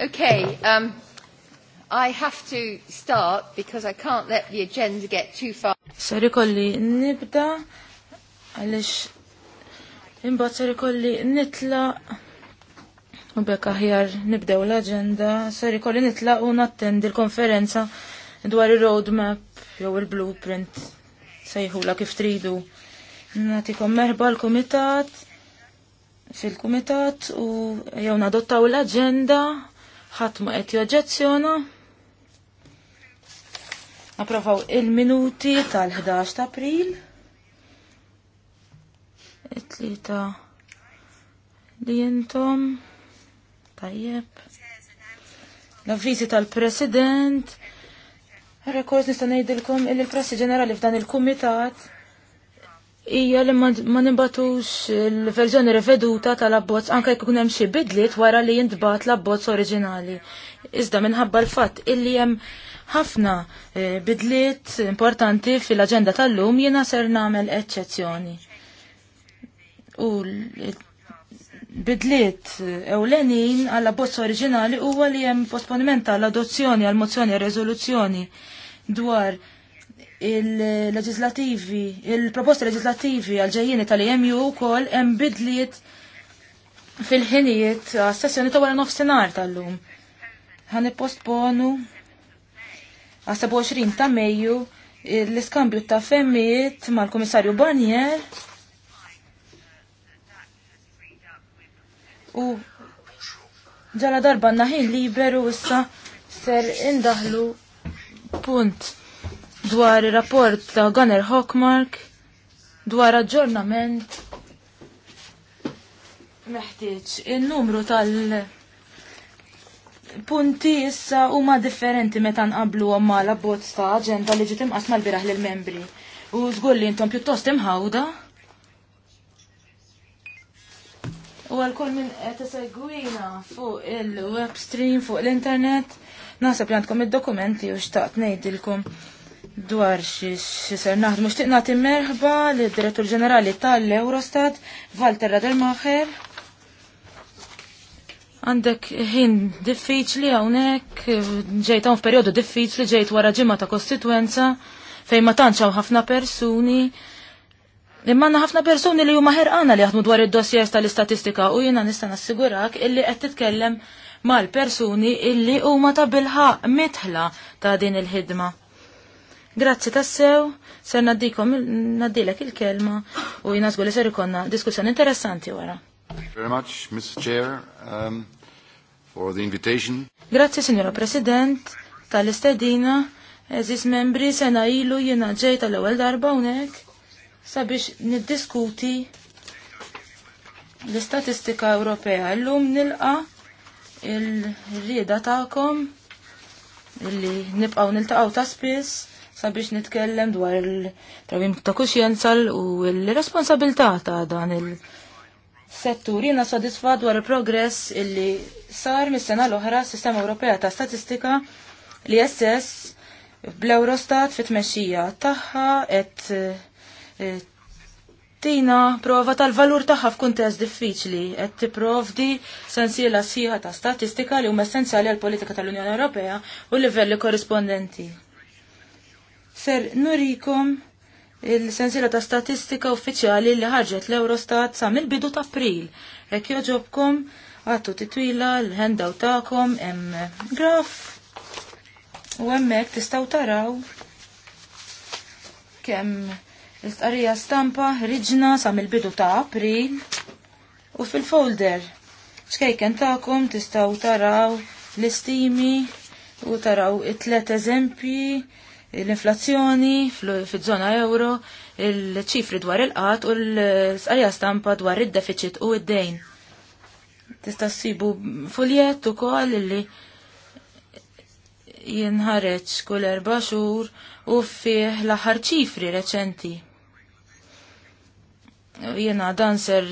Okay, um, I have to start because I can't let the agenda get too far. Sari kolli nibda għalix imbat sari kolli nitla u bekk aħjar nibdew l-agenda sari kolli nitla u nattendi l-konferenza dwar il-roadmap jew il-blueprint sejħula kif tridu. Natikom merba l-komitat fil-komitat u jew nadottaw l-agenda ħadd ma qed joġġezzjona. Approvaw il-minuti tal-11 ta' April. It-tlieta li jentom tajjeb. L-avviżi tal-President. Rekord nista' ngħidilkom il-Press Ġenerali f'dan il-Kumitat hija li ma nibatux il-verżjoni reveduta tal-abbozz anke jek kunem hemm xi bidliet wara li jintbat l-abbozz oriġinali. Iżda minħabba l-fatt illi hemm ħafna e, bidliet importanti fil-aġenda tal-lum jiena ser nagħmel eċċezzjoni. U bidliet ewlenin għall-abbozz oriġinali huwa li hemm posponiment għall adozzjoni għal mozzjoni għal rezoluzzjoni dwar il-leġislativi, il-proposti leġislativi għal-ġejjini tal-EMU kol embidliet fil-ħinijiet għas-sessjoni ta' wara nofsinhar tal-lum. Ħan postponu għas-27 ta' Mejju l-iskambju ta' femmijiet mal-Komissarju Barnier u ġala darba naħin liberu issa ser indaħlu punt dwar ir-rapport ta' Gunner Hockmark dwar aġġornament meħtieġ in-numru tal- punti issa huma differenti meta nqablu ma la abbozz ta' aġenda li ġiet imqas l-biraħ lill-membri. U żgur li intom pjuttost imħawda. U għal-kull minn qed isegwina fuq il-web stream fuq l-internet, naħseb li għandkom id-dokumenti u xtaqt ngħidilkom dwar xisser naħd xtiq nagħti merħba li direttur ġenerali tal-Eurostat Walter Radelmacher. Għandek ħin diffiċli hawnhekk, ġejt hawn f'perjodu diffiċli ġejt wara ġimgħa ta' kostitwenza fejn ma tanċaw ħafna persuni. Imma għandna ħafna persuni li huma ħerqana li jaħdmu dwar id-dossiers tal-istatistika u jiena nista' nassigurak illi qed titkellem mal-persuni illi huma ta' bilħaq mitħla ta' din il-ħidma Grazzi tassew, ser naddikom, naddilek il-kelma u jina li ser ikonna diskussjoni interessanti wara. Very much, Mr. Chair, um, for the invitation. Grazzi, Signora President, tal-istedina, eżis membri sena ilu jina ġej tal-ewel darba unek sabiex niddiskuti l-istatistika Ewropea. L-lum nilqa il-rieda ta'kom illi nibqaw nil-taqaw ta' spiss sabiex nitkellem dwar il-trabim ta' kuxjenzal u l-responsabilità ta' dan il-settur. Jena sadisfa dwar il-progress illi sar mis-sena l-oħra Sistema Ewropea ta' Statistika li SS bl-Eurostat fit tmexxija tagħha qed eh, tina prova tal-valur tagħha f'kuntest diffiċli qed tipprovdi sensiela sħiħa ta' statistika li huma essenzjali għall politika tal-Unjoni Ewropea u livelli korrispondenti ser nurikom il-sensiela ta' statistika uffiċjali li ħarġet l-Eurostat sa' mill-bidu ta' april. Ek joġobkom għattu titwila l-hendaw ta'kom em graf u emmek tistaw taraw kem il-tqarija stampa riġna sa' mill-bidu ta' april u fil-folder xkejken ta'kom tistaw taraw l-istimi u taraw it-tlet eżempji l-inflazzjoni fil-żona euro, il-ċifri dwar il-qat u l-sqarja stampa dwar id-deficit u id-dejn. Tista' ssibu fuljet ukoll li jinħareġ kull erba' xhur u fih l-aħħar ċifri reċenti. Jiena dan ser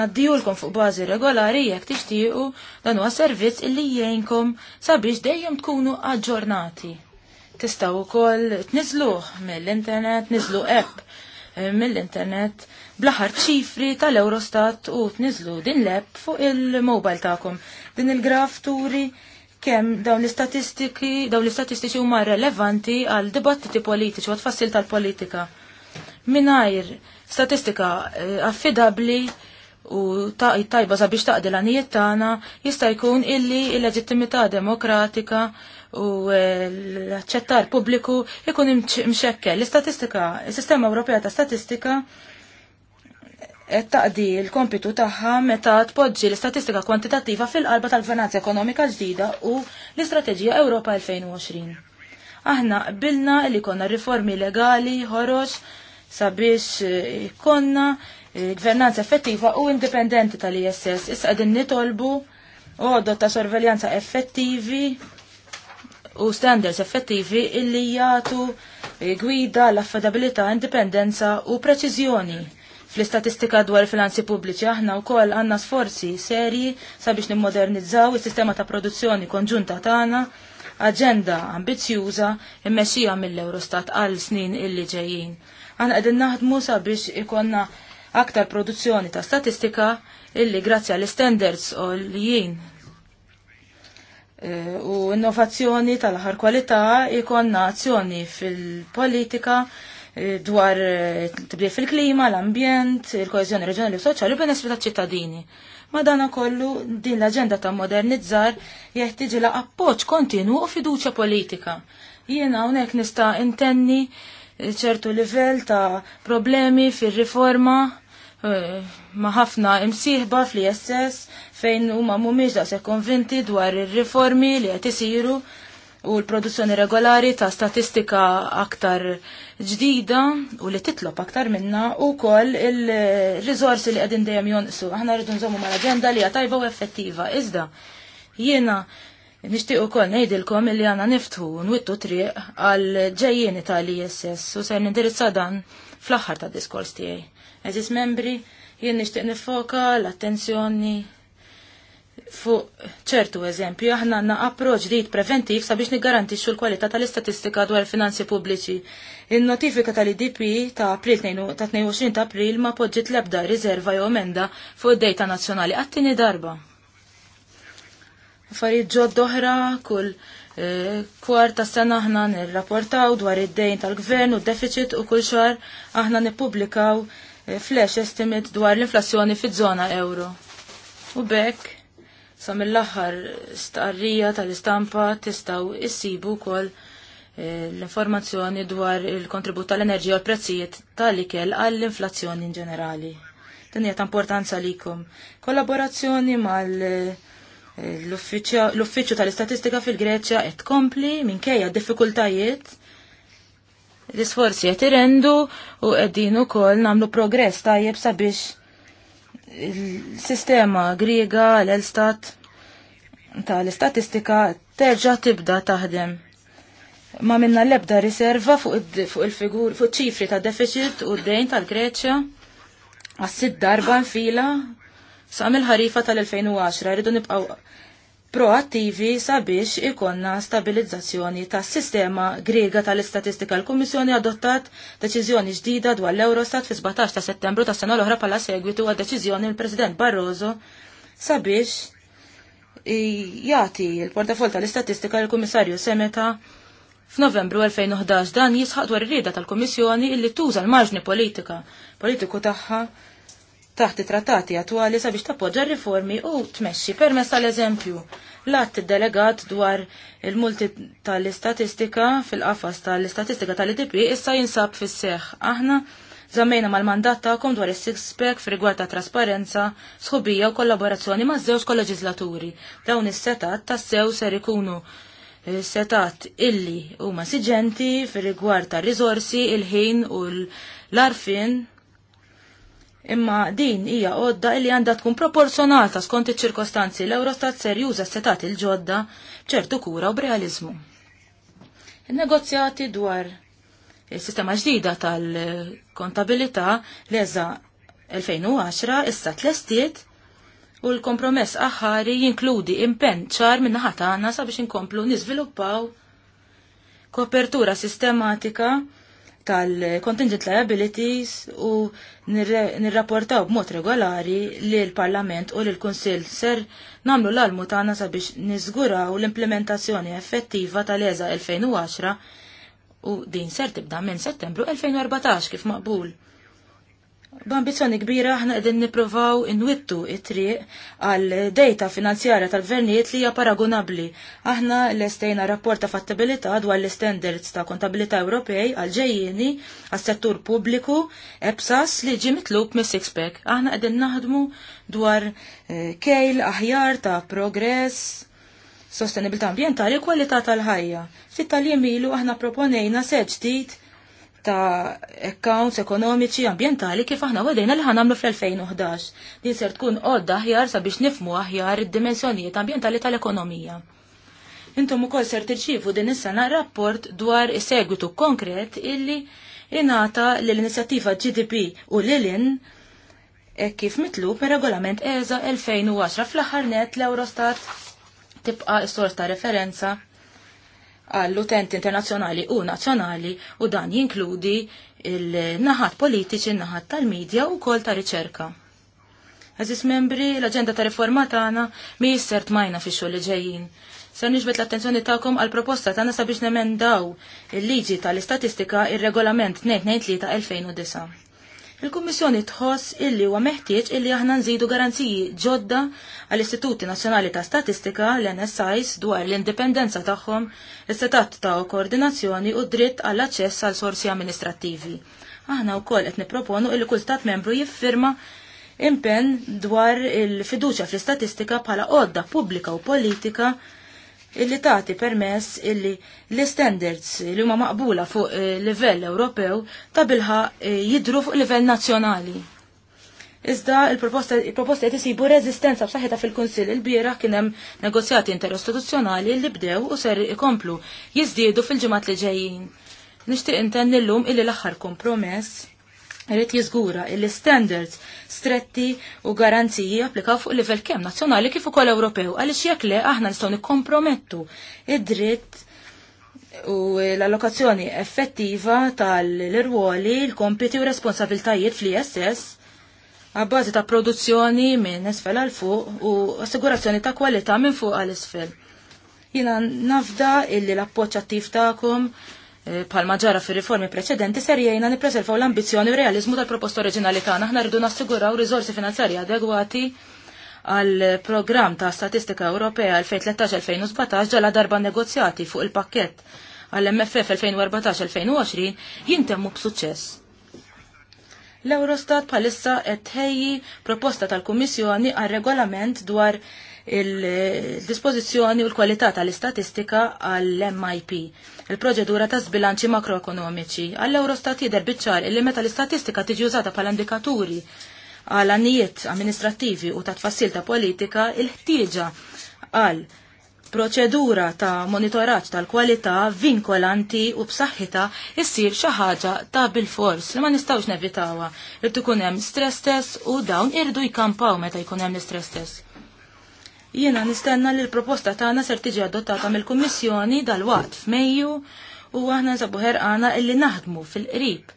naddijulkom fuq bażi regolari jekk tixtiequ dan huwa servizz illi jgħinkom sabiex dejjem tkunu aġġornati tistaw ukoll tniżluh mill-internet, niżlu app eh, mill-internet blaħar ċifri tal-Eurostat u tniżlu din l-app fuq il-mobile tagħkom. Din il-graf turi kemm dawn l-istatistiki, dawn l-istatistiċi huma relevanti għal dibattiti politiċi u tfassil tal-politika. Minajr statistika eh, affidabli u tajba sabiex taqdil għanijiet tagħna jista' jkun illi l-leġittimità demokratika u eh, l-aċċettar pubbliku ikun imxekke. L-istatistika, il-Sistema Ewropea ta' Statistika qed eh, taqdi l-kompitu tagħha meta tpoġġi l-istatistika kwantitattiva fil-qalba tal finanza Ekonomika ġdida u l-Istrateġija Ewropa 2020. Aħna qbilna li konna riformi legali ħoroġ sabiex eh, konna gvernanza effettiva u indipendenti tal-ISS. Issa qegħdin nitolbu għodot ta' sorveljanza effettivi u standards effettivi illi jagħtu gwida l-affidabilità, indipendenza u preċiżjoni fl-istatistika dwar finanzi pubbliċi aħna wkoll għandna sforzi serji sabiex nimmodernizzaw is-sistema ta' produzzjoni konġunta tagħna aġenda ambizzjuża immexxija mill-Eurostat għal snin illi ġejjin. Aħna qegħdin naħdmu sabiex ikonna aktar produzzjoni ta' statistika illi grazzi għall standards u l-jien Eh, u innovazzjoni tal-ħar kwalità ikonna azzjoni fil-politika eh, dwar eh, tibdil fil-klima, l-ambjent, il koezjoni reġjonali u soċjali u benessri tal-ċittadini. dana kollu din l-agenda ta' modernizzar jeħtieġi la' appoċ kontinu u fiduċa politika. Jiena unek nista' intenni ċertu livell ta' problemi fil-riforma ma' ħafna imsieħba fl-ISS fejn huma mhumiex daqshekk konvinti dwar ir-riformi li qed isiru u l-produzzjoni regolari ta' statistika aktar ġdida u li titlob aktar minna u koll il-rizorsi li qegħdin dejjem jonqsu. Aħna rridu nżommu mal-aġenda li hija tajba u effettiva. Iżda jiena Nishtiqu kol nejdilkom li għana niftu nwittu triq għal ġejjeni tal-ISS u ser nindirizza dan fl-axħar ta' diskors tiegħi. Eżis membri, jien nixtieq nifoka l-attenzjoni fuq ċertu eżempju, aħna għandna approċ dit preventiv sabiex niggarantixxu l-kwalità tal-istatistika dwar finanzi pubbliċi. Il-notifika tal-IDP ta' april ta' 22 ta' april ma podġit l-ebda riserva jew emenda fuq id-dejta nazzjonali għattini darba. Affarijiet ġod oħra kull eh, kwarta sena aħna nirrapportaw dwar id-dejn tal-gvern u d-deficit u kull xar aħna nippubblikaw Eh, flash estimate dwar l-inflazzjoni fi zona euro. U bekk sa mill-aħħar starrija tal-istampa tistgħu issibu wkoll eh, l-informazzjoni dwar il-kontribut tal-enerġija u l-prezzijiet tal-ikel għall-inflazzjoni in ġenerali. Din hija ta' importanza likom. Kollaborazzjoni mal eh, l-Uffiċċju tal-Istatistika fil-Greċja qed tkompli minkejja diffikultajiet l-isforzi qed irendu u qegħdin ukoll nagħmlu progress tajjeb sabiex il-sistema griega l-Elstat tal-istatistika terġa' tibda taħdem. Ma minna l-ebda riserva fuq il-figur fuq ċifri ta' deficit u d-dejn tal-Greċja għas sid darba nfila sa' mill-ħarifa tal-2010 rridu nibqaw proattivi sabiex ikonna stabilizzazzjoni ta' sistema grega tal-istatistika. L-Kommissjoni adottat deċiżjoni ġdida dwar l-Eurostat fi 17 ta' settembru ta' sena l-oħra pala segwitu għad deċiżjoni l-President Barroso sabiex jati l-portafol tal-istatistika l-Kummissarju Semeta f'Novembru 2011 dan jisħaq dwar ir-rieda tal-Kommissjoni illi tuża l-marġni politika politiku tagħha taħt trattati attwali sabiex tappoġġa riformi u tmexxi permess tal-eżempju l-att delegat dwar il-multi tal-istatistika fil-qafas tal-istatistika tal-IDP issa jinsab fis seħħ Aħna żammejna mal-mandat tagħkom dwar is-six pack f'rigward ta' trasparenza, sħubija u kollaborazzjoni ma' żewġ kolleġislaturi. Dawn is-setat tas-sew ser ikunu eh, setat illi huma siġenti fir-rigward ta' riżorsi, il-ħin u l-arfin Imma din hija għodda li għandha tkun proporzjonata skont iċ-ċirkostanzi l-Eurostat ser juża setat il-ġodda ċertu kura u b'realizmu. Il-negozjati dwar il-sistema ġdida tal-kontabilità leża 2010 issa tlestiet u l-kompromess aħħari jinkludi impenn ċar minn ħatana sabiex inkomplu niżviluppaw kopertura sistematika tal-contingent liabilities u nirrapportaw b'mod regolari li l-Parlament u l-Kunsill ser namlu l-almu tagħna sabiex niżguraw l-implementazzjoni effettiva tal-EZA 2010 u din ser tibda minn Settembru 2014 kif maqbul. B'ambizzjoni kbira aħna qegħdin nippruvaw inwittu it-triq għal data finanzjarja tal-gvernijiet li hija paragunabbli. Aħna lestejna rapport ta' fattibilità dwar l-standards ta' kontabilità Ewropej għal ġejjieni għas-settur pubbliku EBSAS li ġi mitlub mis sixpack Aħna qegħdin naħdmu dwar eh, kejl aħjar ta' progress sostenibilità ambjentali u kwalità tal-ħajja. Fit-taljem ilu aħna proponejna seġ ġdid ta' accounts ekonomiċi ambientali kif aħna għedina li ħanamlu fl-2011. Din ser tkun għodda aħjar sabiex nifmu aħjar id-dimensjonijiet ambientali tal-ekonomija. Intom ukoll ser tirċivu din is-sena rapport dwar is-segwitu konkret illi inata l-inizjattiva GDP u l-ILIN e kif mitlu per regolament EZA 2010 fl-aħħar net l-Eurostat tibqa' s sors ta' referenza għall-utenti internazzjonali u nazzjonali u dan jinkludi il-naħat politiċi, il-naħat tal-medja u kol ta' riċerka. Eżis membri, l-agenda ta' riforma tagħna mi jissert tmajna fi xogħol li ġejjin. Ser niġbet l-attenzjoni tagħkom għal proposta tagħna sabiex nemendaw il-liġi tal-istatistika ir-regolament 223 2009. Il-Kummissjoni tħoss illi huwa meħtieġ illi aħna nżidu garanziji ġodda għall-Istituti Nazzjonali ta' Statistika l-NSIs dwar l-indipendenza tagħhom, is-setat ta' koordinazzjoni u dritt għall-aċċess għal sorsi amministrattivi. Aħna wkoll qed nipproponu illi kull stat membru jiffirma impenn dwar il-fiduċja fl-istatistika bħala għodda pubblika u politika illi tagħti permess illi l-standards li huma maqbula fuq eh, livell Ewropew ta' bilħa eh, jidru fuq livell nazzjonali. Iżda il-proposta qed isibu reżistenza b'saħħitha fil-Kunsill il-bieraħ kien hemm negozjati interistituzzjonali li bdew u ser ikomplu jiżdiedu fil-ġimgħat li ġejjin. Nixtieq intenni llum illi l-aħħar kompromess Rrit jizgura il-standards stretti u garanziji applikaw fuq livell kemm nazzjonali kif ukoll Ewropew għaliex jekk le aħna nistgħu nikkompromettu id-dritt u l-allokazzjoni effettiva tal-irwoli, l-kompiti u responsabiltajiet fl-ISS għabbażi ta' produzzjoni minn isfel għal fuq u assigurazzjoni ta' kwalità minn fuq għal isfel. Jina nafda illi l-appoċ attiv ta'kom palma ġara fir riformi preċedenti ser jgħina nippreservaw l-ambizjoni u realizmu tal-proposta oriġinali tagħna. Aħna rridu nassiguraw riżorsi finanzjarji adegwati għal programm ta' Statistika Ewropea 2013-2017 ġala darba negozjati fuq il-pakket għall MFF 2014-2020 jintemmu b'suċċess. L-Eurostat palissa qed ħejji proposta tal-Kummissjoni għal regolament dwar il-dispożizzjoni u l-kwalità tal-istatistika għall-MIP, il-proċedura ta' sbilanċi makroekonomiċi. Għall-Eurostat jidher biċċar il meta l-istatistika tiġi użata bħala indikaturi għal anijiet amministrativi u ta' tfassil ta' politika, il-ħtieġa għal proċedura ta' monitoraġġ tal-kwalità vinkolanti u b'saħħitha issir xi ħaġa ta' bilfors li ma nistgħux nevitawha. Irid ikun hemm stress test u dawn irdu jkampaw meta jkun hemm l-istress test. Jiena nistenna li l-proposta tagħna ser tiġi adottata mill-Kummissjoni dal-waqt f'Mejju u aħna nsabu ħerqana illi naħdmu fil-qrib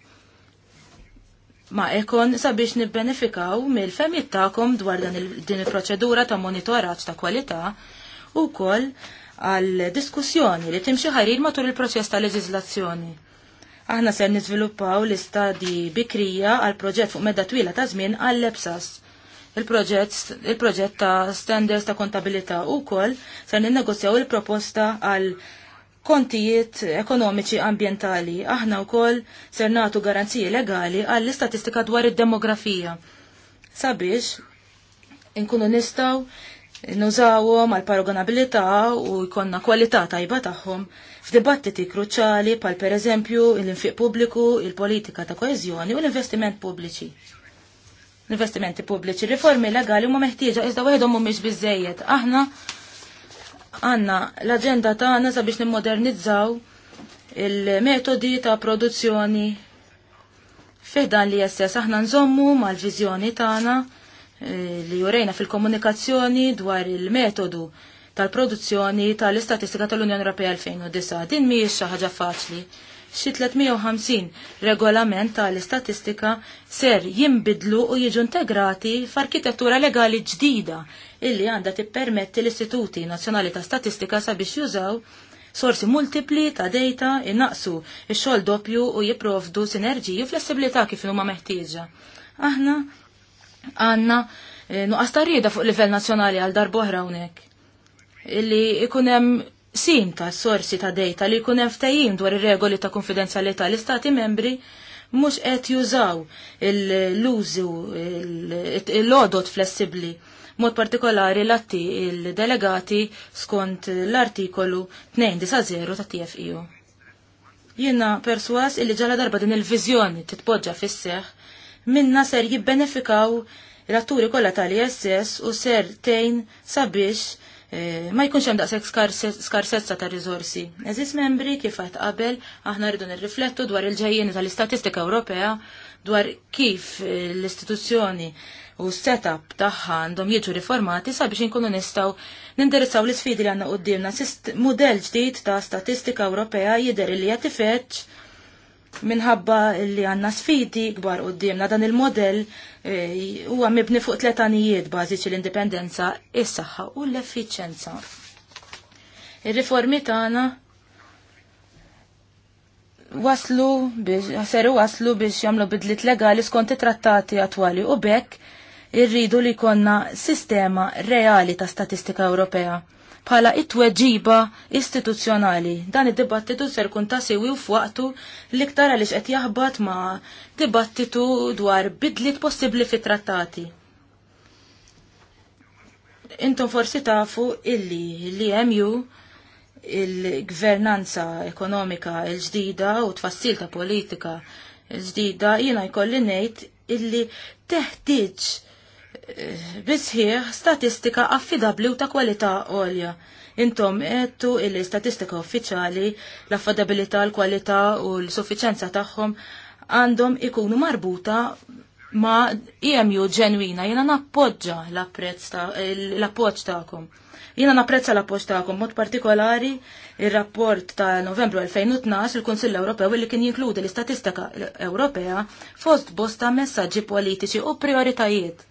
ma' ekon sabiex nibbenefikaw mill femjiet tagħkom dwar din il-proċedura ta' monitoraġġ ta' kwalità u koll għal diskussjoni li timxi ħarir matul il-proċess ta' leġizlazzjoni. Aħna ser niżviluppaw l-istadi bikrija għal proġett fuq medda twila ta' żmien għall-Lepsas il-proġett il ta' standards ta' kontabilità u kol ser ninnegozjaw il-proposta għal kontijiet ekonomiċi ambientali. Aħna u kol ser natu garanziji legali għall-istatistika dwar id-demografija. Sabiex, inkunu nistaw nużawhom għal paragonabilità u jkollna kwalità tajba tagħhom f'dibattiti kruċali pal pereżempju l-infiq pubbliku, il-politika ta' koeżjoni u l-investiment pubbliċi l investimenti pubbliċi. Riformi legali huma meħtieġa iżda waħedhom mhumiex biżejjed. Aħna għandna l-aġenda tagħna sabiex nimmodernizzaw il-metodi ta' produzzjoni fiħdan li jessess aħna nżommu mal-viżjoni tagħna eh, li jurejna fil-komunikazzjoni dwar il-metodu tal-produzzjoni tal-istatistika tal-Unjoni Ewropea 2009. Din mhijiex xi ħaġa faċli xi 350 regolament tal-istatistika ser jimbidlu u jiġu integrati f'arkitettura legali ġdida illi għandha tippermetti l-Istituti Nazzjonali ta' Statistika sabiex jużaw sorsi multipli ta' data innaqsu ix-xogħol doppju u jipprovdu sinerġiji u flessibilità kif huma meħtieġa. Aħna għandna eh, nuqqas ta' rieda fuq livell nazzjonali għal oħra hawnhekk illi ikunem sim ta' sorsi ta' dejta li jkun hemm dwar ir-regoli ta' konfidenzjalità l-istati membri mhux qed jużaw l-użu l-odot flessibbli mod partikolari l-atti il-delegati skont l-artikolu 290 ta' TFIU. E Jiena perswas illi ġala darba din il-vizjoni titpoġġa fis-seħ minna ser jibbenefikaw l-atturi kollha tal-ISS u ser tejn sabiex Eh, ma jkunx hemm daqshekk skarsezza ta' riżorsi. Eżis membri kif qed qabel aħna rridu nirriflettu dwar il ġejjieni tal-istatistika Ewropea dwar kif eh, l-istituzzjoni u s-setup tagħha għandhom jiġu riformati sabiex inkunu nistgħu nindirizzaw l-isfidi li għandna qudiemna. Modell ġdid ta' statistika Ewropea jidher li qed ifetx minħabba li għanna sfidi gbar dimna dan il-modell eh, huwa e, mibni fuq tletanijiet bażiċi l-indipendenza, is-saħħa u l-effiċenza. Ir-riformi tagħna waslu biex seru waslu biex jagħmlu bidlit legali skont it-trattati attwali u bekk irridu li konna sistema reali ta' statistika Ewropea bħala it-tweġiba istituzzjonali. Dan id-dibattitu ser kun ta' u f'waqtu l-iktar għaliex qed jaħbad ma' dibattitu dwar bidliet possibbli fit-trattati intom forsi tafu illi li MU il-gvernanza ekonomika l-ġdida u tfassil ta' politika l-ġdida jina jkolli nejt illi teħtieġ bisħieħ statistika affidabli u ta' kwalità għolja. Intom għettu il-statistika uffiċjali, l-affidabilità, l-kwalità u l-suffiċenza tagħhom għandhom ikunu marbuta ma' EMU ġenwina, jena nappoġġa l-appoġġ ta'kom. Jena napprezza l-appoġġ ta'kom, mod partikolari il-rapport ta' novembru 2012 il-Konsill Ewropew li kien jinkludi l-istatistika Ewropea fost bosta messaġġi politiċi u prioritajiet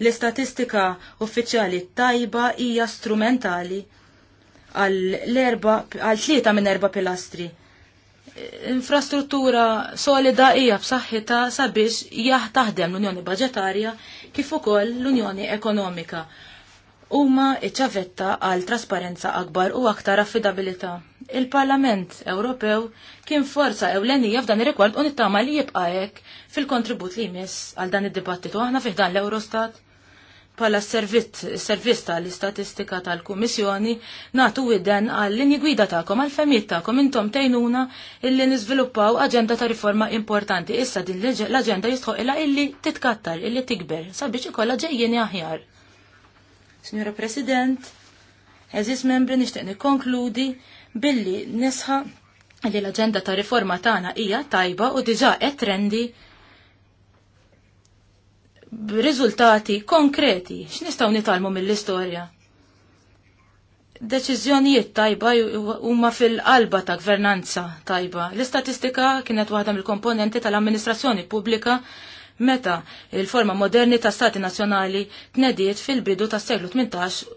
L-istatistika uffiċjali tajba hija strumentali għal tlieta minn erba pilastri. Infrastruttura solida hija b'saħħitha sabiex jaħ taħdem l-Unjoni Baġetarja kif ukoll l-Unjoni Ekonomika. Huma iċavetta għal trasparenza akbar u aktar affidabilità. Il-Parlament Ewropew kien forza ewlenija f'dan ir-rekord u nittama li jibqa' hekk fil-kontribut li jmiss għal dan id-dibattitu aħna fih dan l-Eurostat pala servizz tal-istatistika tal-Kummissjoni natu widen għall linji gwida ta'kom, għal femijiet ta'kom intom tejnuna illi nizviluppaw aġenda ta' riforma importanti. Issa din l-aġenda jistħu illa illi titkattar, illi tikber, sabiex ikolla ġejjeni aħjar. Signora President, eżis membri nishtiq nikkonkludi billi nisħa li l-aġenda ta' riforma tagħna hija tajba u diġà qed trendi b'riżultati konkreti. X'nistgħu nitalmu mill-istorja? Deċiżjonijiet tajba huma fil-qalba ta' gvernanza tajba. L-istatistika kienet waħda mill-komponenti tal-amministrazzjoni pubblika meta il-forma moderni ta' stati nazzjonali tnediet fil-bidu tas seklu 18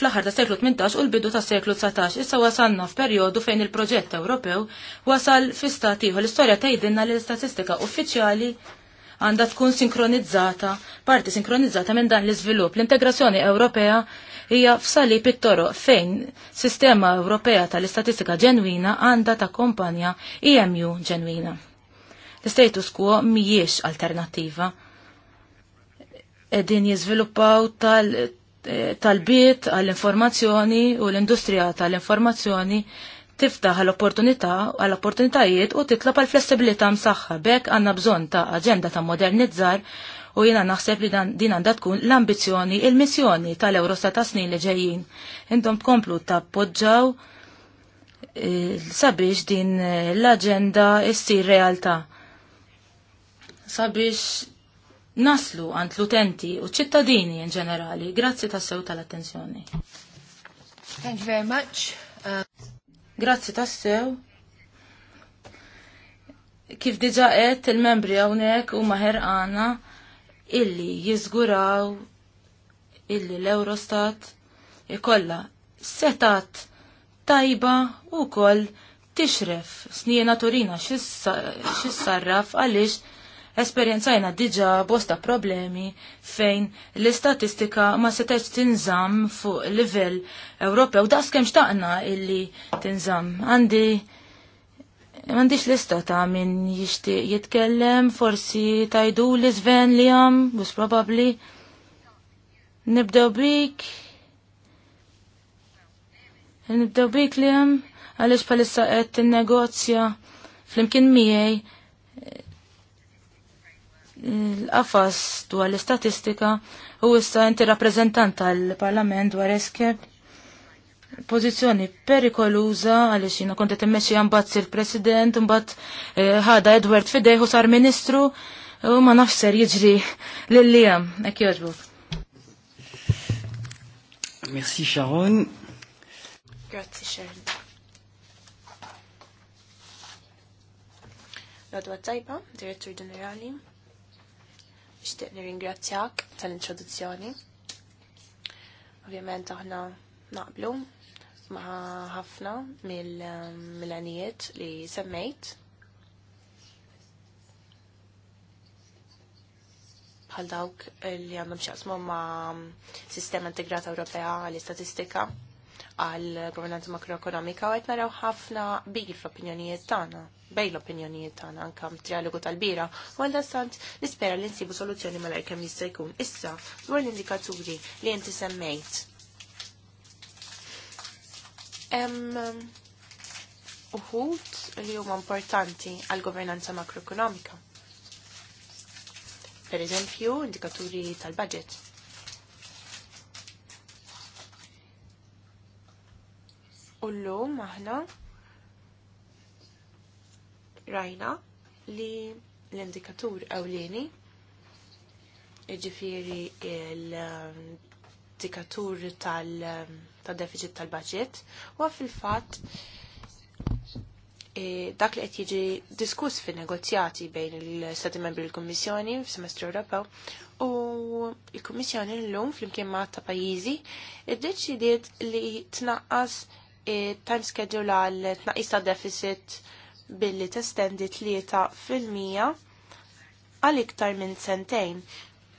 fl-aħħar ta' seklu 18 u l-bidu ta' seklu 19 issa wasalna f'perjodu fejn il-proġett Ewropew wasal fi statiħu l-istorja tgħidilna li l-istatistika uffiċjali għandha tkun sinkronizzata, parti sinkronizzata minn dan l-iżvilupp. L-integrazzjoni Ewropea hija f'sali pittoro fejn sistema Ewropea tal-istatistika ġenwina għandha ta' kompanja EMU ġenwina. L-status quo mhijiex alternattiva. Edin jiżviluppaw eh, tal-bit tal bit għall informazzjoni u l-industrija tal-informazzjoni tiftaħ għall-opportunità għall-opportunitajiet u titlob għal flessibilità msaħħa bekk għandna bżonn ta' aġenda ta' modernizzar u jiena naħseb li dan din għandha tkun l-ambizzjoni, il-missjoni tal-Eurostat ta' snin li ġejjin. Intom tkomplu tappoġġaw eh, sabiex din eh, l-aġenda issir realtà. Sabiex naslu għand l-utenti u ċittadini in ġenerali. Grazzi tas-sew tal-attenzjoni. Thank you very much. Uh... Grazzi tassew. Kif diġa qed il-membri hawnhekk huma ħerqana illi jiżguraw illi l-Eurostat ikolla setat tajba u koll tixref snijena turina xis-sarraf għalix esperjenzajna diġa bosta problemi fejn l-istatistika ma setax tinżam fuq livell Ewropew daqs kemm xtaqna illi tinżam. Għandi M'għandix lista ta' min jixtieq jitkellem, forsi tajdu li zven li għam, bus probabli. Nibdew bik. Nibdew bik li jam, għaliex palissa qed tinnegozja flimkien miħej l-qafas dwar l-istatistika u issa inti rappreżentant tal-Parlament dwar eskep pozizjoni perikoluża għaliex jiena kont qed immexxi sir President imbagħad eh, ħada Edward Fidej u sar Ministru u ma nafx ser jiġri lil hemm hekk jogħġbok. Merci Sharon. Grazie Sharon. Lodwa Tajba, Direttur Ġenerali. Ixtieq nirringrazzjak tal-introduzzjoni. Ovvjament aħna naqblu ma ħafna mill ehm, milanijiet li semmejt. Bħal dawk li għandhom xaqsmu ma' Sistema Integrata Ewropea għall-Istatistika għal governanza makroekonomika u qed naraw ħafna bil fl-opinjonijiet tagħna bej l-opinjonijiet tagħna anke trialogu tal-bira, u għal sant nispera li nsibu soluzzjoni malajr kemm jista' jkun. Issa dwar l-indikaturi li inti semmejt. Hemm uħud li huma importanti għall governanza makroekonomika. Per eżempju, indikaturi tal-budget. U l-lum aħna rajna li l-indikatur ewlieni iġifiri l-indikatur tal-deficit tal-budget u fil-fat e, dak li qed jiġi diskuss fin negozjati bejn il-Stati Membri l-Kummissjoni f'Semestru Ewropew u l-Kummissjoni llum flimkien ma' ta' pajjiżi iddeċidiet li tnaqqas e, time schedule għal tnaqqis ta' deficit billi testendi 3% għal iktar minn sentejn.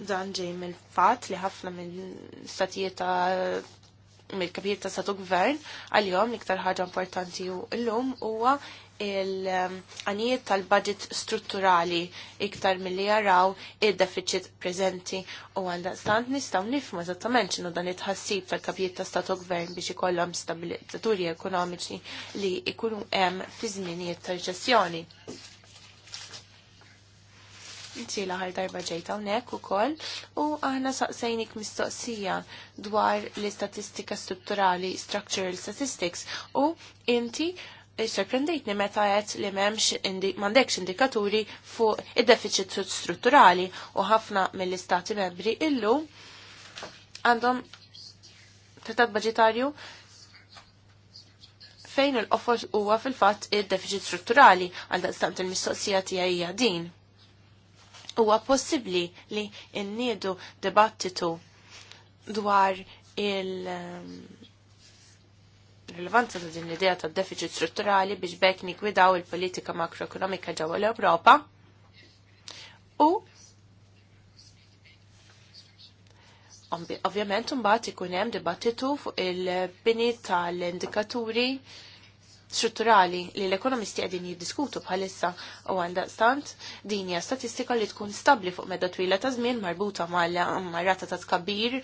Dan ġej mill-fat li ħafna minn statijiet ta' mill-kapijiet ta' statu gvern għal-jom iktar ħaġa importanti u l-lum huwa il-għanijiet tal-budget strutturali iktar mill-li jaraw il-deficit prezenti u għanda stant nistaw nifmu eżattament xinu dan it-ħassib tal-kapijiet ta' statu gvern biex ikollhom stabilizzaturi ekonomiċi li ikunu hemm fi żminijiet ta' riċessjoni. Inti laħar darba ġejta unek u koll u aħna saqsejnik mistoqsija dwar l-istatistika strutturali, structural statistics, u inti sorprendejtni meta għet li memx mandekx indikaturi fuq id-deficit strutturali u ħafna mill-istati membri illu għandhom trattat budgetarju fejn l qofol huwa fil-fatt id-deficit strutturali għal daqstant il-mistoqsija tiegħi din. Huwa possibbli li nniedu dibattitu dwar il- rilevanza ta' din l-idea ta' deficit strutturali biex bekk nikwidaw il-politika makroekonomika ġewwa l-Ewropa u Ovvjament mbagħad ikun hemm dibattitu fuq il-bini tal-indikaturi strutturali li l-ekonomisti qegħdin jiddiskutu bħalissa u għandaqstant din hija statistika li tkun stabbli fuq medda twila ta' żmien marbuta mal-rata ta' tkabbir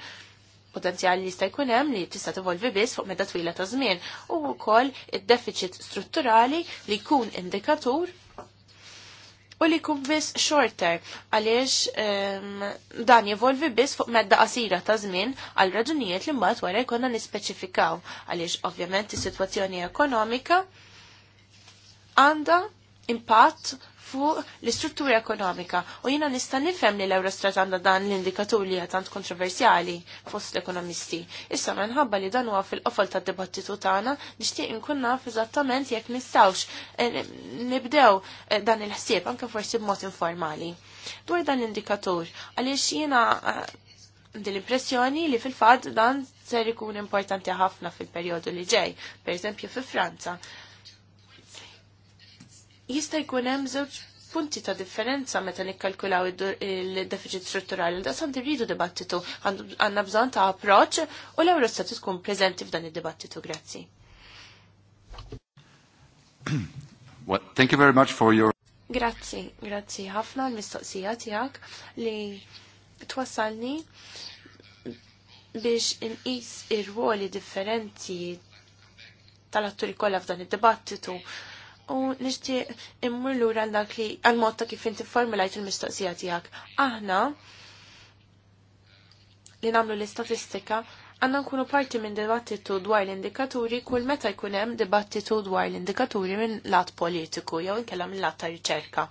potenzjali li jista' jkun hemm li tista' tivolvi biss fuq meta twila ta' żmien u wkoll id-deficit strutturali li jkun indikatur u li jkun biss shorter għaliex um, dan jivolvi biss fuq medda qasira ta' żmien għal raġunijiet li mbagħad wara jkollna nispeċifikaw għaliex ovvjament is-sitwazzjoni ekonomika għandha impatt fuq l-istruttura ekonomika u jina nista' nifhem li l-Eurostat għandha dan l-indikatur li tant kontroversjali fost l-ekonomisti. Issa minħabba li dan huwa fil-qofol tad dibattitu tagħna nixtieq inkun naf eżattament jekk nistgħux eh, nibdew eh, dan il-ħsieb anke forsi b'mod informali. Dwar dan l-indikatur, għaliex jiena eh, din l-impressjoni li fil-fatt dan ser ikun importanti ħafna fil-perjodu li ġej, per fi Franza jista' jkun hemm żewġ punti ta' differenza meta nikkalkulaw il-deficit strutturali. Da' sant irridu dibattitu għandna bżonn ta' approċ u l se tkun preżenti f'dan id-dibattitu. Grazzi. well, thank you very much for your... Grazzi, grazzi ħafna l-mistoqsija tijak li twassalni biex inqis ir-ruoli differenti tal-atturi kollha f'dan id-dibattitu u nishti immur lura dak li għal motta kif inti formulajt il-mistoqsija tiegħek. Aħna li nagħmlu l-istatistika għandna nkunu parti minn dibattitu dwar l-indikaturi kull meta jkun hemm dibattitu dwar l-indikaturi minn lat politiku jew nkella minn lat ta' riċerka.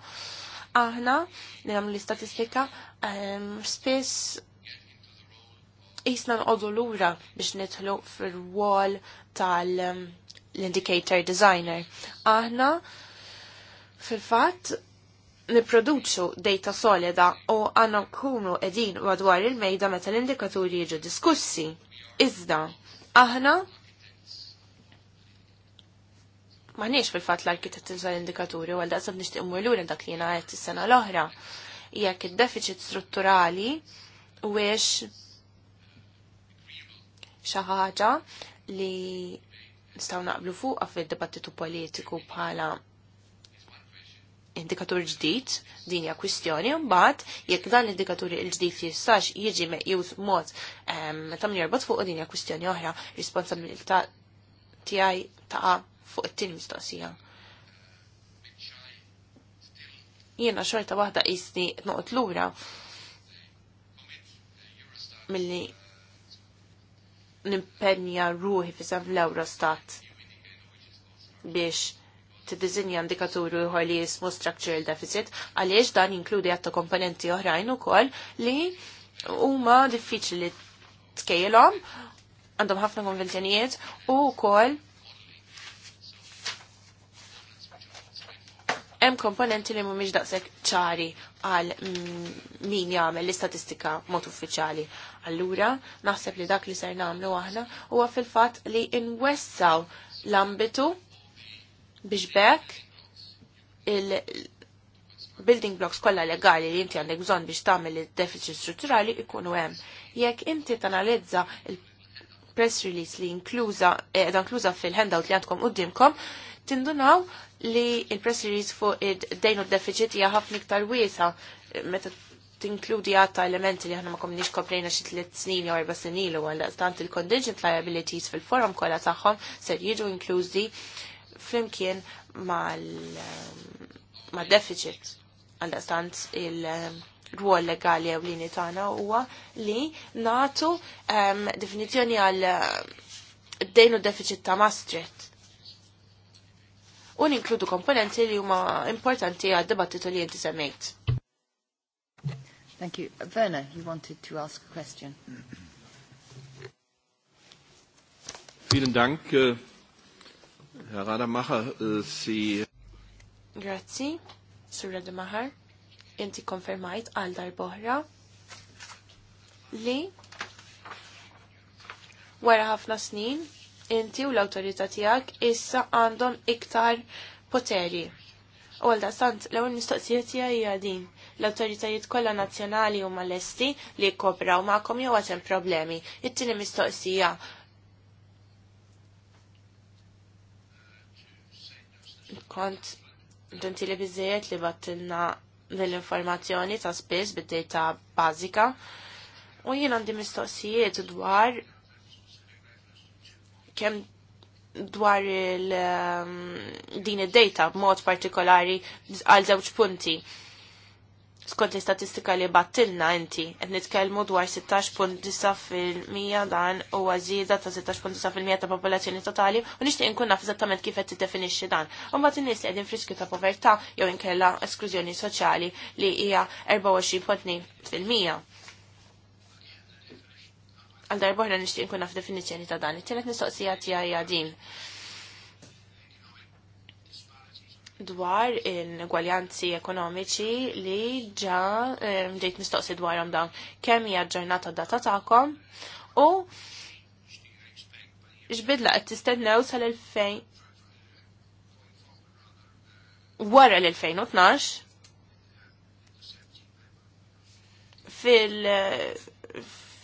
Aħna li nagħmlu l-istatistika spess ehm, spiss jisna nqodu lura biex nidħlu fil-wall tal-indicator um, designer. Aħna fil-fat niproduċu data solida u għanna kunu edin madwar il-mejda meta l-indikaturi jiġu diskussi. Iżda, aħna maħniex fil-fat l-arkitett tal-indikaturi u għal-daqsab nishtiq mwilur dak li jena s sena l-oħra. Jekk il-deficit strutturali u għiex xi ħaġa li nistgħu naqblu fuqha fid-dibattitu politiku bħala indikatur ġdid din hija kwistjoni mbagħad jekk dan l-indikatur il-ġdid jistax jiġi meqjus mod tam njerbat fuq din hija kwistjoni oħra responsabilità tiegħi taqa' fuq it-tieni mistoqsija. Jiena xorta waħda l-ura lura milli nimpenja ruħi fisem l stat biex t-dizinja indikatur uħor li jismu structural deficit, għaliex dan jinkludi għatta komponenti oħrajn ukoll li huma diffiċli t-kejlom, għandhom ħafna konvenzjonijiet u wkoll hemm komponenti li mhumiex daqshekk ċari għal mm, min jagħmel l-istatistika mod uffiċjali. Allura, naħseb li dak li ser nagħmlu aħna huwa fil-fatt li nwessaw l-ambitu biex bekk il-building blocks kollha legali li inti għandek bżonn biex tagħmel id-deficit strutturali ikunu hemm. Jekk inti tanalizza il press release li inkluża, eh, inkluża fil-handout li għandkom qudiemkom, tindunaw li il-press release fuq id-dejn u d-deficit hija ħafna iktar wiesa meta tinkludi għatta elementi li ħana ma komniex koprejna xi tliet snin jew erba' snin u għal tant il-contingent liabilities fil-forum kollha tagħhom ser jiġu inklużi flimkien mal-deficit um, għal stant il- rwol legali għaw lini tagħna huwa li natu um, definizjoni għal uh, dejn u deficit ta' Maastricht u ninkludu komponenti li huma importanti għad dibattitu li jinti semmejt. Thank you. Verna, you wanted to ask a question. Vielen Dank, uh, Herr Rademacher. Äh, Sie Grazie, Sir Rademacher. Inti konfermajt għal darbohra li wara ħafna snin inti u l-autorità tiegħek issa għandhom iktar poteri. U għalda stant, l-ewwel mistoqsijiet tiegħi hija din. L-awtoritajiet kollha nazzjonali huma lesti li jkoperaw magħkom jew għad hemm problemi. It-tieni mistoqsija kont denti li bizzejiet li battilna dell informazzjoni ta' spiss bid-data bażika u jien għandi mistoqsijiet dwar kem dwar il, um, din id-data b'mod partikolari għal żewġ punti. Skont l-istatistika li battilna inti, qed nitkellmu dwar 16.9% dan u għazida ta' 16.9% ta' popolazzjoni totali u nixtieq inkun naf eżattament kif qed tiddefinixxi dan. U mbagħad in-nies li qegħdin friski ta' povertà jew inkella esklużjoni soċjali li hija tinfil-mija għal darborna nixtieq nkun naf definizjoni ta' dan. It-tielet mistoqsija tiegħi din dwar il-gwaljanzi ekonomiċi li ġa ġejt mistoqsi dwarhom dawn kemm hija ġurnata data tagħkom u x'bidla qed tistennew sal-2000 wara l-2012 fil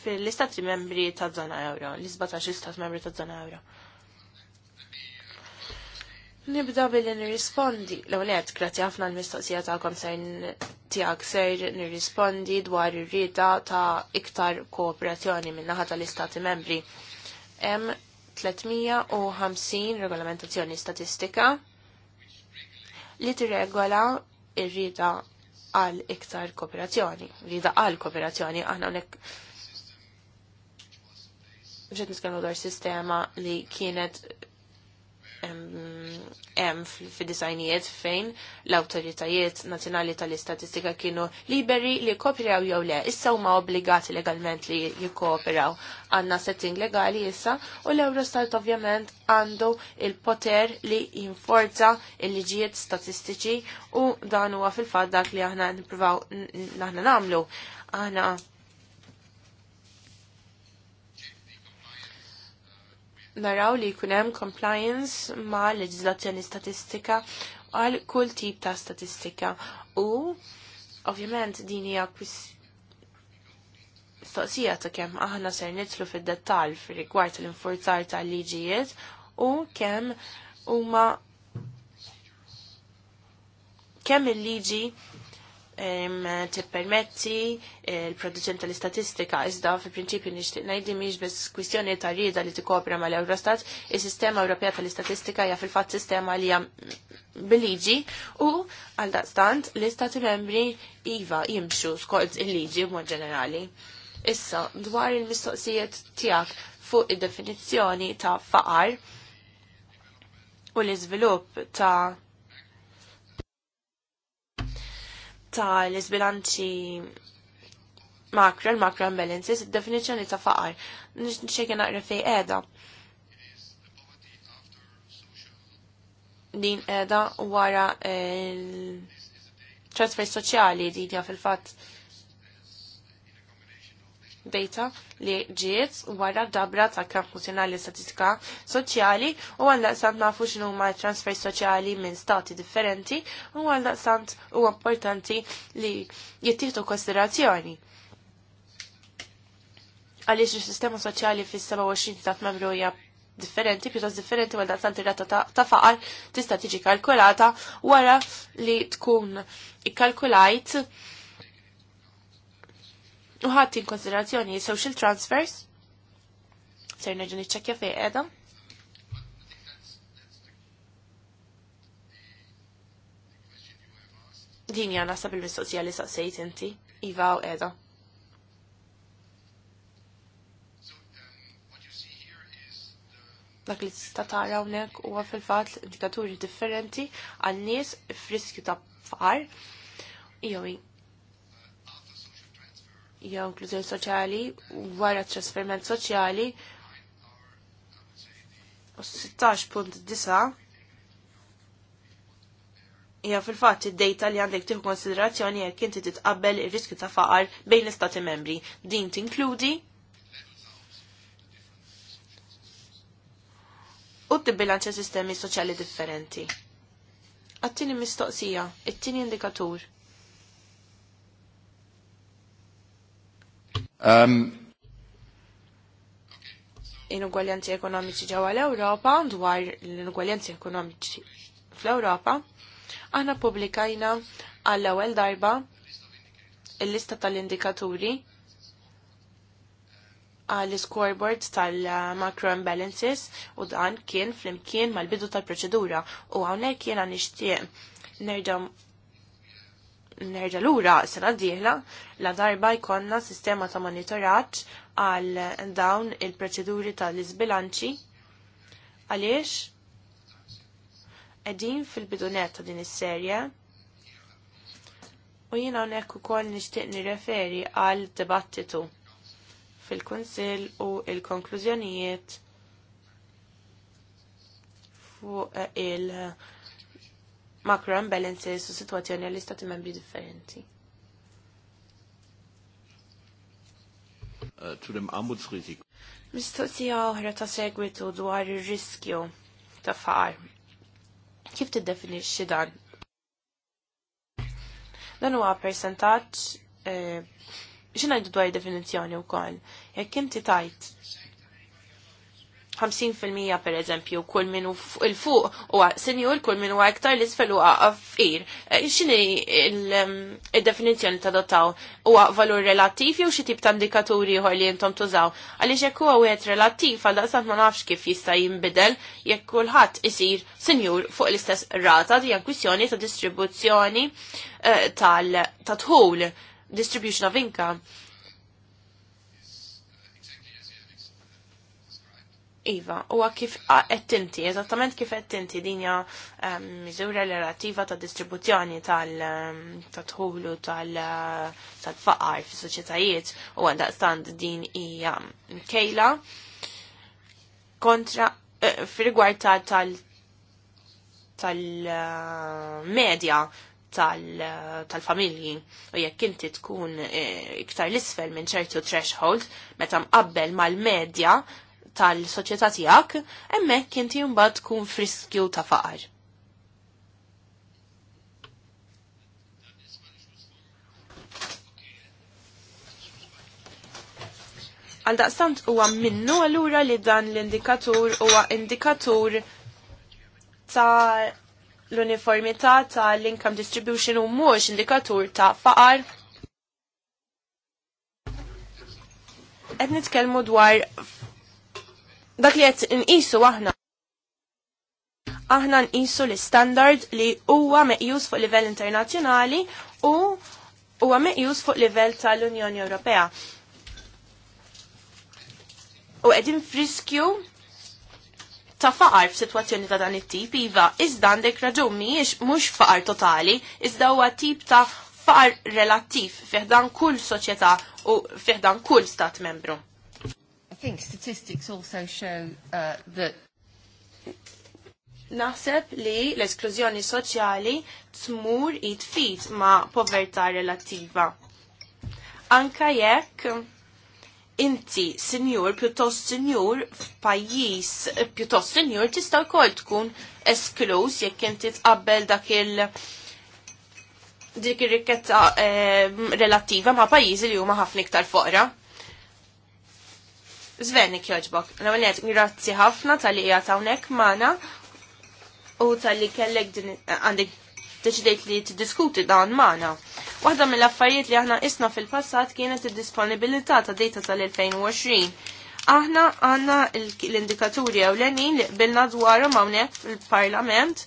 fil-istati membri ta' zona euro, l-17 istat membri ta' zona euro. Nibda billi nirrispondi, l-għonet, grati ħafna l-mistoqsija ta' konsern tijak ser nirrispondi dwar ir-rida ta' iktar kooperazzjoni minnaħat tal-istati membri. M 350 regolamentazzjoni statistika li tirregola ir-rida għal iktar kooperazzjoni, rida għal kooperazzjoni, aħna unek Ġed nitkellmu dwar sistema li kienet hemm fid-disajnijiet fejn l-awtoritajiet nazzjonali tal-istatistika kienu liberi li jkopjaw jew le. Issa huma obbligati legalment li jikkooperaw. Għandna setting legali issa u l-Eurostat ovvjament għandu il-poter li jinforza il-liġijiet statistiċi u dan huwa fil-fatt dak li aħna nippruvaw aħna nagħmlu. Aħna naraw li jkunem compliance ma leġizlazzjoni statistika għal kull tip ta' statistika. U ovvjament din hija stoqsija ta' kemm aħna ser nitlu fid dettal fir-rigward l-infurzar tal-liġijiet u kemm huma kemm il-liġi tippermetti eh, il-produzzjoni tal-istatistika iżda fil-prinċipju nixtieq ngħid mhix biss kwistjoni ta' rieda li tikkopra mal-Eurostat, is-sistema Ewropea tal-istatistika hija fil-fatt sistema li hija bil-liġi u għal daqstant l-istati membri iva jimxu skont il-liġi b'mod ġenerali. Issa dwar il-mistoqsijiet tiegħek fuq id-definizzjoni ta' faqar u l-iżvilupp ta' Ta' l izbilanċi makro, l-makro imbalances, id-definizjoni ta' faqar. Nxekin naqra fej edha. Din edha wara il-transfer soċjali din fil-fat bejta li ġiet wara dabra ta' kamp nazjonali statistika soċjali u għal sant nafu xinu ma' transfer soċjali minn stati differenti u għalla sant u importanti li jittieħdu konsiderazzjoni għaliex il-sistema soċjali fis-27 stat membru hija differenti, pjuttost differenti għal daqsant ir-rata ta' faqar tista' tiġi kalkulata wara li tkun ikkalkulajt uħat in konsiderazzjoni social transfers. Ser neġu nċekja fej edha. Din jana naħseb il-mistoqsija li saqsejt inti, iva u edha. dak li t tista' tara hawnhekk huwa fil-fatt indikaturi differenti għal-nis f'riskju ta' faqar jew jew inklużjoni soċjali wara t trasferiment soċjali u 16.9 hija fil-fatt id-dejta li għandek tieħu konsiderazzjoni jekk inti titqabbel ir-riskju ta' faqar bejn l-istati membri. Din tinkludi u tibbilanċja sistemi soċjali differenti. Għattini mistoqsija, it-tini indikatur. Um, Inugwaljanzi ekonomiċi ġewwa l-Ewropa dwar l-inugwaljanzi ekonomiċi fl-Ewropa, aħna publikajna għall-ewwel darba il-lista tal-indikaturi għal scoreboard tal-macro imbalances u dan kien flimkien mal-bidu tal-proċedura u għawnek kien għan ixtieq nerġa' nerġa lura sena d-dieħla la darba jkonna sistema ta' monitorat għal dawn il-proċeduri tal-izbilanċi għaliex edin fil-bidunet ta' din is-serje u jiena hawnhekk ukoll nixtieq nirreferi għal dibattitu fil-Kunsill u il-konklużjonijiet fuq il-, konsil macro balance su situazzjoni għall stati membri differenti. Uh, äh, ammutsritik. Mistoqsija oħra ta' segwitu dwar ir-riskju ta' far. Kif tiddefinixxi dan? Dan huwa persentaġġ eh, x'ingħidu dwar definizzjoni wkoll. Jekk inti tajt 50% per eżempju, kull minu il-fuq u senjur, kull minu għaktar li sfel u għafir. Eh, Xini il-definizjoni mm, ta' dotaw? U valur relativ jew xie tip ta' indikaturi uħor li jentom tużaw? Għalli jekk u għet relativ, għal daqsant ma nafx kif jista' jimbidel, jekk kullħat isir senjur fuq l-istess rata di kwissjoni ta' distribuzzjoni eh, tal-tħul, distribution of income Iva, huwa kif qed tinti, eżattament kif qed tinti din hija ehm, miżura relattiva ta' distribuzzjoni tal-tħulu ehm, tal-faqar fis-soċjetajiet u għandaqstant din hija kejla kontra e, fir-rigward tal-medja eh, eh, tal-familji u jekk inti tkun eh, iktar l-isfel minn ċertu threshold meta mqabbel mal-medja tal-soċjetà tiegħek, hemmhekk inti mbagħad tkun friskju ta' faqar. Għal daqstant huwa minnu allura li dan l-indikatur huwa indikatur ta' l-uniformità ta' l-income distribution u mhux indikatur ta' faqar qed nitkellmu dwar dak li qed nqisu aħna aħna nqisu l-standard li huwa meqjus fuq livell internazzjonali u huwa meqjus fuq livell tal-Unjoni Ewropea. U qegħdin friskju ta' faqar f'sitwazzjoni ta' dan it-tip iva, iżda għandek raġun mhijiex mhux faqar totali, iżda huwa tip ta' faqar relattiv fiħdan kull soċjetà u fiħdan kull stat membru think statistics also show uh, that Naħseb li l-esklużjoni soċjali tmur it-fit ma' povertà relattiva. Anka jekk inti sinjur pjuttost sinjur f'pajjiż pjuttost sinjur tista' wkoll tkun esklus jekk inti tqabbel dak il dik ir-rikkezza eh, relattiva ma' pajjiżi li huma ħafna iktar foqra. Zvenik kjoġbok, Rawanet, grazzi ħafna tal-li jgħatawnek mana u tal-li kellek għandek deċidejt li t-diskuti dan mana. Waħda mill-affarijiet li aħna isna fil-passat kienet id-disponibilità ta' data tal-2020. Aħna għanna l-indikaturi ewlenin li qbilna dwarhom hawnhekk fil-Parlament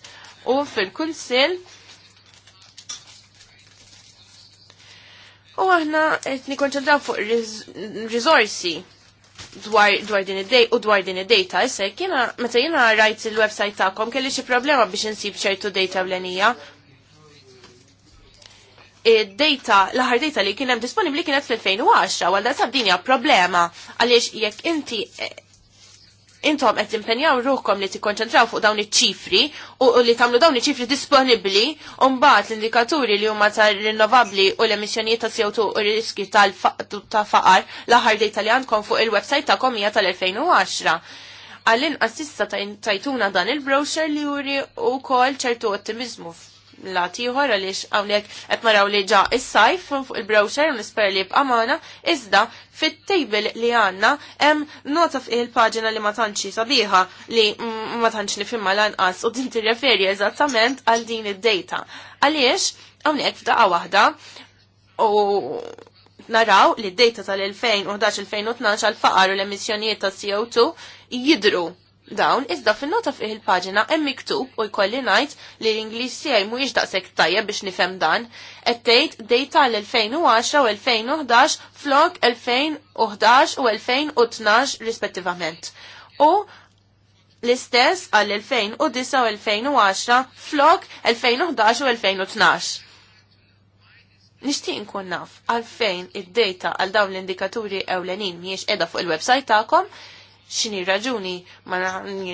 u fil-Kunsill U aħna qed konċentraw fuq risorsi riz dwar, dwar din id-dej u dwar din id-data, issa kiena meta jiena rajt il-website tagħkom kelli xi problema biex insib ċertu data blenija. Id-data, l-aħħar data li kien hemm disponibbli kienet fl-2010, għal dan sab dinja problema għaliex jekk inti intom qed impenjaw ruhkom li tikkonċentraw fuq dawn iċ-ċifri u li tagħmlu dawn iċ-ċifri disponibbli u mbagħad l-indikaturi li huma ta' rinnovabbli u l-emissjonijiet ta' CO2 u riski ta' faqar l-aħħar dejta li għandkom fuq il-website ta' komija tal-2010. Għallin assista tajtuna dan il-browser li juri u kol ċertu ottimizmu lat ieħor għaliex hawnhekk qed maraw li ġa is-sajf fuq il-browser un nisper li b'amana iżda fit-tejbel li għandna hemm nota il-paġina li ma tantx sabiħa li ma tantx nifhimha lanqas u din tirreferi eżattament għal din id-data. Għaliex hawnhekk f'daqqa waħda u naraw li d-data tal-2011-2012 għal-faqar u l-emissjonijiet ta' CO2 jidru dawn, iżda fil nota fih il-paġina hemm miktub u jkolli ngħid li l-Ingliż tiegħi mhuwiex daqshekk tajjeb biex nifhem dan, qed tgħid dejta l-2010 u 2011 flok 2011 u 2012 rispettivament. U l-istess għall 2009 u 2010 flok 2011 u 2012. Nishtiq nkun naf għalfejn id-data għal dawn l-indikaturi ewlenin miex edha fuq il-websajt tagħkom xini raġuni ma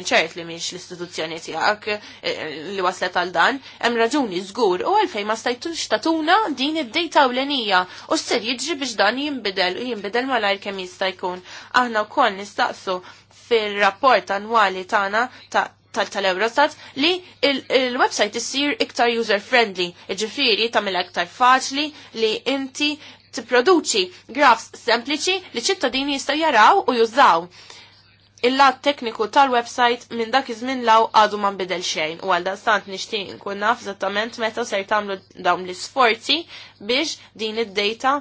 ċert li miex l-istituzzjoni tijak eh, li waslet għal dan, hemm raġuni żgur u għalfej ma stajtux tatuna din id-dejta u l-enija u s-ser jiġri biex dan jimbidel u jimbidel malajr kemm jista' jkun. Aħna wkoll nistaqsu fir-rapport annwali tagħna ta' tal-Eurostat li il-website issir iktar user-friendly, ġifiri tamil iktar faċli li inti tipproduċi grafs sempliċi li ċittadini jistaw jaraw u jużaw il-lat tekniku tal-website minn dak iż-żmien law għadu ma nbidel xejn u għal stant nixtieq nkun naf eżattament meta ser tagħmlu dawn l-isforzi biex din id-data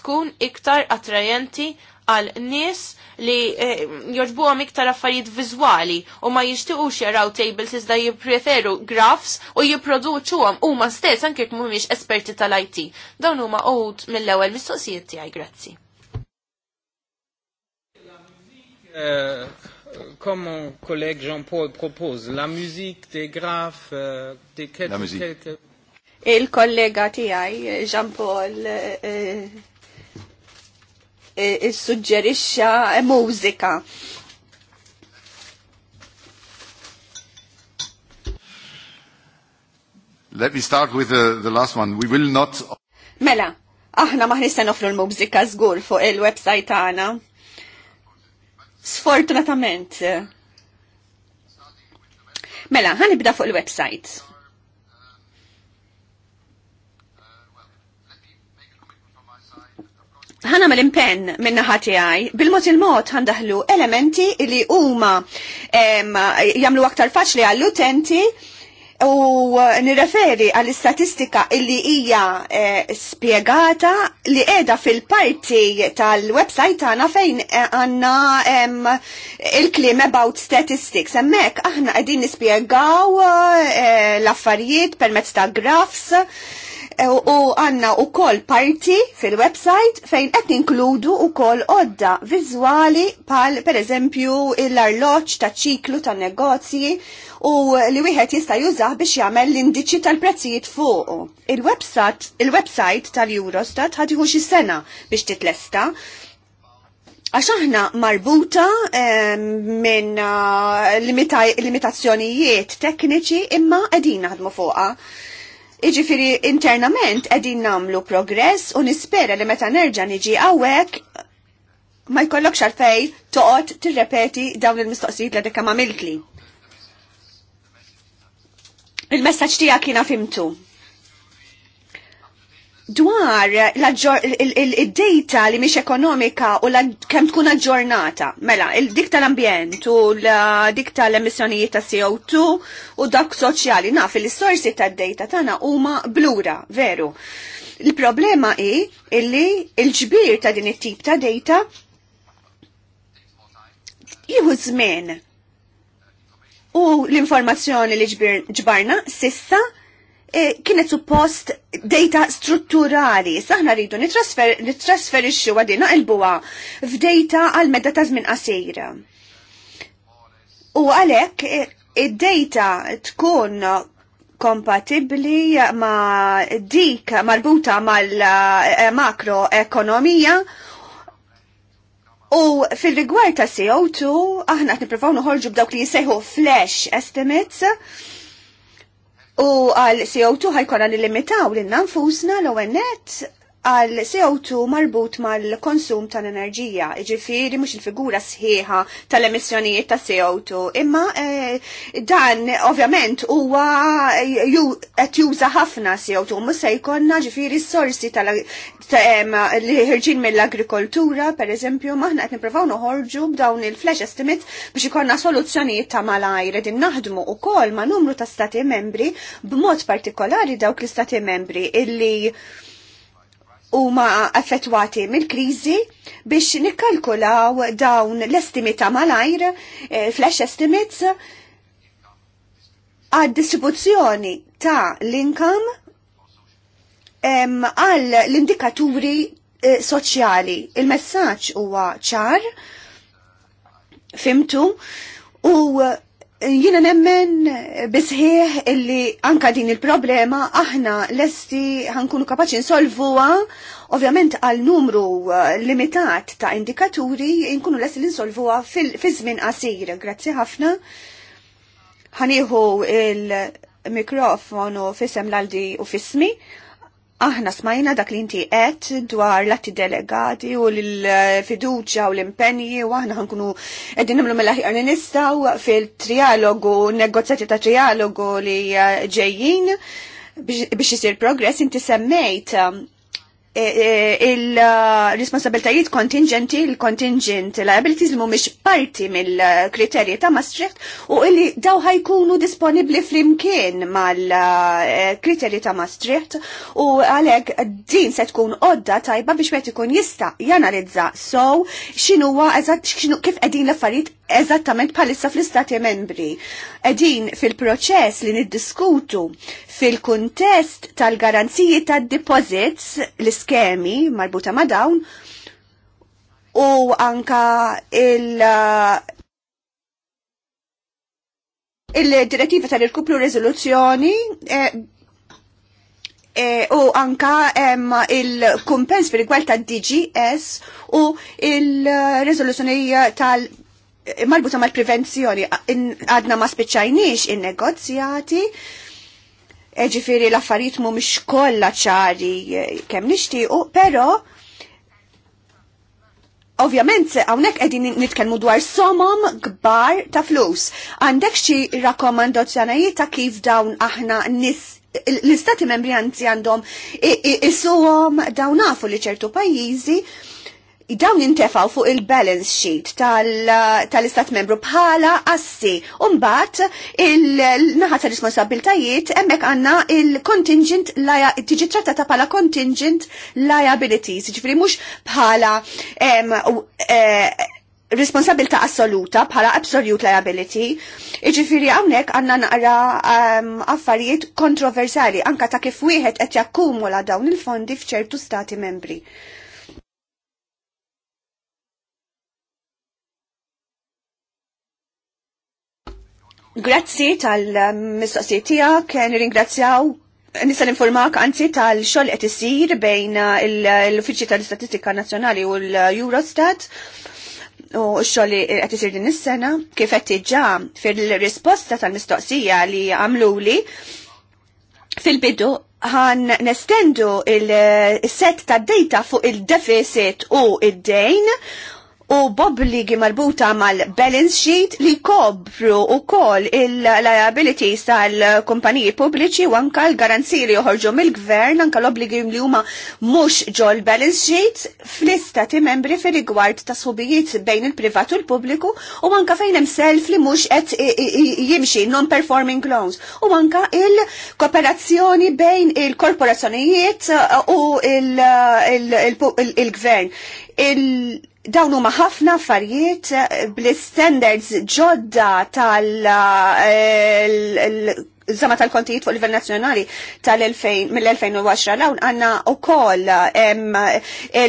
tkun iktar attrajenti għal nies li eh, jorġbuhom iktar affarijiet viżwali u ma jixtiequx jaraw tables iżda jippreferu graphs u jipproduċuhom huma stess anke jekk mhumiex esperti tal-IT. Dawn huma qgħud mill-ewwel mistoqsijiet tiegħi, grazzi. Euh, comme mon collègue Jean-Paul propose, la musique des graphes, euh, des quelques... La musique. quelques... Et le collègue tijaj, Jean-Paul, euh, euh, eh, la euh, musique. Let me start with the, the last one. We will not... Mela, aħna maħnista nofru l-mużika zgur fuq il-websajt għana. Sfortunatament. Mela, ħanibda fuq il-website. ħana mal impenn minna ħati għaj, bil-mot il-mot ħandaħlu elementi li huma jamlu aktar faċli għall-utenti u eh, nirreferi għall-istatistika illi hija eh, spiegata li qiegħda fil-parti tal-website tagħna fejn eh, għandna il-klim about statistics. Hemmhekk aħna qegħdin nispjegaw l-affarijiet permezz ta' graphs u għanna u koll parti fil-website fejn qed inkludu u koll odda vizuali pal per eżempju l-arloċ ta' ċiklu ta' negozji u li wieħed jista' jużah biex jagħmel l-indiċi tal-prezzijiet fuq. Il-website il tal-Eurostat ħadiħu xi sena biex titlesta għax aħna marbuta minn eh, limitazzjonijiet tekniċi imma qegħdin naħdmu fuqha. Iġifiri internament qegħdin namlu progress u nispera li meta nerġa' niġi hawnhekk ma jkollokx għalfej toqgħod tirrepeti dawn il-mistoqsijiet li dik ma miltli il-messaġġ tija jiena fimtu. Dwar il-data li mhix ekonomika u kemm tkun aġġornata, mela, il-dik tal-ambjent u l-dik tal-emissjonijiet ta' CO2 u dak soċjali naf il-sorsi tad-data tagħna huma blura, veru. Il-problema hi illi il-ġbir ta' din it-tip ta' data jieħu żmien U l-informazzjoni li ġbarna sissa e, kienet suppost data strutturali. Saħna rridu nitrasferixxu għadina il-buwa f'data għal medda ta' żmien qasir. U għalhekk e, id-data tkun kompatibli ma dik marbuta mal-makroekonomija e, U fil-rigward ta' CO2, aħna t nippruvaw noħorġu b'dawk li jsejħu flash estimates. U għal CO2 ħajkonna nilimitaw l-innanfusna l-ONET għal CO2 marbut mal-konsum tal-enerġija, ġifiri mux il-figura sħiħa tal-emissjonijiet ta' CO2, imma eh, dan ovvjament huwa qed juża ħafna CO2, mux se jkollna ġifiri s-sorsi li ħirġin mill-agrikoltura, per eżempju, maħna qed nippruvaw noħorġu b'dawn il-flash estimate biex ikollna soluzzjonijiet ta' malajr din naħdmu kol ma' numru ta' stati membri b'mod partikolari dawk l-istati membri illi huma affettwati mill-kriżi biex nikkalkulaw dawn l-estimi ta' malajr, eh, flash estimates, għad distribuzzjoni ta' l inkam għal l-indikaturi eh, soċjali. Il-messaġġ huwa ċar, fimtu, u Jina nemmen bisħieħ illi anka din il-problema aħna lesti ħankunu kapaċi nsolvuha ovvjament għal numru uh, limitat ta' indikaturi nkunu lesti li insolvuwa fi żmien qasir. Grazzi ħafna. Ħanieħu il-mikrofonu fisem l-aldi u fismi Aħna smajna dak li inti qed dwar l-atti delegati u l-fiduċja u l-impenji u aħna ħankunu qegħdin nagħmlu mill-aħjar nistgħu fil-trialogu, negozjati ta' trialogu li eh, ġejjin biex isir progress inti semmejt Eh, eh, il-responsabiltajiet kontingenti, il-contingent liabilities li mumiex parti mill-kriterji ta' Maastricht u illi daw ħajkunu disponibli flimkien mal-kriterji ta' Maastricht u għalek din se tkun odda tajba biex wieħed ikun jista' janalizza so xinuwa eżatt kif qegħdin l-affarijiet eżattament palissa fl-istati membri. Edin fil-proċess li niddiskutu fil-kuntest tal-garanziji tad-deposits l-iskemi marbuta ma' dawn u anka il- il-direttiva tal-irkuplu rezoluzzjoni eh, eh, u anka ehm, il-kumpens fil gwalt DGS u il-rezoluzzjoni tal- marbuta mal-prevenzjoni, għadna ma spiċajniex in-negozjati, e ġifiri l-affarijiet mu kollha kolla ċari e, kem nixtiequ, pero ovvjament għawnek edin nitkellmu dwar somom gbar ta' flus. Għandek xi rakkomandazzjonijiet ta' kif dawn aħna nis l-istati membri għandhom isuhom dawn nafu li ċertu pajjiżi dawn jintefaw fuq il-balance sheet tal-istat tal membru bħala assi. Umbat il-naħa ta' responsabiltajiet emmek għanna il-contingent tiġi trattata bħala contingent liabilities, ġifri mux bħala e, responsabilta assoluta bħala absolute liability. ġifri għawnek għanna naqra um, affarijiet kontroversali anka ta' kif wieħed qed jakkumula dawn il-fondi f'ċertu stati membri. Grazzi tal-mistoqsijiet tiegħek, eh, nirringrazzjaw Nisa informak anzi tal xogħol qed isir bejn eh, l-Uffiċċju tal-Istatistika Nazzjonali u l-Eurostat u x-xogħol qed isir din is-sena kif qed tiġà fir risposta tal-mistoqsija li għamluli fil-bidu ħan nestendu il-set tad-data fuq il-deficit u id-dejn u bobligi marbuta mal-balance sheet li kobru u kol il-liabilities tal-kumpaniji pubbliċi u anka l-garanziji li joħorġu mill-gvern anka l-obligi li huma mhux ġol balance sheet fl-istati membri fir rigward ta' subijiet bejn il-privat u l-pubbliku u anka fejn hemm self li mhux qed jimxi non-performing loans u anka il-kooperazzjoni bejn il-korporazzjonijiet u il-gvern. il dawn huma ħafna affarijiet eh, bl-standards ġodda tal- eh, Zama tal-kontijiet fuq livell nazzjonali tal-2000 mill-2010 lawn għanna u koll eh,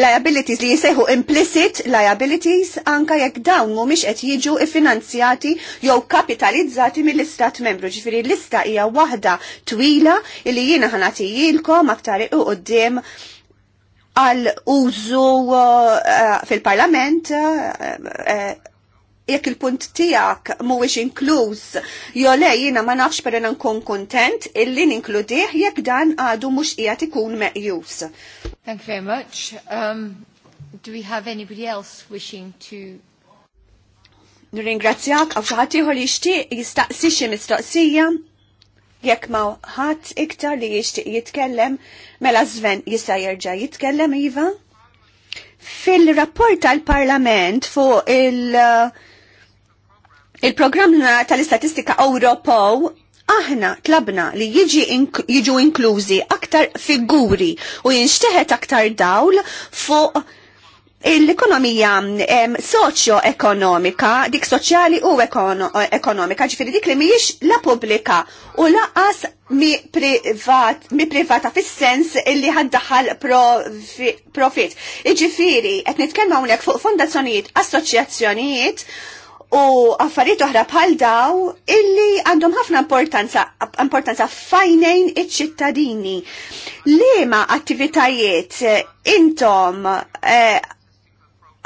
liabilities li jisejħu implicit liabilities anka jekk dawn mumiex qed jiġu iffinanzjati jew kapitalizzati mill-istat membru. Ġifieri l-lista hija waħda twila li jiena ħanatijilkom aktar u qudiem għal użu uh, uh, fil-parlament uh, jekk il-punt tijak mhuwiex inkluż, jo le jiena ma nafx perena nkun kontent illi ninkludih jekk dan għadu mhux qiegħed ikun meqjus. Thank you very much. Um, do we have anybody else wishing to Nirringrazzjak għaw xaħat jħol jishtiq jistaqsi xi mistoqsija. Jekk ma ħadd iktar li jixtieq jitkellem, mela żven jista' jerġa' jitkellem iva? Fil-rapport tal-Parlament fuq il- il-programm tal-istatistika Ewropew aħna tlabna li jiġi ink jiġu inklużi aktar figuri u jinxteħet aktar dawl fuq l-ekonomija soċio ekonomika dik soċjali u ekonomika, ġifiri dik li miex la publika u as mi, privat, mi privata fis-sens illi ħaddaħal profit. Iġifiri, et nitkellmu hawnhekk fuq fondazzjonijiet, assoċjazzjonijiet u affarijiet oħra bħal daw illi għandhom ħafna importanza, importanza fajnejn iċ-ċittadini. Lema attivitajiet intom eh,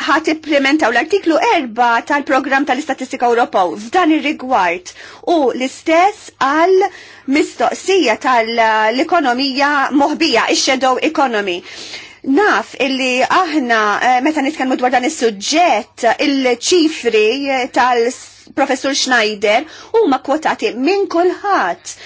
ħat implementaw l-artiklu 4 tal-programm tal-Istatistika Ewropew f'dan ir-rigward u l-istess għal mistoqsija tal-ekonomija moħbija, ix-shadow economy. Naf illi aħna eh, meta nitkellmu dwar dan is-suġġett il-ċifri tal-Professur Schneider huma kwotati minn kulħadd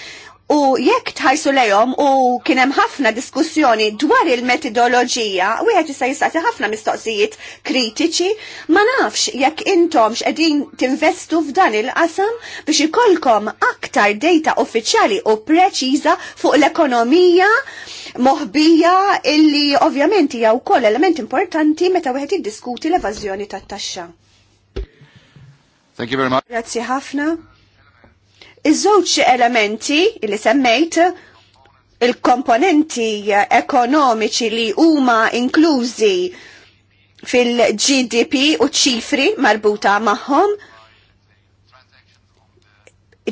U jekk tħajsu lejom u kien hemm ħafna diskussjoni dwar il-metodoloġija, wieħed jista' jistaqsi ħafna mistoqsijiet kritiċi, ma nafx jekk intom x'qegħdin tinvestu f'dan il-qasam biex ikolkom aktar data uffiċjali u preċiża fuq l-ekonomija moħbija illi ovvjament hija wkoll element importanti meta wieħed jiddiskuti l-evażjoni tat-taxxa. Thank you very much. Grazzi ħafna. Iż-żewġ elementi li semmejt il-komponenti ekonomiċi li huma inklużi fil-GDP u ċifri marbuta magħhom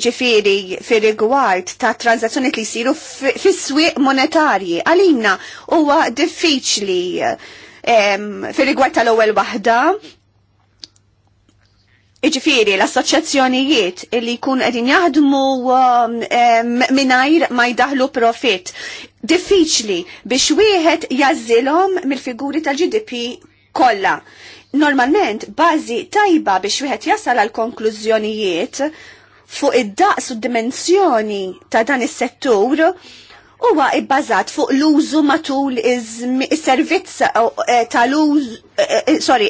ġifiri fir rigward ta' tranzazzjoni li jisiru fis-swieq monetarji. Għalina huwa diffiċli fir rigward tal-ewwel waħda Iġifiri, l-assoċjazzjonijiet li kun għedin jaħdmu um, minajr ma jdaħlu profit. Diffiċli biex wieħed jazzilhom mill-figuri tal-GDP kollha. Normalment, bażi tajba biex wieħed jasal għal konklużjonijiet fuq id-daqs u d-dimensjoni ta' dan is-settur huwa ibbażat fuq l-użu matul is-servizz eh, tal-użu eh, eh, sorry,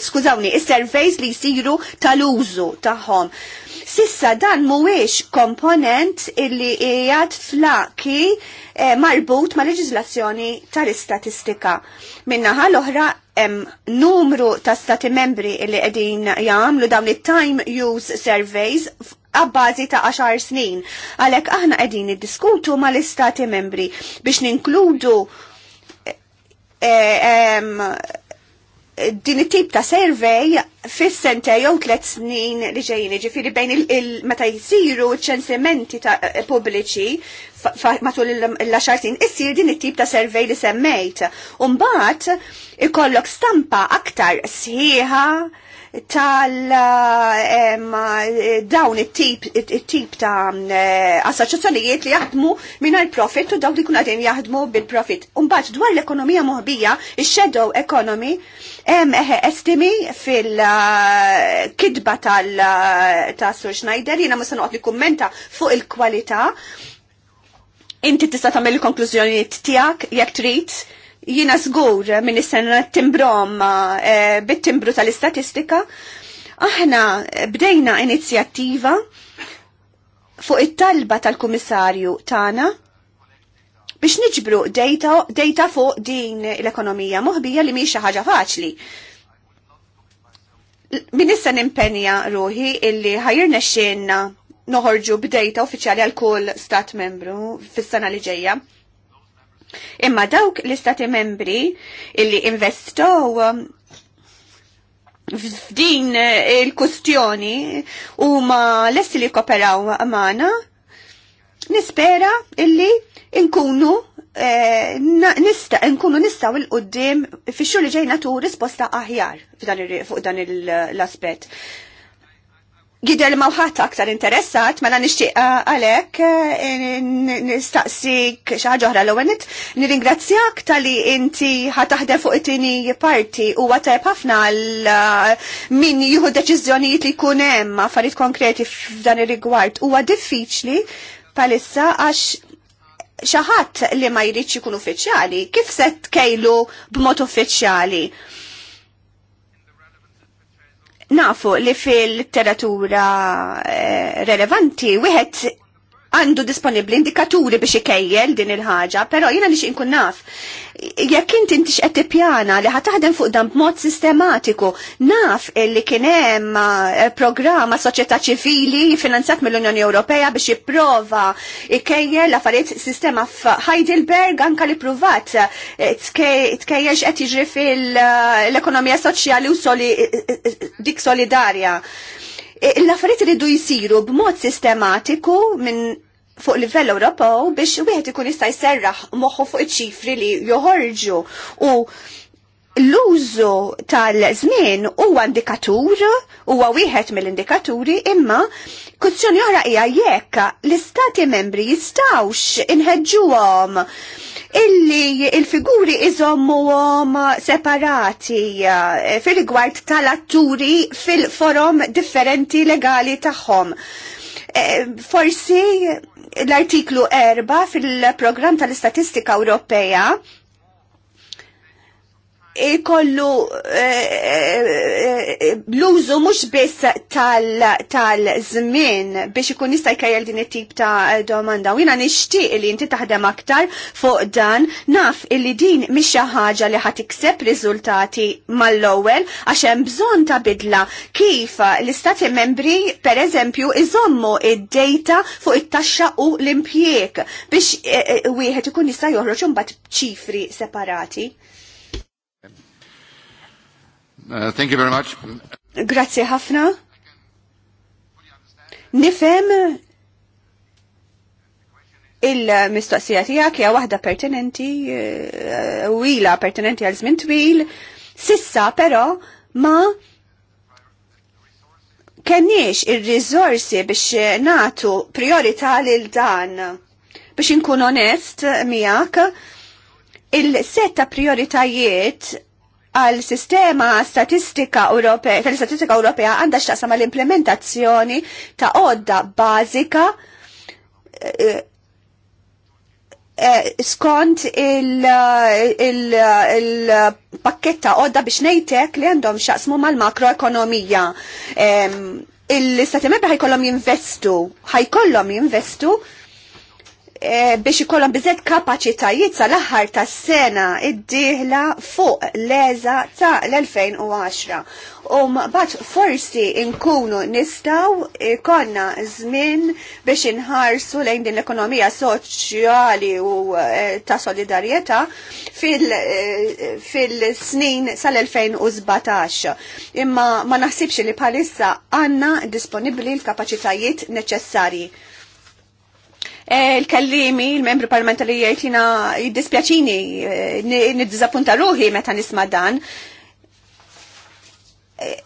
skużawni, is-surveys li jsiru tal-użu tagħhom. Sissa dan mhuwiex komponent illi jgħad flaki marbut ma' leġizlazzjoni tal-istatistika. Minnaħa l-oħra em, numru ta' stati membri li qegħdin jagħmlu dawn it-time use surveys għabbażi ta' 10 snin. Għalhekk aħna qegħdin ma' mal-istati membri biex ninkludu em, eh, ehm, din it-tip ta' survey fis sente jew tliet snin li ġejjin ġifieri bejn il-meta jsiru ċensimenti ta' eh, pubbliċi matul il 10 issir din it-tip ta' survey li semmejt. Umbat ikollok stampa aktar sħiħa tal eh, dawn it-tip ta' eh, assoċazzjonijiet li jaħdmu mingħajr profit u dawk li kun għadin jaħdmu bil-profit. Umbat dwar l-ekonomija moħbija, il-shadow economy, hemm estimi fil-kidba eh, tal-Sur Schneider, jiena musa noqgħod li kummenta fuq il-kwalità Inti tista' tagħmel il-konklużjonijiet tiegħek jekk trid. Jiena żgur minn is-sena timbrom eh, bit-timbru tal-istatistika. Aħna bdejna inizjattiva fuq it-talba tal-Kummissarju tagħna biex niġbru data, data fuq din l-ekonomija moħbija li mhix xi ħaġa faċli. Min issa nimpenja ruħi illi ħajirna xienna noħorġu b'dejta uffiċjali għal kull stat membru fis-sena li ġejja. Imma dawk l-istati membri illi investow um, f'din eh, il-kustjoni u ma lessi li koperaw għamana, nispera illi nkunu eh, nista, nkunu nistaw il-qoddim fi xur li ġejna tu risposta aħjar fuq dan l-aspet. Gider mawħat aktar interessat, mela nixtieq uh, għalek uh, nistaqsik xaħġa oħra l-għonet, nir-ingrazzjak tal-li inti ħataħdem fuq it-tini parti u għatajb ħafna l-min uh, juhu deċizjonijiet li kunem affarijiet konkreti f'dan ir-rigward. Huwa diffiċli palissa għax xaħat li ma jridx ikun uffiċjali, kif se tkejlu b'mod uffiċjali? Nafu li fil-literatura eh, relevanti wieħed għandu disponibli indikaturi biex ikejjel din il-ħaġa, pero jena nix inkun naf. Jekk inti inti xqed tippjana li ħataħdem fuq dan b'mod sistematiku, naf li kien hemm eh, programma soċjetà ċivili finanzat mill-Unjoni Ewropea biex jipprova ikejjel l-affarijiet sistema f'Heidelberg anka li pruvat eh, tkejjel x'qed jiġri fil-ekonomija eh, soċjali u dik solidarja. Eh, l-affarijiet iridu jisiru b'mod sistematiku minn fuq livell Ewropew biex wieħed ikun jista' jserraħ moħħu fuq iċ-ċifri li joħorġu u l-użu tal-żmien huwa indikatur, huwa wieħed mill-indikaturi, imma kuzzjoni oħra hija jekk l-istati membri jistawx inħeġġuhom illi il-figuri iżommuhom separati eh, fil-rigward tal-atturi fil-forom differenti legali tagħhom. Eh, forsi l-artiklu 4 fil-programm tal-istatistika Ewropea ikollu eh, eh, eh, l-użu mhux biss tal-żmien biex ikun jista' jkejjel din it-tip ta' domanda. Wina nixtieq li inti taħdem aktar fuq dan naf illi din mhix xi ħaġa li ħadd iksepp riżultati mal-ewwel għax hemm bżonn ta' bidla kif l-istati membri pereżempju iżommu id-data fuq it-taxxa u l-impjieg biex wieħed ikun jista' joħroġ imbagħad ċifri separati. Uh, thank you very much. Grazie ħafna. Nifem il-mistoqsija tiegħek hija waħda pertinenti, wila uh, pertinenti għal żmien twil, sissa però ma kenniex il-rizorsi biex natu priorità lil dan. Biex inkun onest miegħek, il-setta prioritajiet għal sistema statistika Ewropea, tal-istatistika Ewropea għandha x'taqsam mal implementazzjoni ta' għodda bażika eh, eh, skont il-pakketta għodda biex nejtek li għandhom xaqsmu mal-makroekonomija. Il-istati membri ħajkollhom jinvestu, ħajkollhom jinvestu Eh, biex ikollhom biżed kapaċitajiet sal-aħħar tas-sena id-dieħla fuq l-eża ta' l-2010. U mbagħad forsi nkunu nistgħu konna żmien biex inħarsu lejn din l-ekonomija soċjali u eh, ta' solidarjetà eh, fil-snin sal-2017. Imma ma naħsibx li bħalissa għandna disponibbli l-kapaċitajiet neċessarji Eh, il-kallimi, il-membri parlamentari jajtina jiddispjaċini, eh, nid-dizappunta ruħi meta nisma dan eh,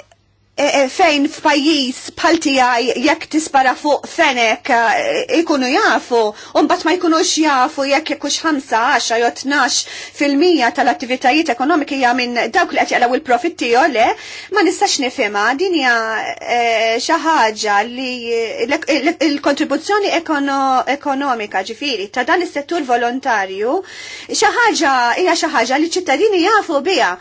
Eh, eh, fejn f'pajjiż bħal tiegħi jekk tispara fuq fenek eh, ikunu jafu, u mbagħad ma jkunux jafu jekk jekux 5, 10 jew 12 fil-mija tal-attivitajiet ekonomiki hija minn dawk li qed jaqlaw il profitt tiegħu le, ma nistax nifhimha din hija xi ħaġa li l kontribuzzjoni ekonomika ġifieri ta' dan is-settur volontarju xi ħaġa hija xi ħaġa li ċittadini jafu biha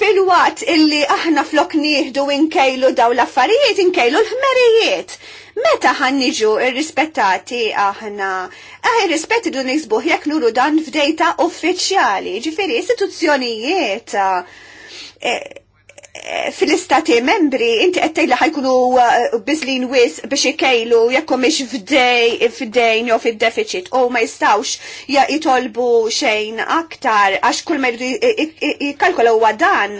Fil-wat illi aħna flok nieħdu inkejlu daw l-affarijiet, inkejlu l-ħmerijiet. Meta ħanniġu ir-rispettati aħna? Aħ eh, irrispetti idu nisbuħ jekk nuru dan f'dejta uffiċjali, ġifiri, istituzzjonijiet. Eh, fil-istati membri, inti għettaj li ħajkunu uh, bizlin wis biex ikejlu jekku miex f'dej, f'dejn jew f'deficit u ma jistawx ja jitolbu xejn aktar, għax kull ma jikalkolaw dan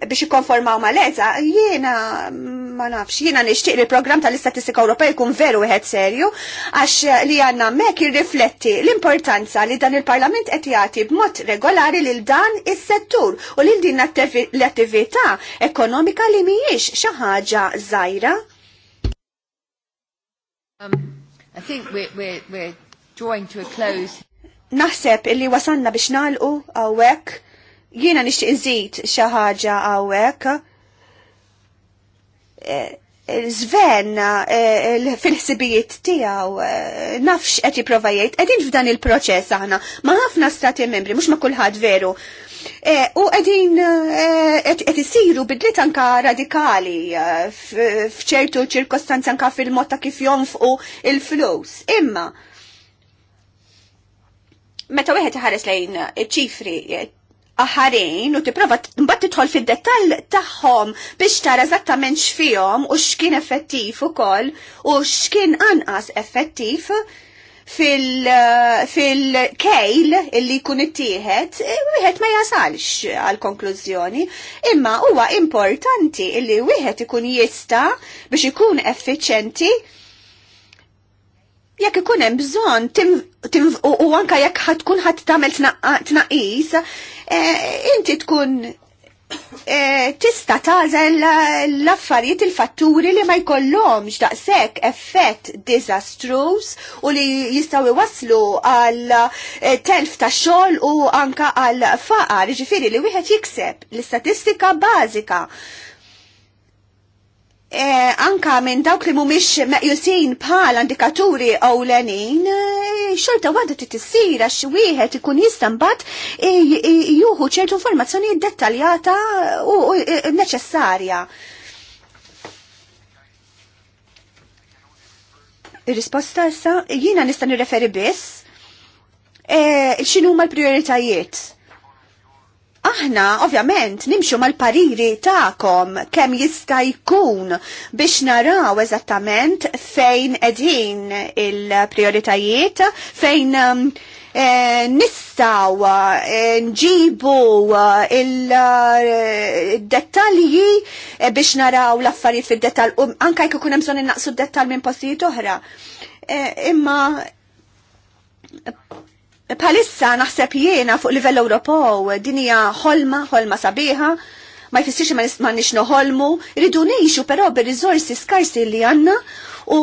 biex jikonformaw ma leza, jiena ma nafx, jiena nishtiq li program tal-istatistika Ewropej jkun veru wieħed serju, għax li għanna mek jirrifletti l-importanza li dan il-parlament qed jagħti b'mod regolari lil dan is-settur u lil din l-attività attività ekonomika li mhijiex xi ħaġa żgħira. Um, I think we're, we're, we're drawing to a close. Naħseb illi wasanna biex nalqu għawek, jiena nixtieq nżid xi ħaġa għawek. E, e, Sven e, fil-ħsibijiet tiegħu nafx qed jipprova jgħid qegħdin f'dan il-proċess aħna ma' ħafna stati membri mhux ma' kulħadd veru Eh, u għedin għed eh, isiru bidlit anka radikali eh, fċertu ċirkostanzi anka fil-motta kif jonfqu il-flus. Imma, meta wieħed iħares lejn ċifri aħarin u tipprova mbagħad tidħol fid-dettall tagħhom biex tara eżattament x'fihom u x'kien effettiv ukoll u x'kien anqas effettiv Eh, fil-kejl fil illi kun ittieħed, eh, wieħed ma jasalx għal konklużjoni, imma huwa importanti illi wieħed ikun jista biex ikun effiċenti jekk ikun hemm bżonn u anke jekk tkun ħadd tagħmel tnaqqis, eh, inti tkun Eh, tista tażel l-affarijiet il-fatturi li ma jkollhomx daqshekk effett disastrous u li jistgħu waslu għal eh, telf ta' xogħol u anka għal faqar, ġifieri li wieħed jikseb l-istatistika bażika Eh, anka minn dawk li mumiex meqjusin bħal indikaturi ewlenin, eh, xorta t tissir xi wieħed ikun jista' bat eh, eh, juhu ċertu informazzjoni dettaljata u neċessarja. Ir-risposta issa jiena nista' nirreferi biss xinu x'inhuma l prioritajiet Aħna, ovvjament, nimxu mal-pariri ta'kom kem jista' jkun biex naraw eżattament fejn edin il-prioritajiet, fejn e, nistaw e, nġibu eh, il-dettalji e, biex naraw l-affarijiet fil-dettal, um, anka jkun kunem bżonn innaqsu d-dettal minn postijiet oħra. Imma Palissa naħseb jiena fuq livell Ewropew dinija ħolma, ħolma sabiħa, ma jfissirx ma nix noħolmu, rridu nixu però bir-riżorsi skarsi li għandna u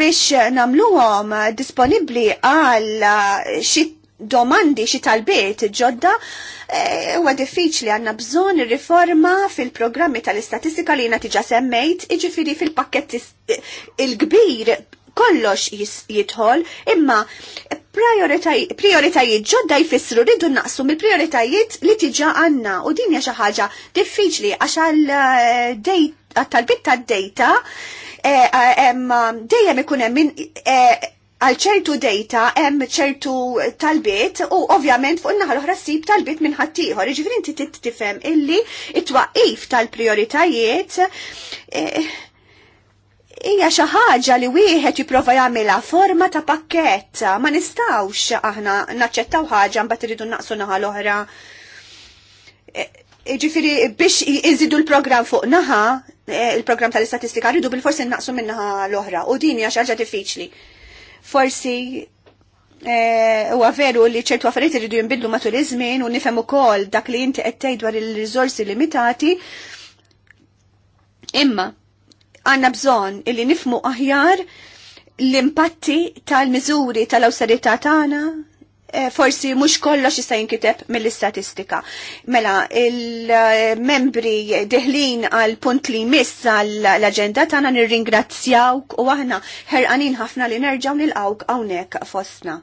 biex namluhom disponibbli għal xi domandi xi talbiet ġodda e, huwa diffiċli għandna bżonn riforma fil-programmi tal-istatistika li jiena tiġa semmejt, iġifieri fil-pakketti il-kbir kollox jidħol, imma prioritajiet ġodda jfissru riddu naqsu mill-prioritajiet li tiġa għanna u din hija xi ħaġa diffiċli għax għall eh, talbit tad-data eh, dejjem ikun hemm eh, għal ċertu data hemm ċertu talbiet u ovvjament fuq naħa l-oħra sib talbiet minn ħaddieħor. Jiġifieri inti tifhem illi it-twaqif tal-prioritajiet hija xi ħaġa li wieħed jipprova jagħmilha forma ta' pakkett. Ma nistgħux aħna naċċettaw ħaġa mbagħad iridu naqsu naħa l-oħra. E, Ġifieri biex iżidu l-programm fuq naħa, e, il-programm tal-istatistika rridu bil-forsi naqsu minnaħa l-oħra u din hija xi ħaġa diffiċli. Forsi e, huwa veru li ċertu affarijiet iridu jinbidlu matul iż-żmien u nifhem ukoll dak li inti qed tgħid dwar il-riżorsi limitati. Imma, għanna bżon illi nifmu aħjar l-impatti tal-miżuri tal-awsarità tagħna eh, forsi mhux kollox jista' jinkiteb mill-istatistika. Mela, il-membri deħlin għal punt li miss għall-aġenda tagħna nirringrazzjawk u aħna ħerqanin ħafna li nerġgħu għawk hawnhekk fostna.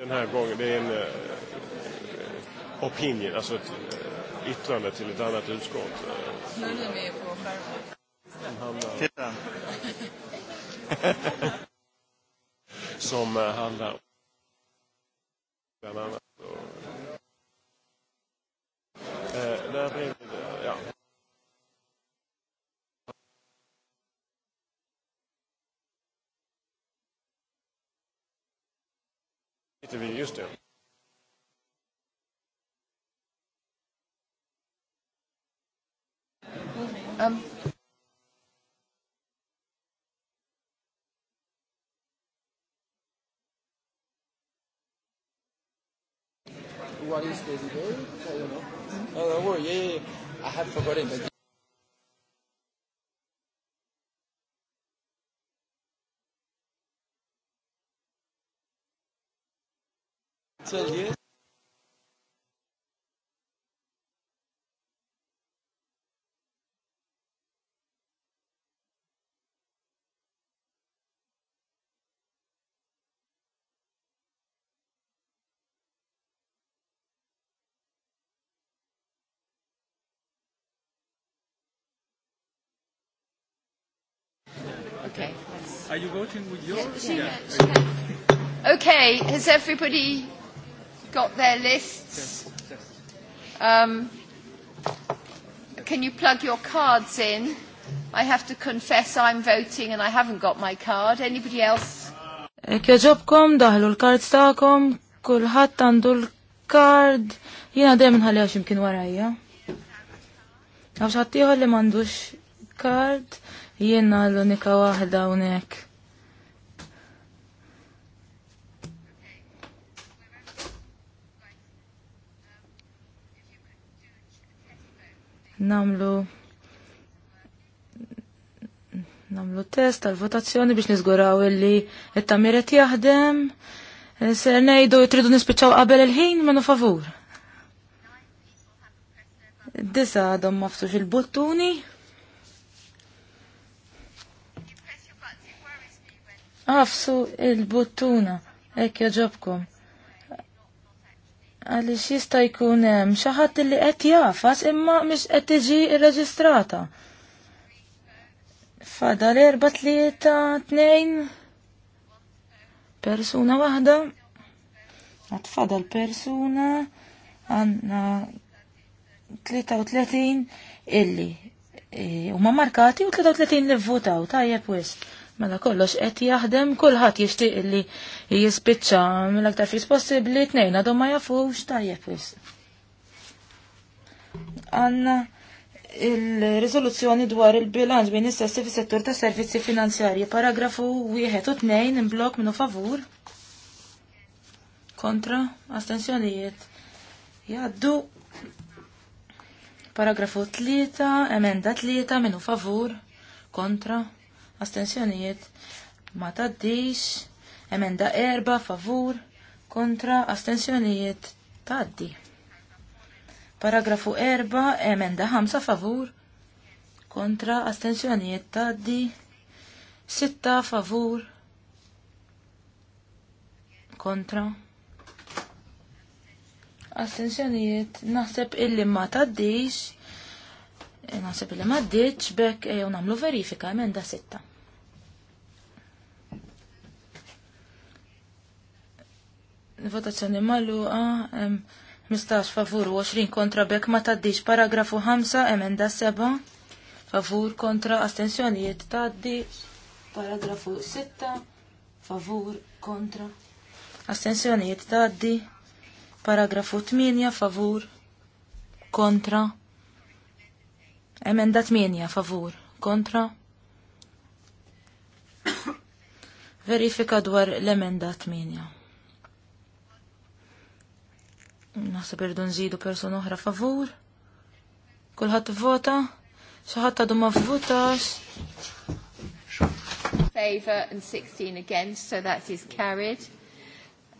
Den här gången, det är en uh, opinion, alltså ett uh, yttrande till ett annat utskott. Nu är ni med på skärmen. Titta. Som uh, handlar om bland annat. Och, uh, där är to be used to. Um, what is the delay? I don't know. Mm -hmm. Oh, don't worry. Yeah, yeah, yeah. I have forgotten. But Okay. Are you voting with yours? Yeah, she yeah. Okay, has everybody got their lists? Um, can you plug your cards in? I have to confess I'm voting and I haven't got my card. Anybody else? Kjoġobkom, daħlu l-kard stakom, kullħat għandu l-kard, jina dejjem nħalli għax imkien warajja. Għax ħattijħor li mandux kard, jina l-unika wahda unek. namlu namlu test tal-votazzjoni biex nizguraw illi it-tamiret jaħdem. Ser nejdu tridu nispiċaw qabel il-ħin minu favur. Disa għadhom maftux il-buttuni. Għafsu il-buttuna, ekk jaġobkom. Għaliex jista' jkun hemm xi ħadd li qed jafas imma mhix qed tiġi rreġistrata. Fadal erba tlieta tnejn persuna waħda. Għatfadal persuna għanna 33 illi eh, huma markati u 33 li votaw tajjeb wisq. Mela kollox qed jaħdem kulħadd jixtieq li jispiċċa mill-aktar fis possibbli tnejn għadhom ma jafux tajjeb wisq. Għandna il-riżoluzzjoni dwar il-bilanċ bejn is-sessi fis-settur ta' servizzi finanzjarji, paragrafu wieħed u tnejn imblok minnu favur. Kontra, astensjonijiet. Jaddu paragrafu tlieta, emenda tlieta minnu favur, kontra, astensjonijiet ma taddix, emenda erba favur kontra astensjonijiet taddi. Paragrafu erba, emenda ħamsa favur kontra astensjonijiet taddi, sitta favur kontra. Astensjonijiet naħseb illi ma taddix, naħseb illi ma ddiċ, bekk ejon namlu verifika emenda sitta. votazzjoni magħluqa, 15 favur u 20 kontra bek ma taddix paragrafu 5 emenda 7 favur kontra astensjonijiet taddi paragrafu 6 favur kontra astensjonijiet taddi paragrafu 8 favur kontra emenda 8 favur kontra verifika dwar l-emenda 8 Naħseb perdu nżidu person oħra favur. Kulħadd vota, xi ħadd għadu ma Favor and 16 against, so that is carried.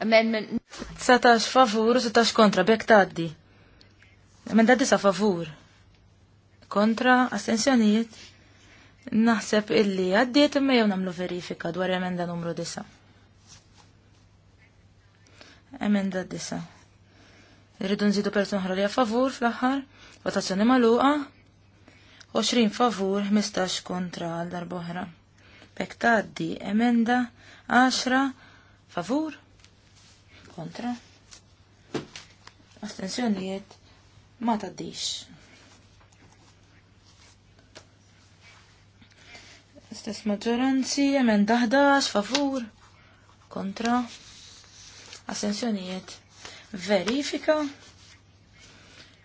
Amendment Setax favur, setax kontra, bek taddi. Amenda sa favur. Kontra, astensjonijiet. Naħseb illi għaddiet imma jew nagħmlu verifika dwar emenda numru 9. Emenda 9. Irridu nżidu persuna ħra li favur fl-aħħar, votazzjoni magħluqa. 20 favur, 15 kontra għal darboħra. Bek taddi emenda 10 favur kontra. Astensjonijiet ma taddix. Stess maġġoranzi, emenda 11 favur kontra. Astensjonijiet verifika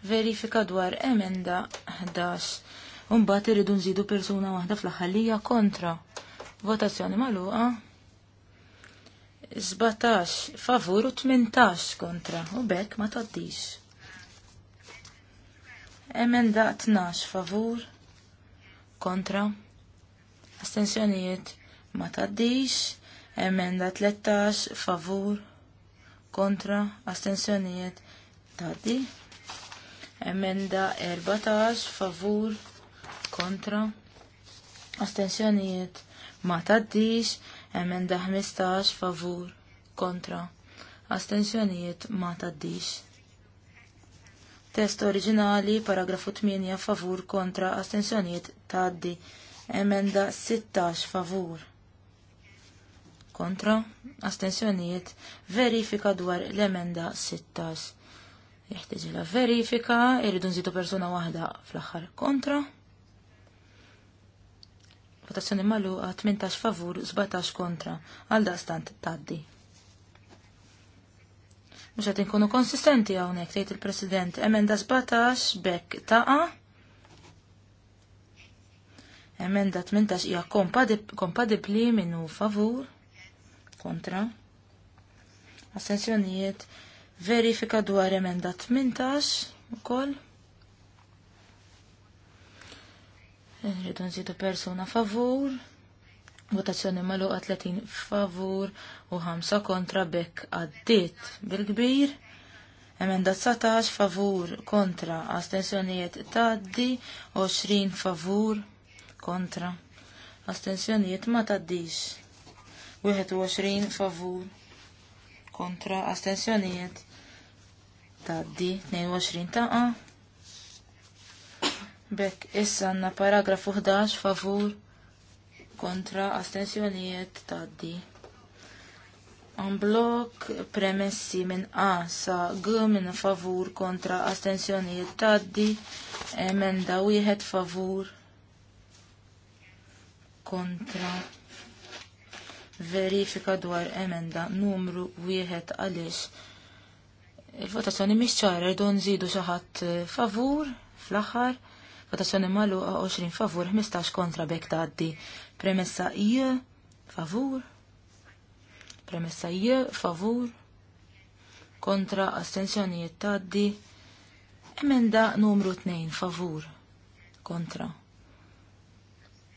verifika dwar emenda 11. Umbat irridu nżidu persuna waħda fl-ħallija kontra. Votazzjoni maluqa. 17 favur u 18 kontra. U bekk ma taddix. Emenda 12 favur kontra. Astensjonijiet ma taddix. Emenda 13 favur kontra astensjonijiet taddi. Emenda 14 favur kontra astensjonijiet ma taddix. Emenda 15 favur kontra astensjonijiet ma taddix. Test oriġinali, paragrafu 8, favur kontra astensjonijiet taddi. Emenda 16, favur kontra, astensjonijiet, verifika dwar l-emenda 16. Jeħtieġ la verifika, irridu nżidu persuna waħda fl-aħħar kontra. Votazzjoni magħluqa 18 favur, 17 kontra, għal stant taddi. Mhux qed inkunu konsistenti hawnhekk tgħid il-President, emenda 17 bekk taqa' emenda 18 hija kompatibli minnu favur kontra. Assenzjonijiet verifika dwar emenda 18 ukoll. Rridu nżidu persuna favur. Votazzjoni malu 30 favur u 5 kontra bekk għaddit bil-kbir. Emenda 19 favur kontra astensjonijiet taddi 20 favur kontra astensjonijiet ma taddix. 21 favur kontra astensjonijiet D 22 A. Bek issa għanna paragrafu 11 favur kontra astensjonijiet taddi. blok premessi minn A sa G minn favur kontra astensjonijiet taddi, emenda wieħed favur kontra verifika dwar emenda numru wieħed għaliex il-votazzjoni mhix ċara rdu nżidu xi ħadd favur fl-aħħar votazzjoni magħluqa 20 favur 15 kontra bekk tgħaddi. Premessa j favur premessa j favur kontra astensjonijiet tgħaddi. Emenda numru 2 favur kontra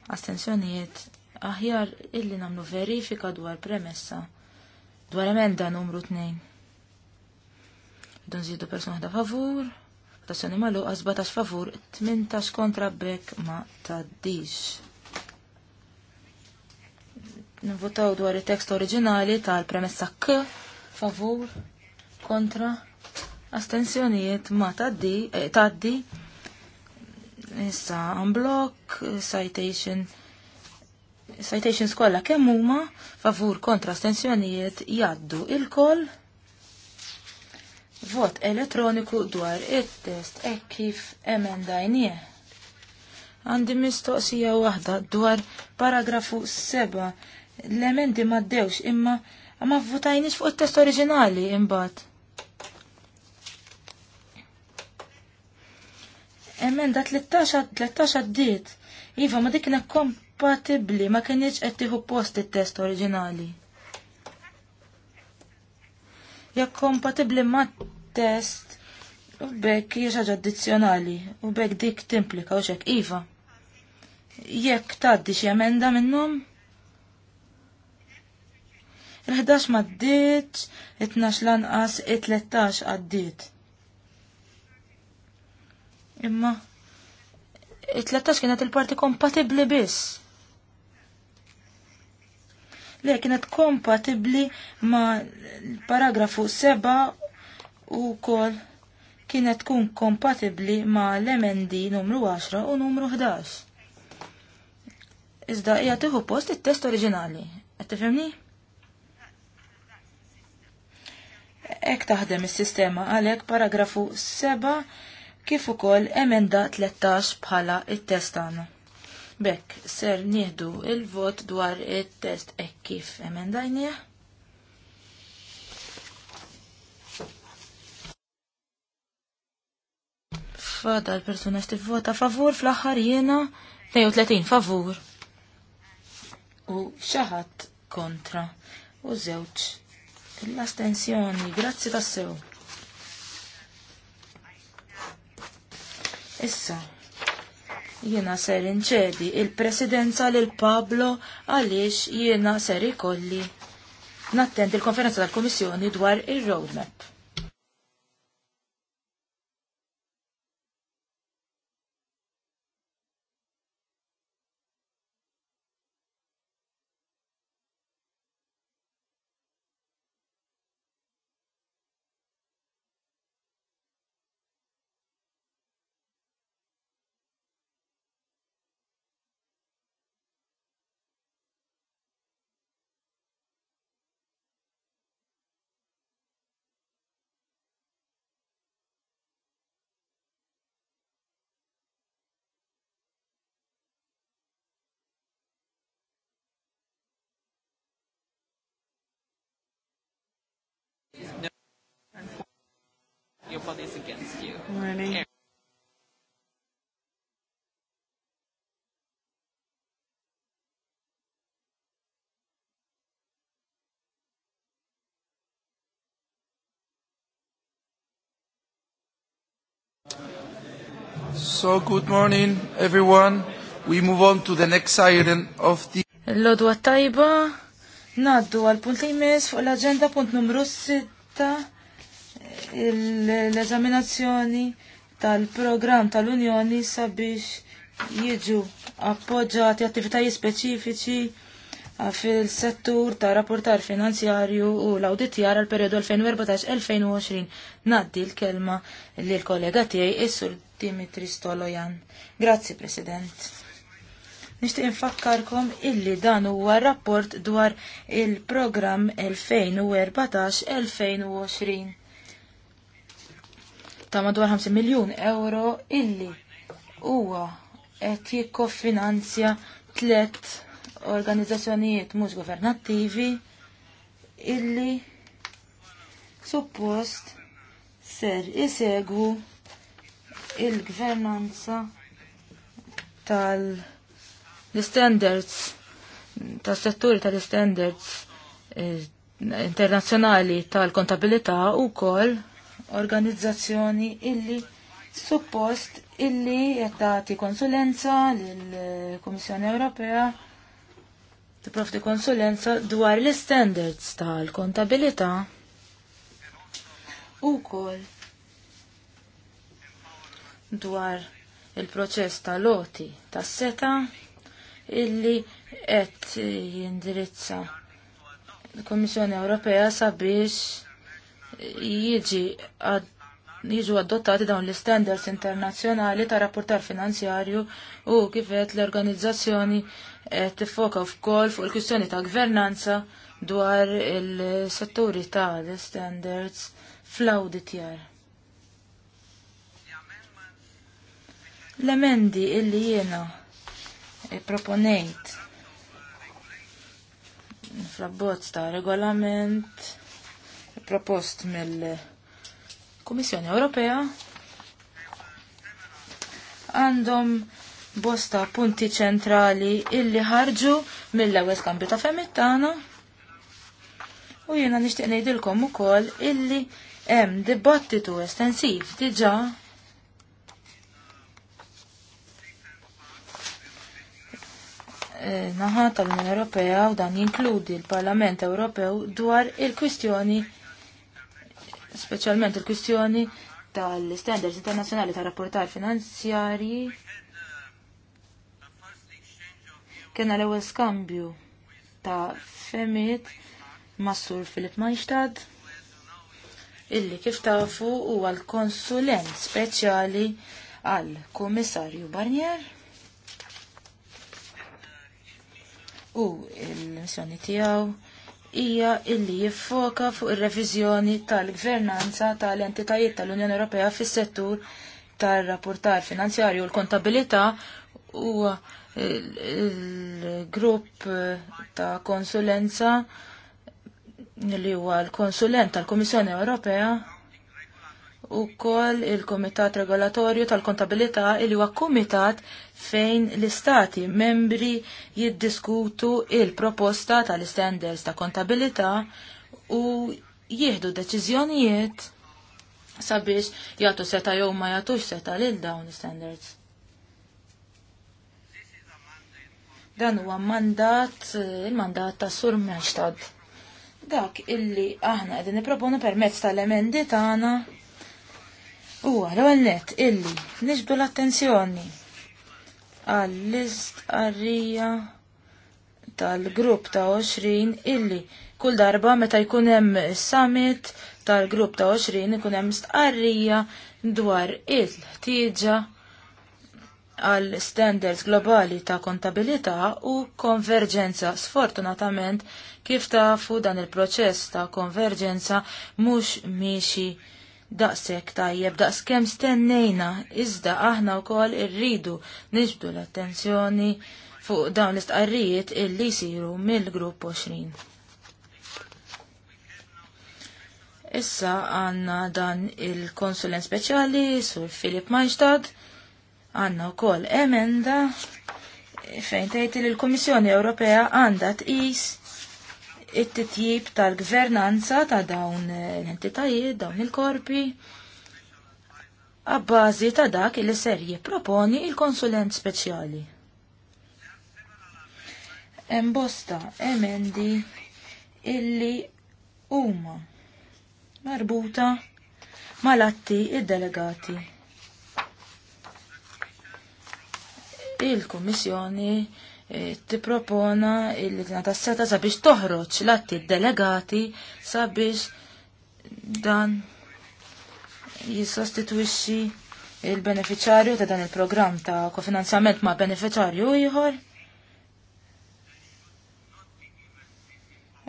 astensjonijiet aħjar illi namlu verifika dwar premessa dwar emenda numru 2. Don zidu persona da favur, votazzjoni malu ta' favur, 18 kontra bek ma dix. Nivvotaw dwar il-tekst oriġinali tal-premessa k, favur, kontra, astensjonijiet ma taddi, eh, taddi, issa unblock, citation, citations kollha kemm huma favur kontra astensjonijiet jaddu il-koll vot elettroniku dwar it-test e kif emendajnie. Għandi mistoqsija waħda dwar paragrafu 7 l-emendi maddewx imma ma votajniex fuq it-test oriġinali imbagħad. Emenda 13 13 diet. Iva, ma dik kienet kompatibbli ma kienieċ qed tieħu post it-test oriġinali. Jekk kompatibbli mat-test u bekk hija addizjonali addizzjonali u bekk dik timplika u xek iva. Jekk tgħaddi xi emenda minnhom, il-11 ma ddiet, it-12 lanqas, it-13 għaddiet. Imma, it-13 kienet il-parti kompatibli biss li kienet kompatibli ma paragrafu 7 u kol kienet tkun kompatibli ma l-emendi numru 10 u numru 11. Iżda hija tieħu post it-test oriġinali. Qed tifhimni? Ek taħdem is-sistema għalhekk paragrafu 7 kif ukoll emenda 13 bħala it-test tagħna. Bekk ser nieħdu il-vot dwar it-test e hekk kif emendajnieh. Fada l-persuna vota favur fl-aħħar jiena 32 favur. U xaħat kontra. U żewġ l-astensjoni. Grazzi tassew. Issa, Jiena ser inċedi il-presidenza lil Pablo għaliex jiena ser ikolli nattend il-konferenza tal-Komissjoni dwar il-roadmap. everybody is against you. Really? So, good morning, everyone. We move on to the next item of the... Lodu lodwa tajba, naddu għal-punt fuq l-agenda punt numru 6 l-eżaminazzjoni tal-programm tal-Unjoni sabiex jiġu appoġġati attivitajiet speċifiċi fil-settur ta' rapportar finanzjarju u l-auditjar għal periodu 2014-2020. Naddi l-kelma li l-kollega tiegħi is-sur Dimitri Stolojan. Grazzi, President. Nishtiq infakkarkom illi dan huwa rapport dwar il-programm 2014-2020 ta' madwar 5 miljun euro illi huwa qed jikkofinanzja tliet organizzazzjonijiet mhux governattivi illi suppost ser isegu il-gvernanza tal-standards tas-setturi tal-standards eh, internazzjonali tal-kontabilità u koll organizzazzjoni illi suppost illi qed tagħti konsulenza lill komissjoni Ewropea t-profti konsulenza dwar l-standards tal-kontabilità u wkoll dwar il-proċess tal loti tas seta illi qed jindirizza l komissjoni Ewropea sabiex jiġi jiġu adottati dawn l-standards internazzjonali ta' rapportar finanzjarju u kifet l-organizzazzjoni eh, tifoka f'kol fuq il-kwistjoni ta' gvernanza dwar il-setturi ta' l-standards fl-auditjar. L-emendi illi jiena eh, proponejt fl-abbozz ta' regolament propost mill-Kummissjoni Ewropea għandhom bosta punti ċentrali illi ħarġu mill-ewwel skambju ta' femittana u jiena nixtieq ngħidilkom ukoll illi hemm dibattitu estensiv diġà naħa tal-Unjoni Ewropea u dan jinkludi l-Parlament Ewropew dwar il-kwistjoni specialment il-kwistjoni tal-standards internazzjonali ta' rapportar finanzjari. Kena l-ewwel skambju ta' femiet Massur Filip Majstad illi kif tafu huwa l-konsulent speċjali għal kummissarju Barnier u l-missjoni tiegħu hija illi jiffoka fuq ir-reviżjoni tal-gvernanza tal-entitajiet tal-Unjoni Ewropea fis-settur tar-rapportar finanzjarju u l-kontabilità huwa l grupp ta' konsulenza li huwa l-konsulent tal-Kummissjoni Ewropea u koll il-Komitat Regolatorju tal-Kontabilità il huwa komitat fejn l-istati membri jiddiskutu il-proposta tal-standards ta' kontabilità u jieħdu deċiżjonijiet sabiex jagħtu seta' jew ma jagħtux seta' lil dawn standards. Dan huwa mandat, il-mandat ta' Sur Meċtad. Dak illi aħna qegħdin nipproponu permezz tal-emendi tagħna U għal-għannet illi nisbdu l-attenzjoni għall għarrija tal-grupp ta' 20 illi kull darba meta jkun hemm summit tal-grupp ta' 20 ikun hemm stqarrija dwar il-ħtieġa għal standards globali ta' kontabilità u konverġenza. Sfortunatament, kif tafu dan il-proċess ta' konverġenza mhux miexi daqshekk tajjeb daqs stennejna iżda aħna wkoll irridu nisbdu l-attenzjoni fuq dawn l-istqarrijiet illi jsiru mill-grupp 20. Issa għanna dan il-konsulent speċjali sur Filip Majstad għanna wkoll emenda fejn tajt li l-Kummissjoni Ewropea għandha tqis it-titjib tal-gvernanza ta' dawn l-entitajiet, dawn il-korpi, għabbażi ta' dak il serje proponi il-konsulent speċjali. Embosta emendi illi huma marbuta mal-atti id-delegati. Il-Kommissjoni il komissjoni il E, tippropona il tingħata seta sabiex toħroġ l-atti delegati sabiex dan jissostitwixxi il-beneficjarju ta' dan il-programm ta' kofinanzjament ma' beneficjarju ieħor.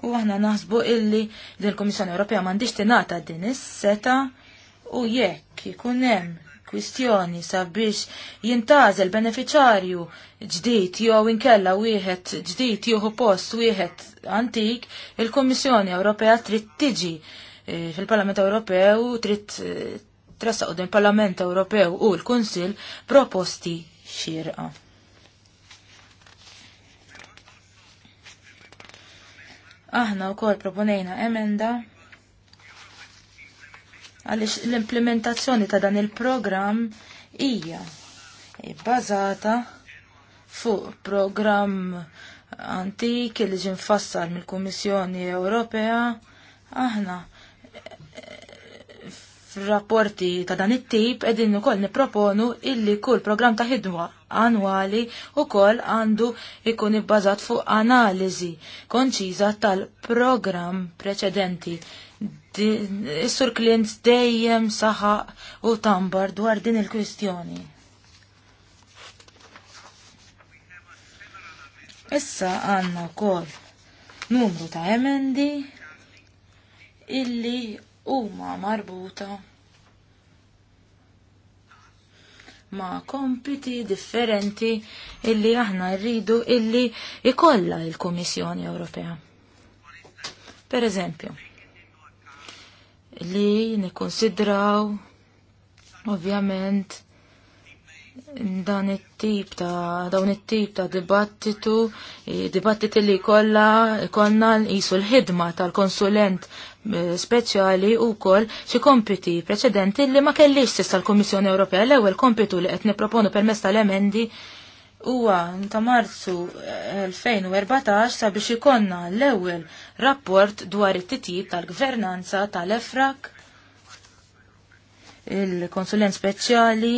U aħna naħsbu illi din il-Kummissjoni Ewropea m'għandix tingħata din is-seta' u jekk ikun hemm kwistjoni sabiex il beneficjarju ġdid jew inkella wieħed ġdid jieħu post wieħed antik, il-Kummissjoni Ewropea trid tiġi eh, fil-Parlament Ewropew trid eh, tressaq din il-Parlament Ewropew u l-Kunsill proposti xirqa. Aħna wkoll proponejna emenda għaliex l-implementazzjoni ta' dan il-programm hija bbażata fuq programm antik li ġin fassar mill-Kummissjoni Ewropea aħna f'rapporti ta' dan it-tip qegħdin ukoll nipproponu illi kull programm ta' ħidma annwali koll għandu ikun ibbażat fuq analiżi konċiża tal-programm preċedenti Is-Sur Klint dejjem saħaq u tambar dwar din il-kwistjoni. Issa għanna kol numru ta' emendi illi huma marbuta ma' kompiti differenti illi aħna rridu illi ikolla il-Komissjoni Ewropea. Per eżempju, li nikkonsidraw ovvjament dan it-tip ta' dawn it-tip ta' dibattitu, dibattiti li kollha konna nqisu l-ħidma tal-konsulent eh, speċjali u xi kompiti preċedenti li ma kellix sissa l-Kummissjoni Ewropea l-ewwel kompitu li qed nipproponu permezz tal-emendi huwa ta' Marzu eh, 2014 sabiex ikonna l-ewwel rapport dwar it-titjib tal-gvernanza tal-EFRAK, il-konsulent speċjali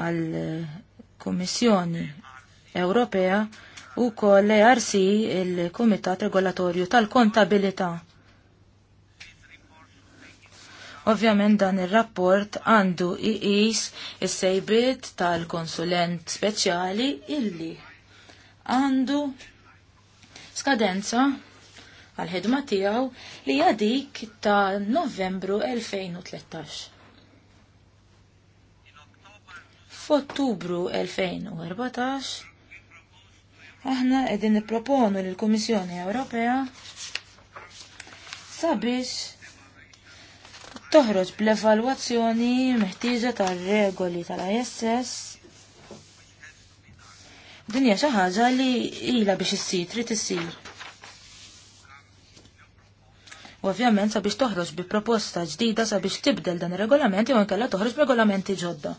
għal-Kommissjoni Ewropea u koll erc il-Kumitat Regolatorju tal-Kontabilità. Ovvjament dan ir-rapport għandu iqis is-sejbiet tal-konsulent speċjali illi għandu skadenza għal ħedma tiegħu li jadik dik ta' Novembru 2013. F'Ottubru 2014 aħna qegħdin nipproponu lill kummissjoni Ewropea sabiex toħroġ bl-evalwazzjoni meħtieġa tar-regoli tal-ISS dinja xi ħaġa li ilha biex issir trid issir. Ovvjament sabiex toħroġ bi proposta ġdida sabiex tibdel dan ir-regolament jew inkella toħroġ b'regolamenti ġodda.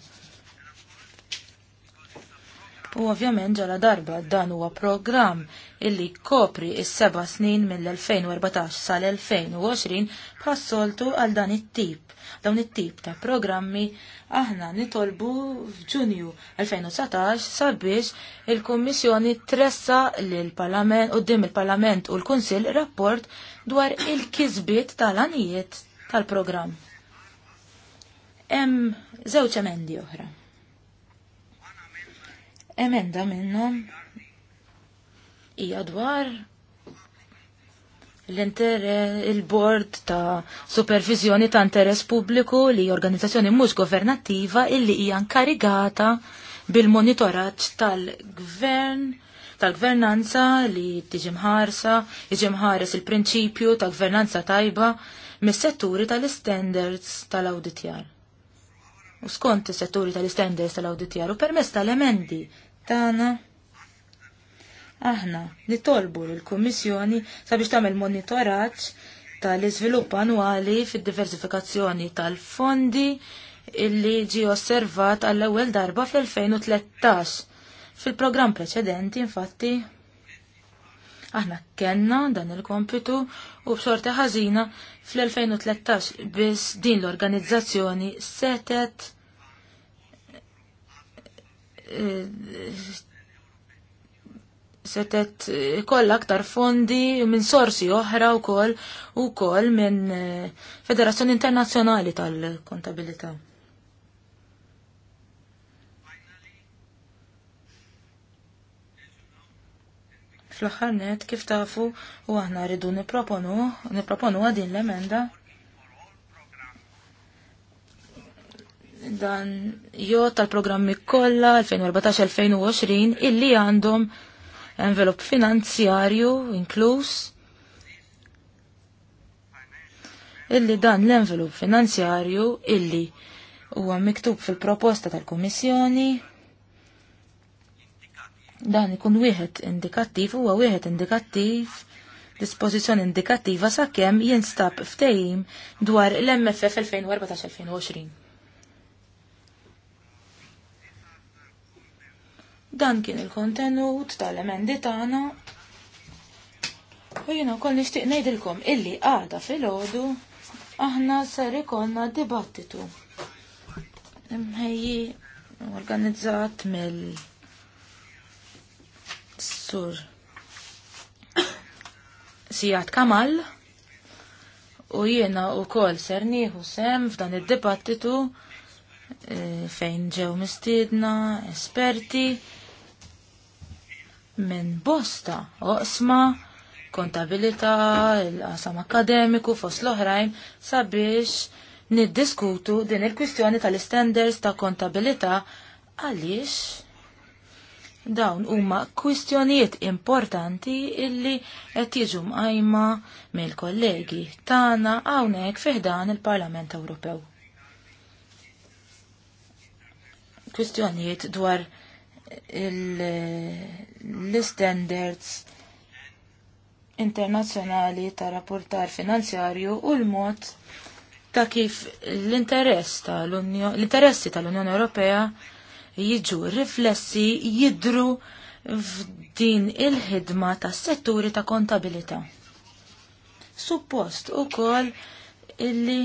U ovvjament ġala darba dan huwa programm illi kopri is seba snin mill-2014 sal-2020 bħassoltu għal dan it-tip. Dawn it-tip ta' programmi aħna nitolbu f'Ġunju 2019 sabiex il-Kummissjoni tressa l-Parlament dim il-Parlament u l-Kunsill rapport dwar il-kisbiet tal-anijiet tal-programm. Hemm żewġ emendi oħra Emenda minnhom hija dwar il-bord ta' supervizjoni ta' interess pubbliku li organizzazzjoni mhux governattiva illi hija nkarigata bil-monitoraġġ tal-gvern tal-gvernanza li tiġi mħarsa, jiġi mħares il-prinċipju ta' gvernanza tajba mis-setturi tal-standards tal-auditjar. U skont is-setturi tal-standards tal-auditjar u permess tal-emendi Tana? aħna nitolbu l-Kummissjoni sabiex tagħmel monitoraġġ tal-iżvilupp annwali fid-diversifikazzjoni tal-fondi illi ġi osservat għall-ewwel darba fl-2013. Fil-programm preċedenti, infatti, aħna kenna dan il-kompitu u b'sorta ħażina fl-2013 biss din l-organizzazzjoni setet Eh, setet eh, koll aktar fondi minn sorsi oħra u koll u koll minn eh, Federazzjoni Internazzjonali tal-Kontabilità. Fl-ħarnet kif tafu u aħna rridu niproponu, niproponu għadin l-emenda dan jot tal-programmi kollha 2014-2020 illi għandhom envelop finanzjarju inkluż illi dan l-envelop finanzjarju illi huwa miktub fil-proposta tal-Kummissjoni dan ikun wieħed indikattiv huwa wieħed indikattiv dispożizzjoni indikattiva sakemm jinstab ftehim dwar l-MFF 2014-2020. Dan kien il-kontenut tal-emendi tagħna. U jiena wkoll nixtieq ngħidilkom illi għada fil-għodu aħna ser ikollna dibattitu. Mħejji organizzat mill sur Sijat Kamal u jiena u kol ser nieħu sem f'dan id-dibattitu eh, fejn ġew mistiedna, esperti, minn bosta oqsma kontabilità, il-qasam akademiku fost l-oħrajn sabiex niddiskutu din il-kwistjoni tal-standards ta' kontabilità għaliex dawn huma kwistjonijiet importanti illi qed jiġu mqajma mill-kollegi tagħna hawnhekk fiħdan il-Parlament Ewropew. Kwistjonijiet dwar l-standards internazzjonali ta' rapportar finanzjarju u l-mod ta' kif l ta' l-interessi tal-Unjoni Ewropea jiġu riflessi jidru f'din il-ħidma ta' setturi ta' kontabilità. Suppost u koll illi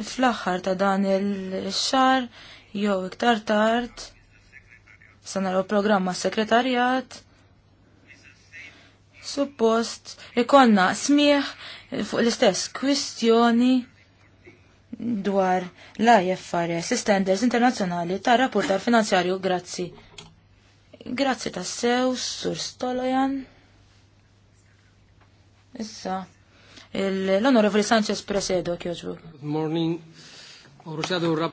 fl-aħħar ta' dan il-xar jew iktar tard sa naraw programma sekretarjat suppost ikonna smieħ fuq l-istess kwistjoni dwar l-IFRS, standards internazzjonali ta' rapportar finanzjarju grazzi. Grazzi ta' sew, sur Stolojan. Issa, L-Onorevoli Sanchez Presedo, Good Morning, Urusadu Rab.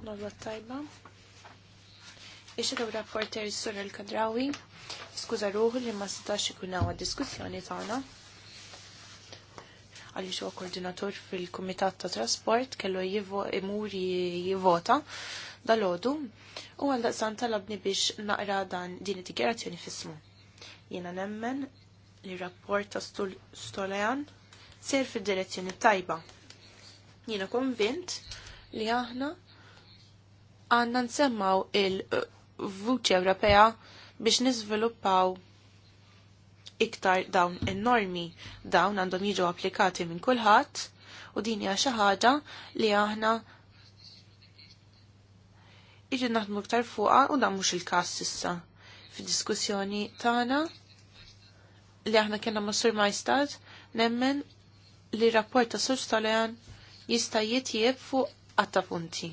Nodwa tajba. Ixħed rapporter sur il-Kadrawi. Skuza ruħu li ma setax ikun għawa diskussjoni tagħna għaliex huwa koordinatur fil-Kumitat ta' Trasport kellu imur jivota dal-ħodu u għal daqsan talabni biex naqra dan din id-dikjerazzjoni fismu. Jena nemmen li rapport ta' Stolean ser fi direzzjoni tajba. Jiena konvint li aħna għanna nsemmaw il-vuċi Ewropea biex niżviluppaw iktar dawn in-normi dawn għandhom jiġu applikati minn kulħadd u din hija xi ħaġa li aħna iġi naħdmu iktar fuqha u dan mhux il-każ issa. Fid-diskussjoni tagħna li aħna kena mas Sur Majstad, nemmen li rapport ta' Sur Stalejan jista' jitjieb fuq għatta punti.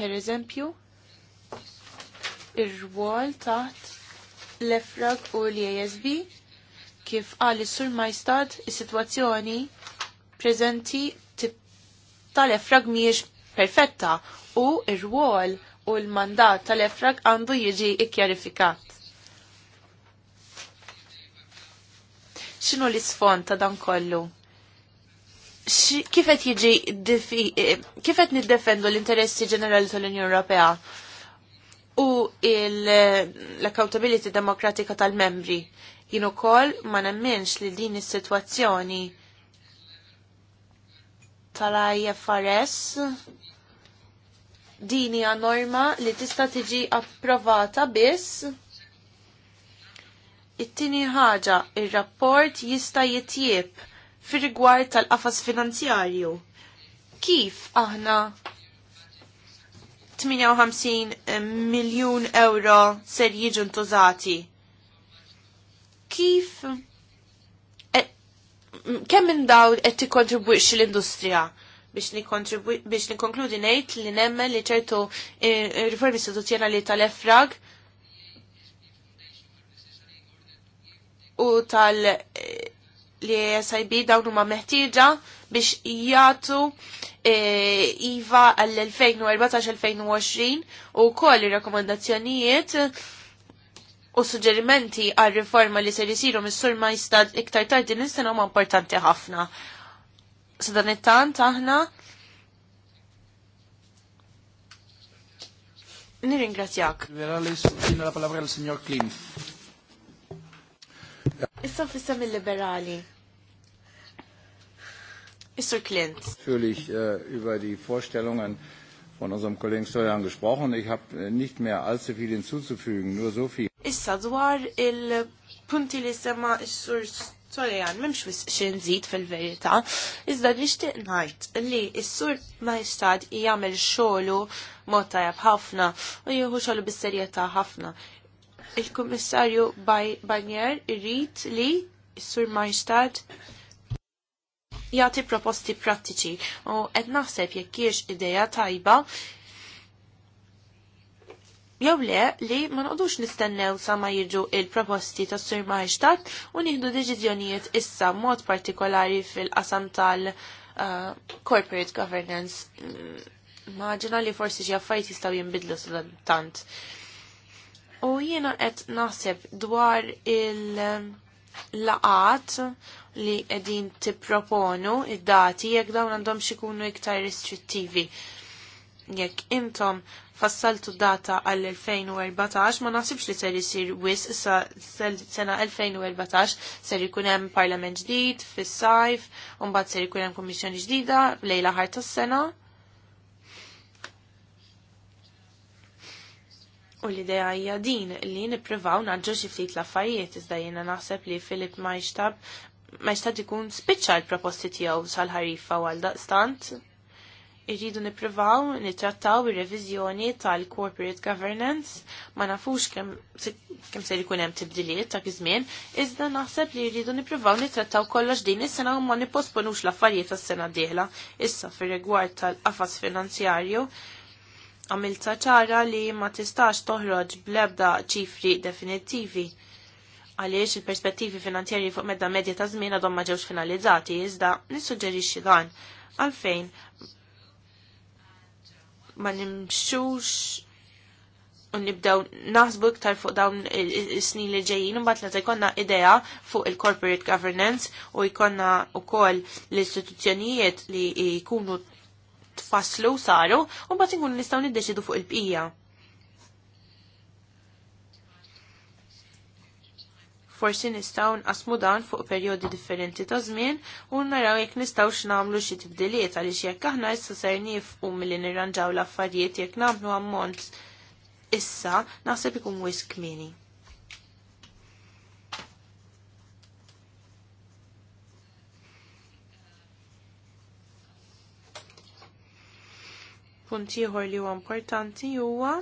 Per eżempju, ir-rwol taħt l-EFRAG u l-ASB kif għal sur majstad is-sitwazzjoni preżenti tal-EFRAG miex perfetta u ir-rwol u l-mandat tal-EFRAG għandu jiġi ikkjarifikat. X'inhu l-isfond ta' dan kollu? Kifet jiġi eh, kifet niddefendu l-interessi ġenerali tal-Unjoni Ewropea u l-accountability demokratika tal-membri. Jien kol ma nemminx li din is-sitwazzjoni tal-IFRS Dini hija norma li tista' tiġi approvata biss it-tini ħaġa, il-rapport jista jitjieb fir rigward tal-qafas finanzjarju. Kif aħna 58 eh, miljun euro ser jiġu ntużati? Kif eh, kemm minn dawn qed tikkontribwix l-industrija? biex konkludi nejt li nemmen li ċertu eh, riformi istituzjonali tal-EFRAG u tal eh, li SIB dawn huma meħtieġa biex jagħtu eh, IVA għall-2014-2020 u koll ir rekomendazzjonijiet u suġġerimenti għal riforma li ser jisiru mis-sur ma jistad iktar tardi din is-sena huma importanti ħafna. Sadan it-tant aħna Nirringrazzjak. Liberalis, la palabra del signor Klim. Issa fissa mill-liberali. Issa Klint. Natürlich äh, über die Vorstellungen von unserem Kollegen Steuern gesprochen. Ich habe äh, nicht mehr allzu viel hinzuzufügen, nur so viel. Issa dwar il-punti li sema Sir għan, memx xin zid fil-verita, iżda nishtiq najt li s-sur ma jistad jgħamil xolu mod tajab ħafna u jieħu xolu bis-serjetà ħafna. Il-Kummissarju Barnier irrit li s-sur ma jistad jagħti proposti prattiċi u qed naħseb jekk ideja tajba jew le li ma noqdux nistennew sa ma jiġu il-proposti ta' Sir Maħiċtat u nieħdu deċiżjonijiet issa mod partikolari fil-qasam tal-corporate uh, governance. Mm, Maġina li forsi xi affarijiet jistgħu jinbidlu tant. U jiena qed naħseb dwar il- um, laqat li edin tipproponu id-dati jekk dawn għandhom xikunu iktar restrittivi jekk intom fassaltu data għall-2014 ma nasibx li ser jisir wis sa sena 2014 ser ikun hemm parlament ġdid fis-sajf u mbagħad ser ikun hemm kummissjoni ġdida lejla ħar tas-sena. U l-idea hija din li nippruvaw naġġu xi ftit l-affarijiet iżda jiena naħseb li Filip ma jixtab ma jixtab ikun spiċċa l-proposti tiegħu sal-ħarifa għal daqstant irridu niprivaw nitrattaw ir-reviżjoni tal-corporate governance ma nafux kemm kem ser ikun hemm tibdiliet ta' kiżmien, iżda naħseb li jridu niprivaw nitrattaw kollox din is-sena u ma nipposponux l-affarijiet tas-sena d-dieħla. Issa fir-rigward tal-qafas finanzjarju għamilta ċara li ma tistax toħroġ bl-ebda ċifri definittivi għaliex il-perspettivi finanzjarji fuq medda medja ta' żmien għadhom ma ġewx finalizzati, iżda nissuġġerixxi dan għalfejn ma nimxux u nibdew naħsbu iktar fuq dawn is-snin li ġejjin, imbagħad meta jkollna idea fuq il-corporate governance u jkollna wkoll l-istituzzjonijiet li jkunu tfasslu saru, u mbagħad inkunu nistgħu niddeċidu fuq il-bqija. Forsi nistgħu nqasmu dan fuq perjodi differenti ta' żmien u naraw jekk nistgħu x'nagħmlu xi tibdiliet għaliex jekk aħna issa ser nifqu milli nirranġaw l-affarijiet jekk nagħmlu ammont issa naħseb ikun wis kmieni. Punt ieħor li huwa importanti huwa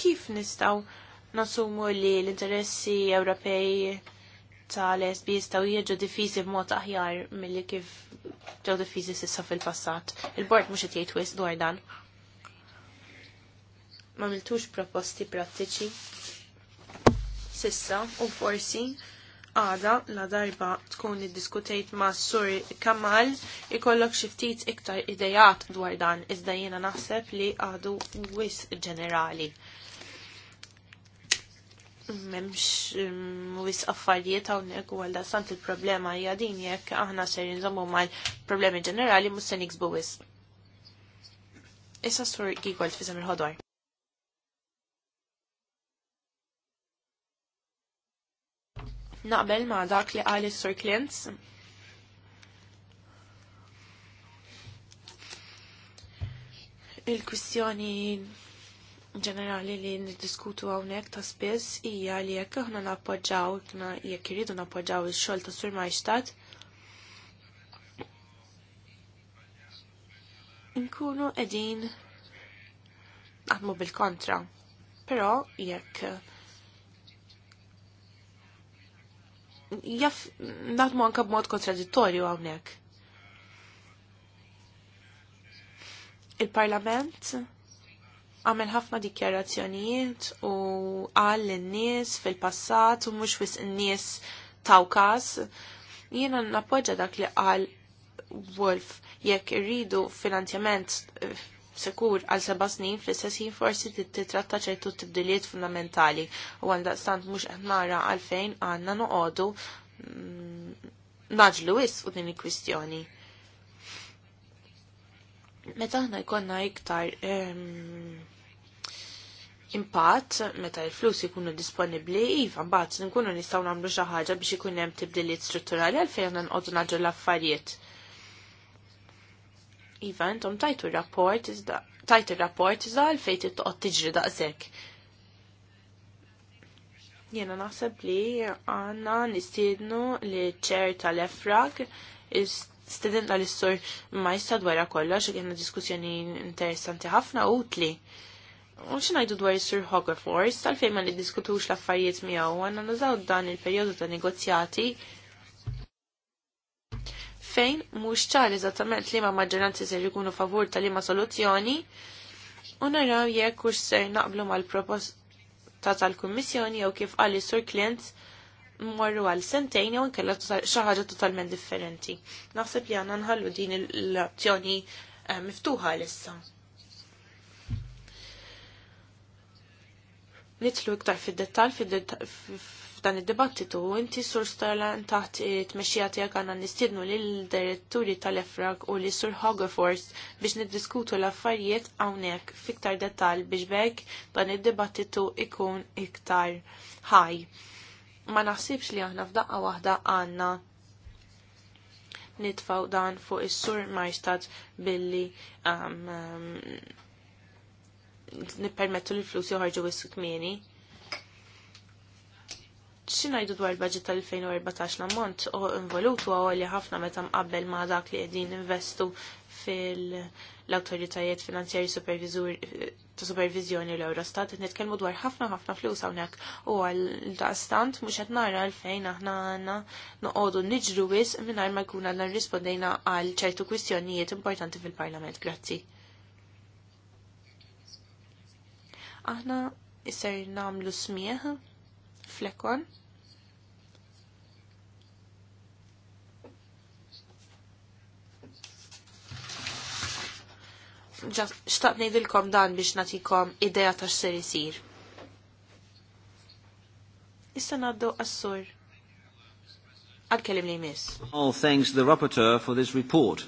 kif nistaw Nasumu li l-interessi Ewropej tal-SB jistaw jieġu diffizi b'mod aħjar mill-li kif ġew diffizi sissa fil-passat. Il-bord mux jgħid wis dwar dan. Ma miltux proposti prattiċi sissa u forsi għada la darba tkun iddiskutejt ma' Sur Kamal ikollok xiftit iktar idejat dwar dan iżda jiena naħseb li għadu wis ġenerali memx mwis mm, affarijiet hawnhekk u għalda sant il-problema hija din jekk aħna ser nżommu mal-problemi ġenerali mhux se niksbu wis. Issa sur Gigold fizem il ħodwar Naqbel ma' dak li għali is-Sur klients. Il-kwistjoni ġenerali li niddiskutu hawnhekk ta' spiss hija li jekk aħna nappoġġaw jekk iridu nappoġġaw ix-xogħol ta' Sur Majstad nkunu qegħdin naħdmu bil-kontra. Però jekk jaff naħdmu anke b'mod kontradittorju hawnhekk. Il-Parlament għamil ħafna dikjarazzjonijiet u għal l nies fil-passat u mux wis n-nies tawkas. Jiena nappoġġa dak li għal Wolf jekk irridu finanzjament eh, sekur għal seba' snin fl-istess jien forsi titratta ċertu tibdiliet fundamentali u għaldaqstant mhux qed nara għalfejn għandna noqogħdu mm, naġlu wis u din il-kwistjoni. Meta aħna jkollna iktar Impat, meta l-flus ikunu disponibbli, iva mbagħad nkunu nistgħu nagħmlu xi ħaġa biex ikun hemm tibdiliet strutturali għalfejn għandna nqogħdu naġġu l-affarijiet. Iva, intom tajtu rapport iżda tajt ir-rapport iżda għalfejn tittoqgħod tiġri daqshekk. Jena naħseb li għanna nistiednu li ċer tal-efrag student għal-istor ma jista dwar kollox, għanna diskussjoni interessanti ħafna u utli. U xinajdu dwar Sir Hogwarts, tal fej ma diskutux l-affarijiet miegħu, għandna nużaw dan il-perjodu ta' negozjati fejn mhux ċar eżattament liema maġġoranzi se jkunu favur ta' liema soluzzjoni u naraw jekk hux ser naqblu mal-proposta tal-Kummissjoni jew kif għalli sur klient morru għal sentejn jew inkella xi ħaġa totalment differenti. Naħseb li għanna nħallu din l-opzjoni eh, miftuħa l-issa. nitlu iktar fid-dettal f'dan id-dibattitu u inti sur Starlan taħt t-mexxija tiegħek għandna nistiednu lil diretturi tal-Efrag u li sur Hogefors biex niddiskutu l-affarijiet hawnhekk fiktar dettal biex bekk dan id-dibattitu ikun iktar ħaj. Ma naħsibx li aħna f'daqqa waħda għandna nitfaw dan fuq is-sur Majstad billi um, um, nippermettu li l-flus joħorġu wissu kmieni. Xinajdu dwar il-budget tal-2014 l-ammont u involutu għu ħafna meta mqabbel ma' dak li qegħdin investu fil-autoritajiet finanzjari ta' supervizjoni l-Eurostat, nitkellmu dwar ħafna ħafna flus hawnhekk u għal daqstant mhux qed nara għalfejn aħna għandna noqogħdu niġru wisq mingħajr ma jkun għandna rrispondejna għal ċertu kwistjonijiet importanti fil-Parlament. Grazzi. Aħna isser namlu smieħ flekon. Xtaqt nejdilkom dan biex natikom ideja ta' xser jisir. Issa naddu għassur. Għal-kelim li jmiss. All thanks the rapporteur for this report.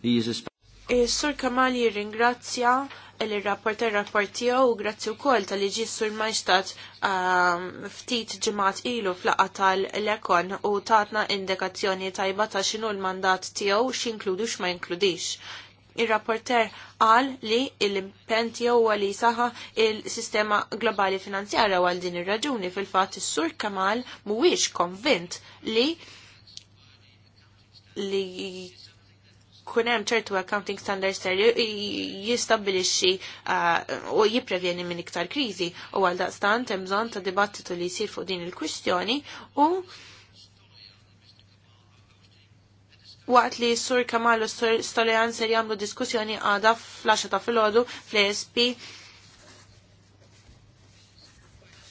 He is a... Eh, Sur Kamali ringrazzja il-rapport il-rapport tiegħu u grazzi wkoll tal-liġi sur Majstat um, ftit ġemat ilu flaqa tal-lekon u tatna indikazzjoni tajba ta' x'inhu l-mandat tiegħu x'inkludu x'ma inkludix. Ir-rapporter qal li l-impenn tiegħu huwa saħa il-sistema globali finanzjarja għal din ir-raġuni fil-fatt is-sur Kamal mhuwiex konvint li li kunem ċertu accounting standards ser jistabilixxi uh, u jipprevjeni minn iktar kriżi u għal daqstant hemm bżonn ta' dibattitu li jsir fuq din il-kwistjoni u waqt li s-sur Kamal u s-sur stolejan ser jagħmlu diskussjoni għada fl-10 ta' filgħodu fl-ESP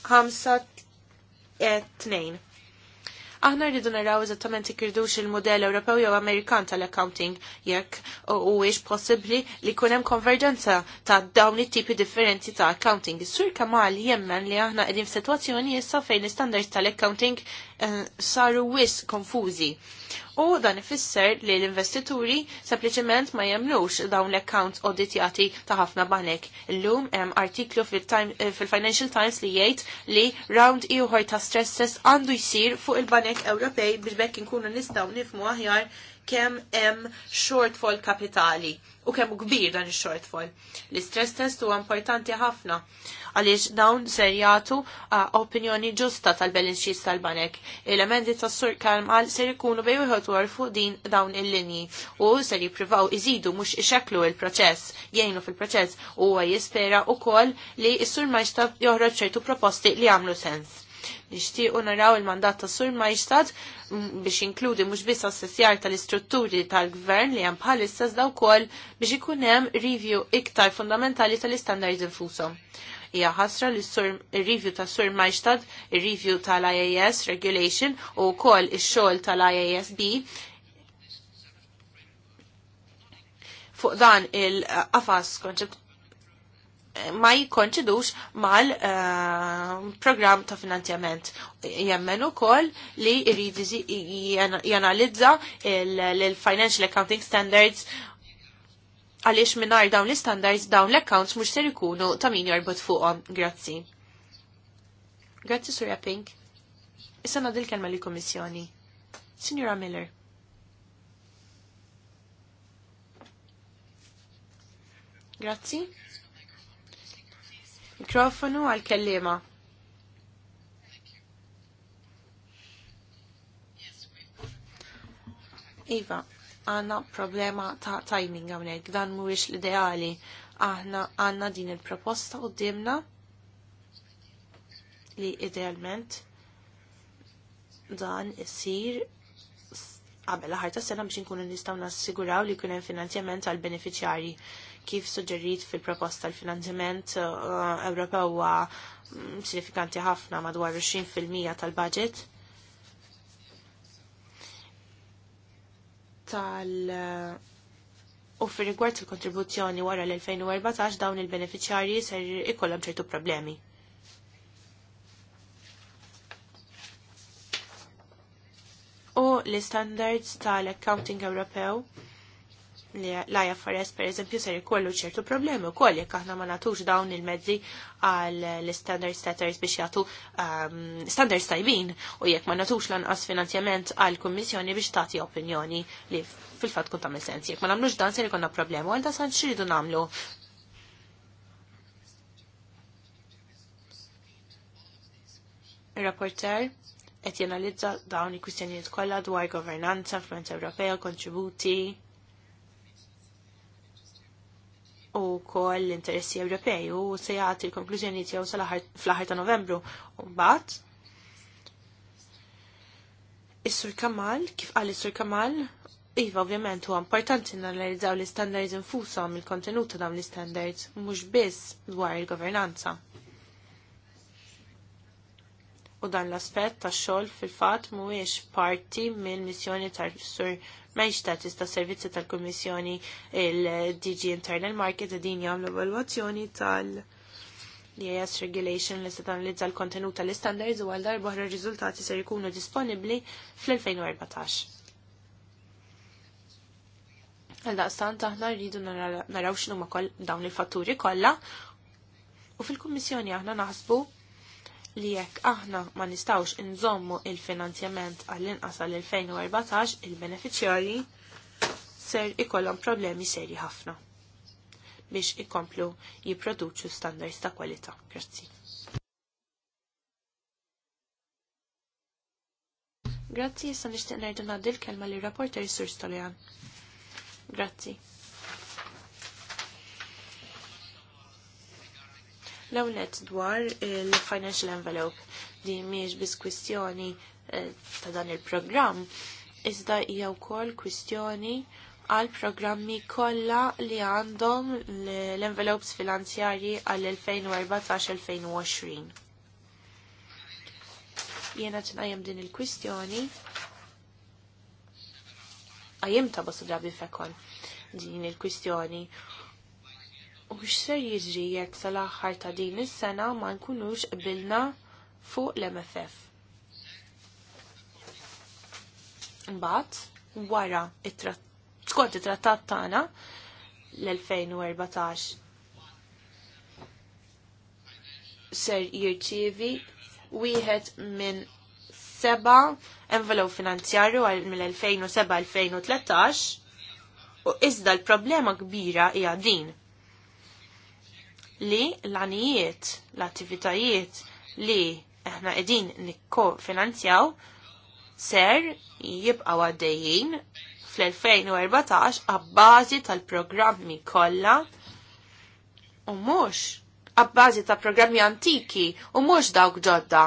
5 2 Aħna rridu naraw eżattament ikirdux il-modell Ewropew jew Amerikan tal-accounting jekk huwiex possibbli li jkun hemm konverġenza ta' dawn it-tipi differenti ta' accounting. Is-sur Kamal jemmen li aħna qegħdin f'sitwazzjoni issa fejn l-istandards tal-accounting Eh, saru wis konfuzi. U dan ifisser li l-investituri sempliċement ma jemnux dawn l-accounts auditjati ta' ħafna banek. Illum hemm artiklu fil-Financial eh, Times li jgħid li round ieħor ta' stress test għandu jsir fuq il-banek Ewropej biex bekk inkunu nistgħu nifmu aħjar kemm hemm shortfall kapitali u kemm kbir dan ix-shortfall. L-istress test huwa importanti ħafna għaliex dawn ser jagħtu opinjoni ġusta tal-balance sheets tal-banek. Elementi emendi tas-sur Kalmal ser ikunu bej wieħed fuq din dawn il-linji u ser jippruvaw iżidu mhux ixekklu il-proċess, jgħinu fil-proċess u huwa jispera wkoll li s-sur ma joħroġ ċertu proposti li għamlu sens. Nixtiequ naraw il-mandat ta' Sur Majstad biex inkludi mhux biss assessjar tal-istrutturi tal-gvern li hemm bħalissa iżda wkoll biex ikun hemm review iktar fundamentali tal istandard infuso. Ija ħasra li sur ir-review ta' Sur Majstad, ir-review tal-IAS regulation u wkoll ix-xogħol tal-IASB fuq dan il-qafas konċett ma jikonċidux mal-program eh, ta' finanzjament. Jemmen u koll li jianalizza janalizza l-Financial Accounting Standards għaliex minnar dawn l-standards dawn l-accounts mux ser ikunu ta' min jorbot fuqom. Grazzi. Grazzi, Surya Pink. Issa nadil kelma li kommissjoni. Signora Miller. Grazzi. Mikrofonu għal-kellima. Iva, għanna problema ta' timing għamnek, dan mhuwiex l-ideali. Aħna għanna din il-proposta u dimna li idealment dan isir qabel ħarta ta' sena biex nkunu nistgħu nassiguraw li jkun hemm finanzjament għal beneficjarji kif suġġerit fil-proposta l-finanziament uh, Ewropew huwa mm, sinifikanti ħafna madwar 20% tal-budget tal u fir rigward il-kontribuzzjoni wara l-2014 dawn il benefiċjarji ser ikollhom ċertu problemi. U l-standards tal-accounting Ewropew l-IFRS per eżempju ser ikollu ċertu problemi u koll jekk aħna ma natux dawn il-mezzi għal l-standard setters biex jagħtu um, standards tajbin u jekk ma natux lanqas finanzjament għal kummissjoni biex tagħti opinjoni li fil-fatt kun tagħmel sens. Jekk ma nagħmlux dan ser ikolna problemi għal san xridu nagħmlu. Rapporter qed jenalizza dawn il-kwistjonijiet kollha dwar governanza, influenza Ewropea, kontributi, u kol l-interessi Ewropej u se jagħti l-konklużjoni tiegħu fl-aħħar ta' Novembru u mbagħad. Is-Sur Kamal, kif qal is-Sur Kamal, Iva, ovvjament, huwa importanti nanalizzaw l-istandards infushom il-kontenut ta' dawn l-istandards, mhux biss dwar il-governanza. U dan l-aspett tax-xogħol fil-fatt mhuwiex parti mill-missjoni tal sur ma jixtat tista servizzi tal-Kummissjoni il-DG Internal Market din l evalwazzjoni tal- l e Regulation li se tanalizza l-kontenut tal-standards u għal darba r-riżultati ser jkunu disponibbli fl-2014. Għal-daqstant aħna rridu naraw x'numa dawn il-fatturi kollha u fil-Kummissjoni aħna naħsbu li jekk aħna ma nistawx inżommu il-finanzjament għall-inqas għall-2014 il-beneficjarji ser ikollhom problemi serji ħafna biex ikomplu jipproduċu standards ta' kwalità. Grazzi. Grazzi, issa nixtieq ngħidu l-kelma li rapporter Sur Stolian. Grazzi. L-ewnet dwar il-financial envelope li miex bis kwistjoni eh, ta' dan il-programm, iżda hija wkoll kwistjoni għal programmi kollha li għandhom l-envelopes finanzjarji għal 2014-2020. Jiena tnajem din il-kwistjoni Għajem ta' bosta drabi fekon din il-kwistjoni u x'ser jiġri jekk sal-aħħar ta' din is-sena ma nkunux qbilna fuq l-MFF. Mbagħad wara skont it-trattat tagħna l-2014 ser jirċievi wieħed minn seba' envelop finanzjarju għal mill-2007-2013 u iżda l-problema kbira hija din li l għanijiet l-attivitajiet li aħna qegħdin nikko finanzjaw ser jibqa' għaddejjin fl-2014 għabbażi tal-programmi kollha u mhux għabbażi ta' programmi antiki u mhux dawk ġodda.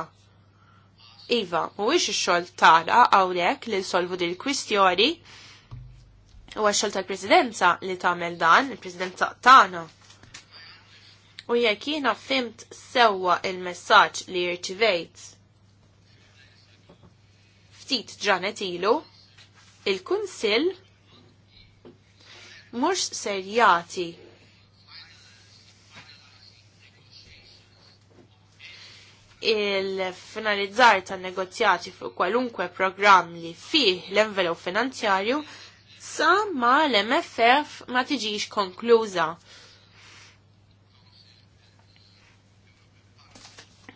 Iva, mhuwiex ix-xogħol tara hawnhekk li solvu din il-kwistjoni u għax-xogħol tal-Presidenza li tagħmel dan, il-Presidenza tagħna. Ta u jekk jiena fimt sewwa il-messaġġ li rċivejt ftit ġranet ilu, il-Kunsill mhux ser jagħti il-finalizzar tan negozjati fuq kwalunkwe programm li fih l-envelop finanzjarju sa ma l-MFF ma tiġix konkluża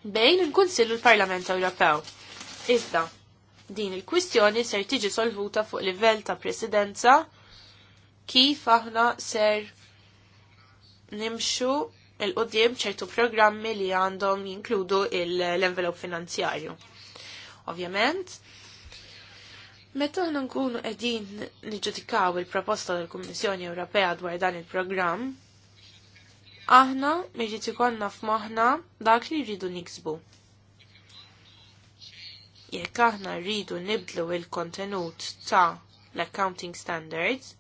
bejn il-Kunsill u l-Parlament Ewropew. Iżda, din il-kwistjoni ser tiġi solvuta fuq livell ta' presidenza kif aħna ser nimxu il-qudiem ċertu programmi li għandhom jinkludu l-envelop finanzjarju. Ovvjament, Meta aħna nkunu qegħdin niġġudikaw il-proposta tal-Kummissjoni Ewropea dwar dan il-programm, aħna meġiet ikonna f'moħħna dak li rridu niksbu. Jekk aħna rridu nibdlu il-kontenut ta' l-accounting standards,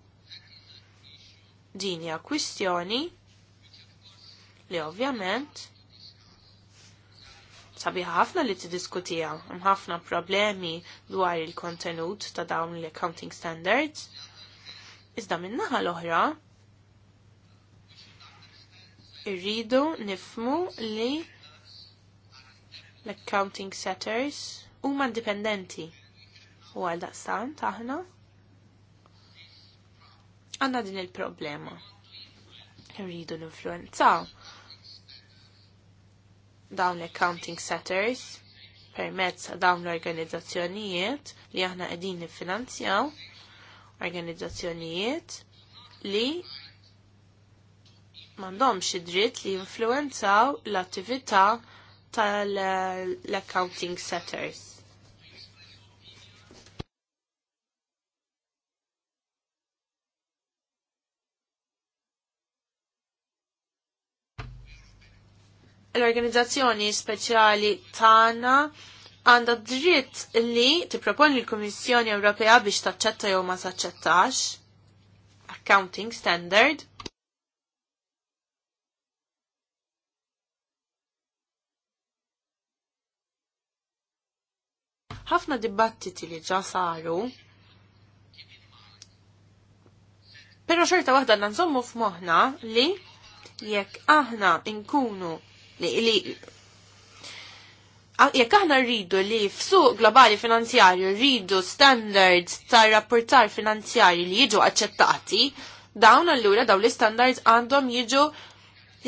din hija kwistjoni li ovvjament sabiħa ħafna li tiddiskutija hemm ħafna problemi dwar il-kontenut ta' dawn l-accounting standards. Iżda min-naħa l-oħra, irridu nifmu li l-accounting setters huma indipendenti u għal daqstan taħna għanna din il-problema irridu l influenza dawn l-accounting setters permezz dawn l-organizzazzjonijiet li aħna qegħdin niffinanzjaw organizzazzjonijiet li mandomx id-dritt li influenzaw l-attività tal-accounting setters. l-organizzazzjoni speċjali tagħna għandha dritt li tipproponi l-Kummissjoni Ewropea biex taċċetta jew ma taċċettax accounting standard Ħafna dibattiti li ġa saru Pero xorta waħda nanżommu f'moħna li jekk aħna nkunu li, li jekk aħna rridu li f'suq globali finanzjarju rridu standards tar rapportar finanzjarju li jiġu aċċettati, dawn allura dawn l-standards għandhom jiġu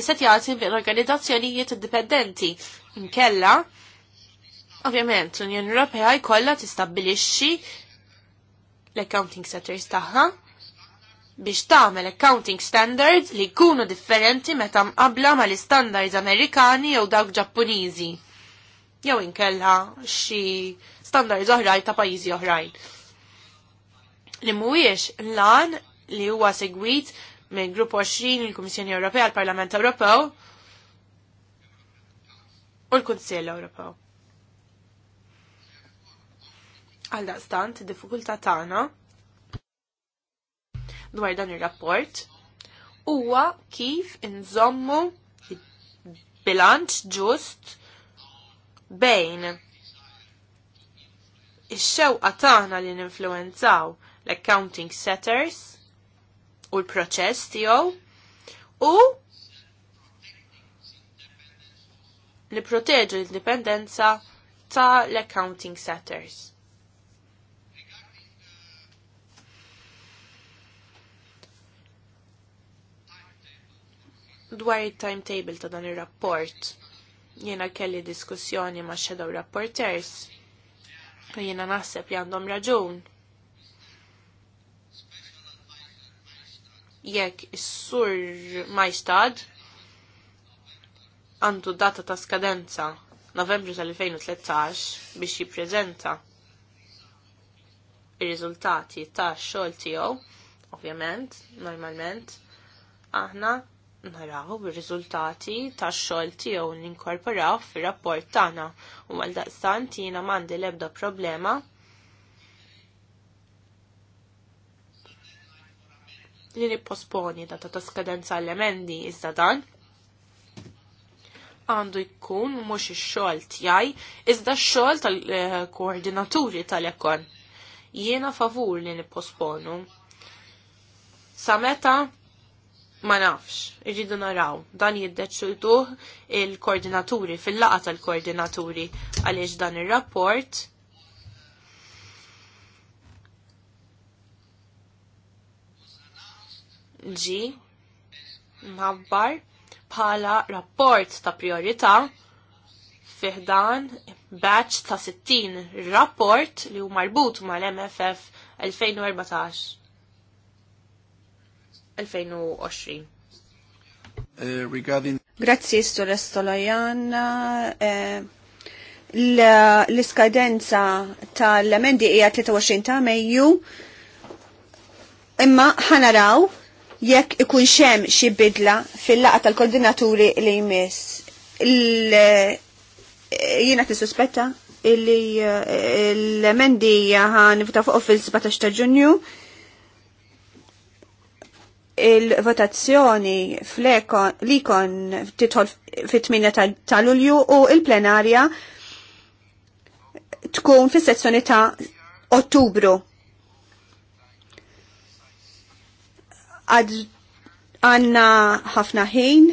jistati jagħti minn organizzazzjonijiet indipendenti. Inkella, Ovvjament, l-Unjoni Ewropea jkollha tistabbilixxi l-accounting setters tagħha biex tagħmel accounting standards li jkunu differenti meta mqabbla mal-istandards Amerikani jew dawk Ġappuniżi. Jew inkella xi standards oħrajn ta' pajjiżi oħrajn. Li mhuwiex lan li huwa segwit minn Grupp 20 il-Kummissjoni Ewropea, l-Parlament Ewropew u l-Kunsill Ewropew. Għal daqstant, diffikulta tagħna dwar dan ir-rapport huwa kif inżommu bilanċ ġust bejn ix-xewqa tagħna li ninfluenzaw l-accounting setters u l-proċess tiegħu u li proteġu l-indipendenza ta' l-accounting setters. dwar il-timetable ta' dan il-rapport. Jena kelli diskussjoni ma' shadow rapporters. Jena naħseb li għandhom raġun. Jekk is-sur majstad għandu data ta' skadenza Novembru tal-2013 biex jippreżenta il riżultati ta' xogħol tiegħu, ovvjament, normalment, aħna naraw ir-riżultati tax-xogħol tiegħu ninkorporaw fir-rapport tagħna u għaldaqstant jiena m'għandi l-ebda problema li nipposponi data ta' skadenza l-emendi iżda dan għandu jkun mhux ix-xogħol tiegħi iżda x-xogħol tal-koordinaturi tal-ekon. Jiena favur li nipposponu. Sa meta ma nafx, irridu naraw, dan jiddeċiduh il-koordinaturi, fil-laqa tal-koordinaturi, għaliex dan il-rapport. Ġi, mħabbar, bħala rapport ta' priorità fiħdan batch ta' 60 rapport li hu marbut mal-MFF 2014 2020. Uh, eh, regarding... Grazzi, Stur Estolajan. Eh, L-iskadenza tal-emendi hija 23 ta' Mejju. Imma ħanaraw jekk ikun xem xi bidla fil-laqa tal-koordinaturi li jmiss. Eh, jiena tissuspetta illi eh, l-emendi ħan fuq fil-17 ta' Ġunju il-votazzjoni fl-ikon titħol fit-8 ta' Lulju u il-plenarja tkun fis sezzjoni ta' Ottubru. Għanna ħafna ħin,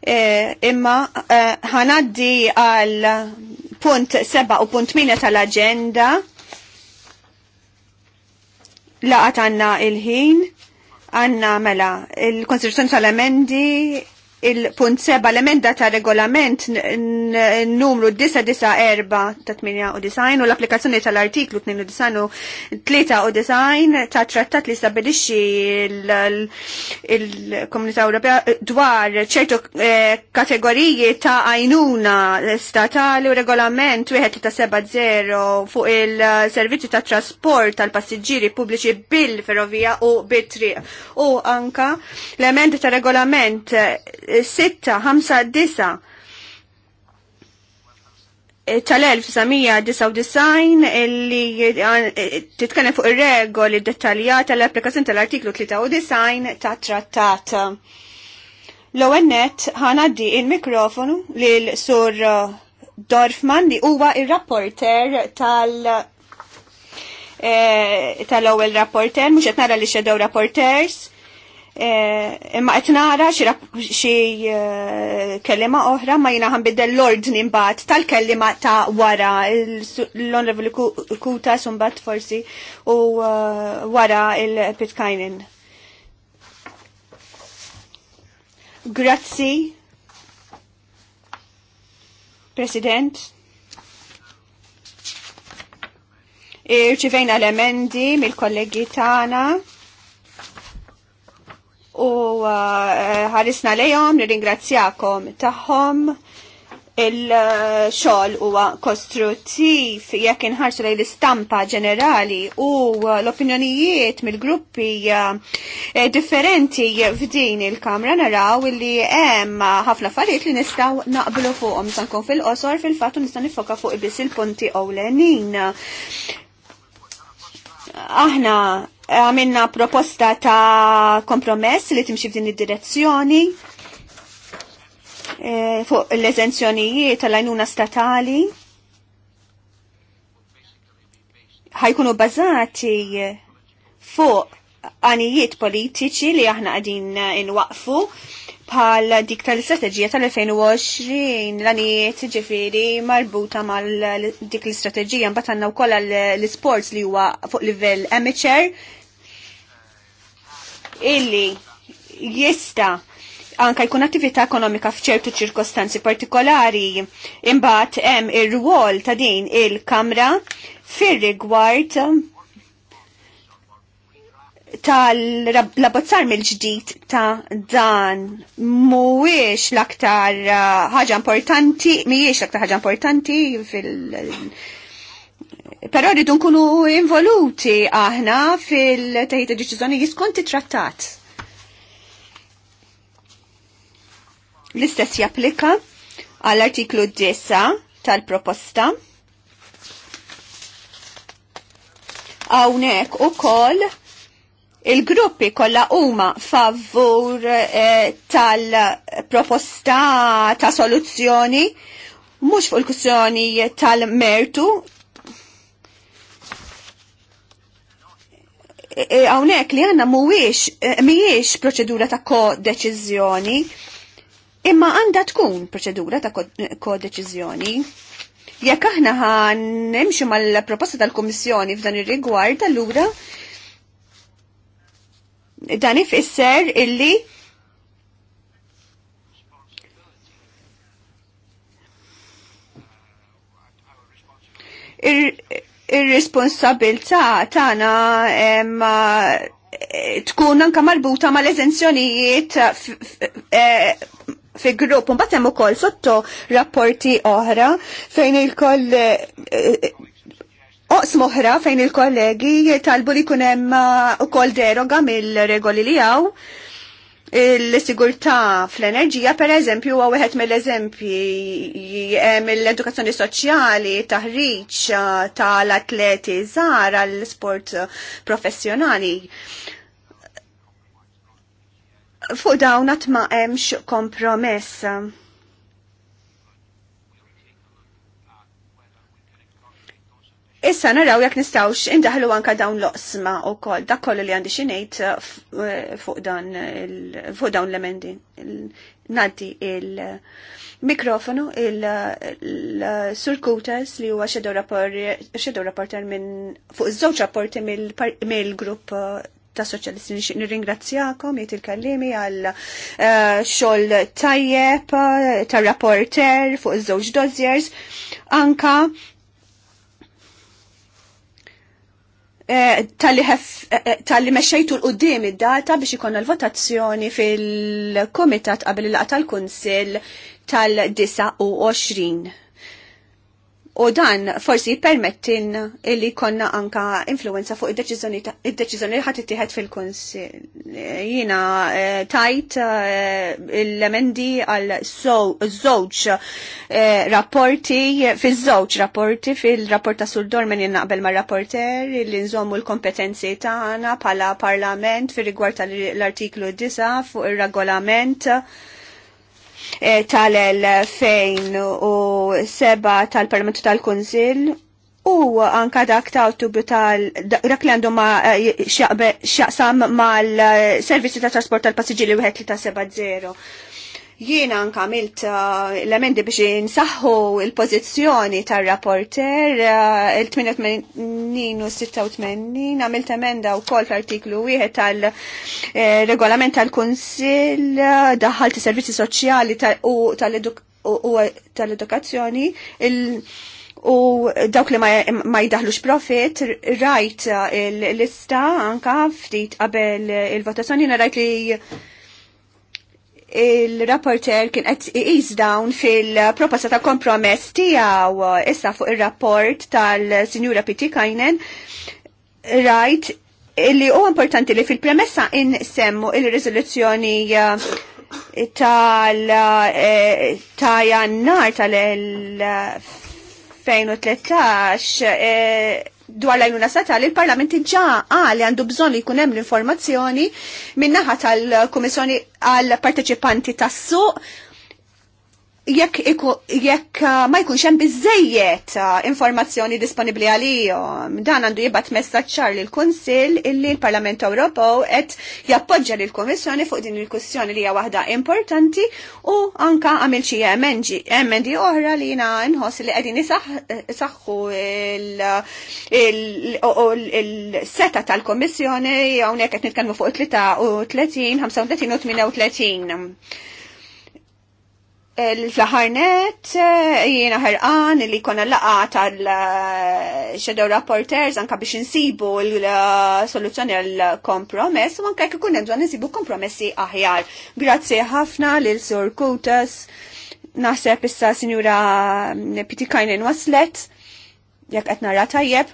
e, imma e, ħanaddi għal punt 7 u punt 8 tal-agenda laqat għanna il-ħin. Għanna mela, il konstituzjoni tal-emendi il-punt seba l-emenda ta' regolament numru 994 ta' 98 u l-applikazzjoni tal-artiklu 2 u 93 ta' trattat li stabilixxi il-Komunità Ewropea dwar ċertu eh, kategoriji ta' għajnuna statali u regolament 1370 fuq il-servizzi ta' trasport tal-passiġġieri pubbliċi bil-ferrovija u bit-triq u anka l emenda ta' regolament sitta ħamsa disa tal-1999 illi titkellem fuq ir-regoli dettaljata l-applikazzjoni tal-artiklu 93 ta' trattat. l onet ħanaddi il-mikrofonu lil sur Dorfman li huwa il rapporter tal- tal-ewwel rapporter, mhux qed nara li xedew rapporters Eh, imma qed nara xi eh, kelliema oħra ma jiena ħanbidel l-ordni mbagħad tal-kelliema ta' wara l-Onorevoli Kuta sumbat forsi u eh, wara il-Pitkajnin. Grazzi, President. Irċivejna l-emendi mill-kollegi tagħna u uh, ħarisna lejhom, ingrazzjakom tagħhom il-xol huwa kostruttiv jekk inħarsu lej l-istampa ġenerali u l-opinjonijiet mill-gruppi uh, differenti f'din il-kamra naraw li hemm ħafna affarijiet li nistgħu naqblu fuqhom se nkun fil-qosor fil-fatt u nista' nifoka fuq biss il-punti ewlenin. Aħna għamilna proposta ta' kompromess li timxi f'din id-direzzjoni eh, fuq l-eżenzjonijiet tal-għajnuna statali ħajkunu bazati fuq għanijiet politiċi li aħna għadin inwaqfu bħal dik tal-istrateġija tal-2020 l t ġifiri marbuta mal dik l-istrateġija mbagħad għandna wkoll l-sports li huwa fuq livell amateur illi jista' anka jkun attività ekonomika f'ċertu ċirkostanzi partikolari imbagħad hemm ir-rwol ta' din il-Kamra fir-rigward tal-labozzar mill-ġdid ta' dan mhuwiex l-aktar uh, ħaġa importanti, mhijiex l-aktar ħaġa importanti fil- Però rridu nkunu involuti aħna fil-teħid deċiżjonijiet skont it-trattat. L-istess japplika għall-artiklu 10 tal-proposta. Hawnhekk ukoll il-gruppi kollha huma favur eh, tal-proposta ta' soluzzjoni mhux fuq il-kussjoni tal-mertu e, e, Hawnhekk li għandna mhuwiex e, mhijiex proċedura ta' ko-deċiżjoni imma għandha tkun proċedura ta' ko Jekk aħna ħan nimxu mal-proposta tal-Kummissjoni f'dan ir-rigward allura dan ifisser illi ir-responsabilta tagħna eh, tkun anka marbuta mal ezenzjonijiet eh, fi grupp, un batem u sotto rapporti oħra fejn il-koll eh, oqs moħra fejn il-kollegi talbu li kunem uh, u kol deroga mill-regoli li għaw l sigurta fl-enerġija, per eżempju, huwa wieħed mill-eżempji mill-edukazzjoni soċjali, taħriġ uh, tal-atleti żgħar għall-sport professjonali. Fuq dawn qatt ma hemmx kompromess. Issa naraw jekk nistgħux indaħlu anka dawn l-oqsma wkoll dak kollu li għandi xi ngħid uh, uh, fuq dan fuq dawn l-emendi. Naddi il-mikrofonu il uh, surkutas li huwa xedow rapporter minn fuq iż-żewġ rapporti mill-grupp ta' soċjalisti nirringrazzjakom jiet il-kallimi għal xogħol tajjeb tar-rapporter fuq iż-żewġ dossiers anka Eh, tal-li eh, eh, meċċajtu l-qoddim id-data biex ikonna l-votazzjoni fil-komitat qabel il-laqa tal-Kunsil tal-29. U dan forsi permettin li konna anka influenza fuq id-deċizjoni li ħadd ittieħed fil-Kunsill. Jiena eh, tajt eh, l-emendi għal żewġ eh, rapporti fiż-żewġ rapporti fil-rapport ta' Sul Dormen naqbel ma' rapporter li nżommu l-kompetenzi tagħna bħala Parlament fir-rigward tal-artiklu 9 fuq ir-regolament. il regolament Eh, tal-2007 tal-Parlamentu tal konsil u anka dak ta' ottubru tal dak li għandu ma' eh, xaqsam mal-servizzi eh, ta' trasport tal-passiġġieri 1370 Jiena anka għamilt uh, l-emendi biex nsaħħu il-pozizjoni tar-rapporter uh, eh, il-88 u 86 għamilt emenda u kol fl-artiklu wieħed tal-regolament tal-Kunsill eh, daħalt is-servizzi soċjali u tal-edukazzjoni u dawk li ma jidaħlux profit, rajt il-lista anka ftit qabel il-votazzjoni, rajt li il-rapporter kien qed iqis dawn fil-proposta ta' kompromess tiegħu issa fuq ir-rapport tal-Sinjura Pitikajnen rajt li huwa importanti li fil-premessa insemmu il-riżoluzzjoni eh, tal eh, ta' jannar tal-2013 eh, dwar l-għajnuna satal, il-Parlament ġa għal għandu bżon li jkun hemm l-informazzjoni minnaħa tal-Kummissjoni għal parteċipanti tas-suq jekk jekk uh, ma jkunx hemm biżejjed uh, informazzjoni disponibbli għalihom. Dan għandu jibgħat messaċċar ċar lil kunsill illi l-Parlament Ewropew qed jappoġġa lil kummissjoni fuq din il-kwistjoni li hija waħda importanti u anka għamil xi emendi oħra li jiena nħoss li qegħdin isaħħu il-seta tal-Kommissjoni hawnhekk qed nitkellmu fuq 33, 35 u 38. Il-flaħarnet, eh, jiena ħerqan li konna laqa tal-Shadow eh, Rapporters anka biex insibu l-soluzzjoni għal-kompromess, u anka kikun hemm bżonn insibu kompromessi aħjar. Grazzi ħafna lil Sur Kutas, naħseb issa Sinjura mm, Pitikajnen waslet, jekk qed nara tajjeb,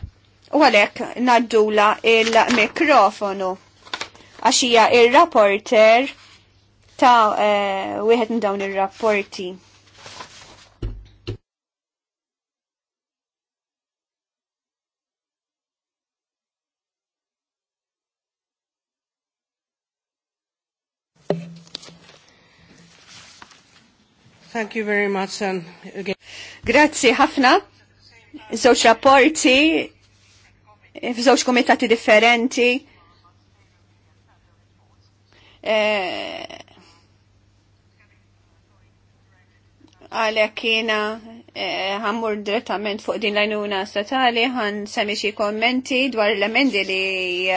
u għalhekk naddula il-mikrofonu għaxija il-rapporter ta' eh, wieħed minn dawn ir-rapporti. Thank you very much and again. Grazzi ħafna. Żewġ rapporti f'żewġ komitati differenti. Eh, għalhekk jiena għamur eh, e, direttament fuq din l-għajnuna statali ħan semmi xi kommenti dwar l-emendi li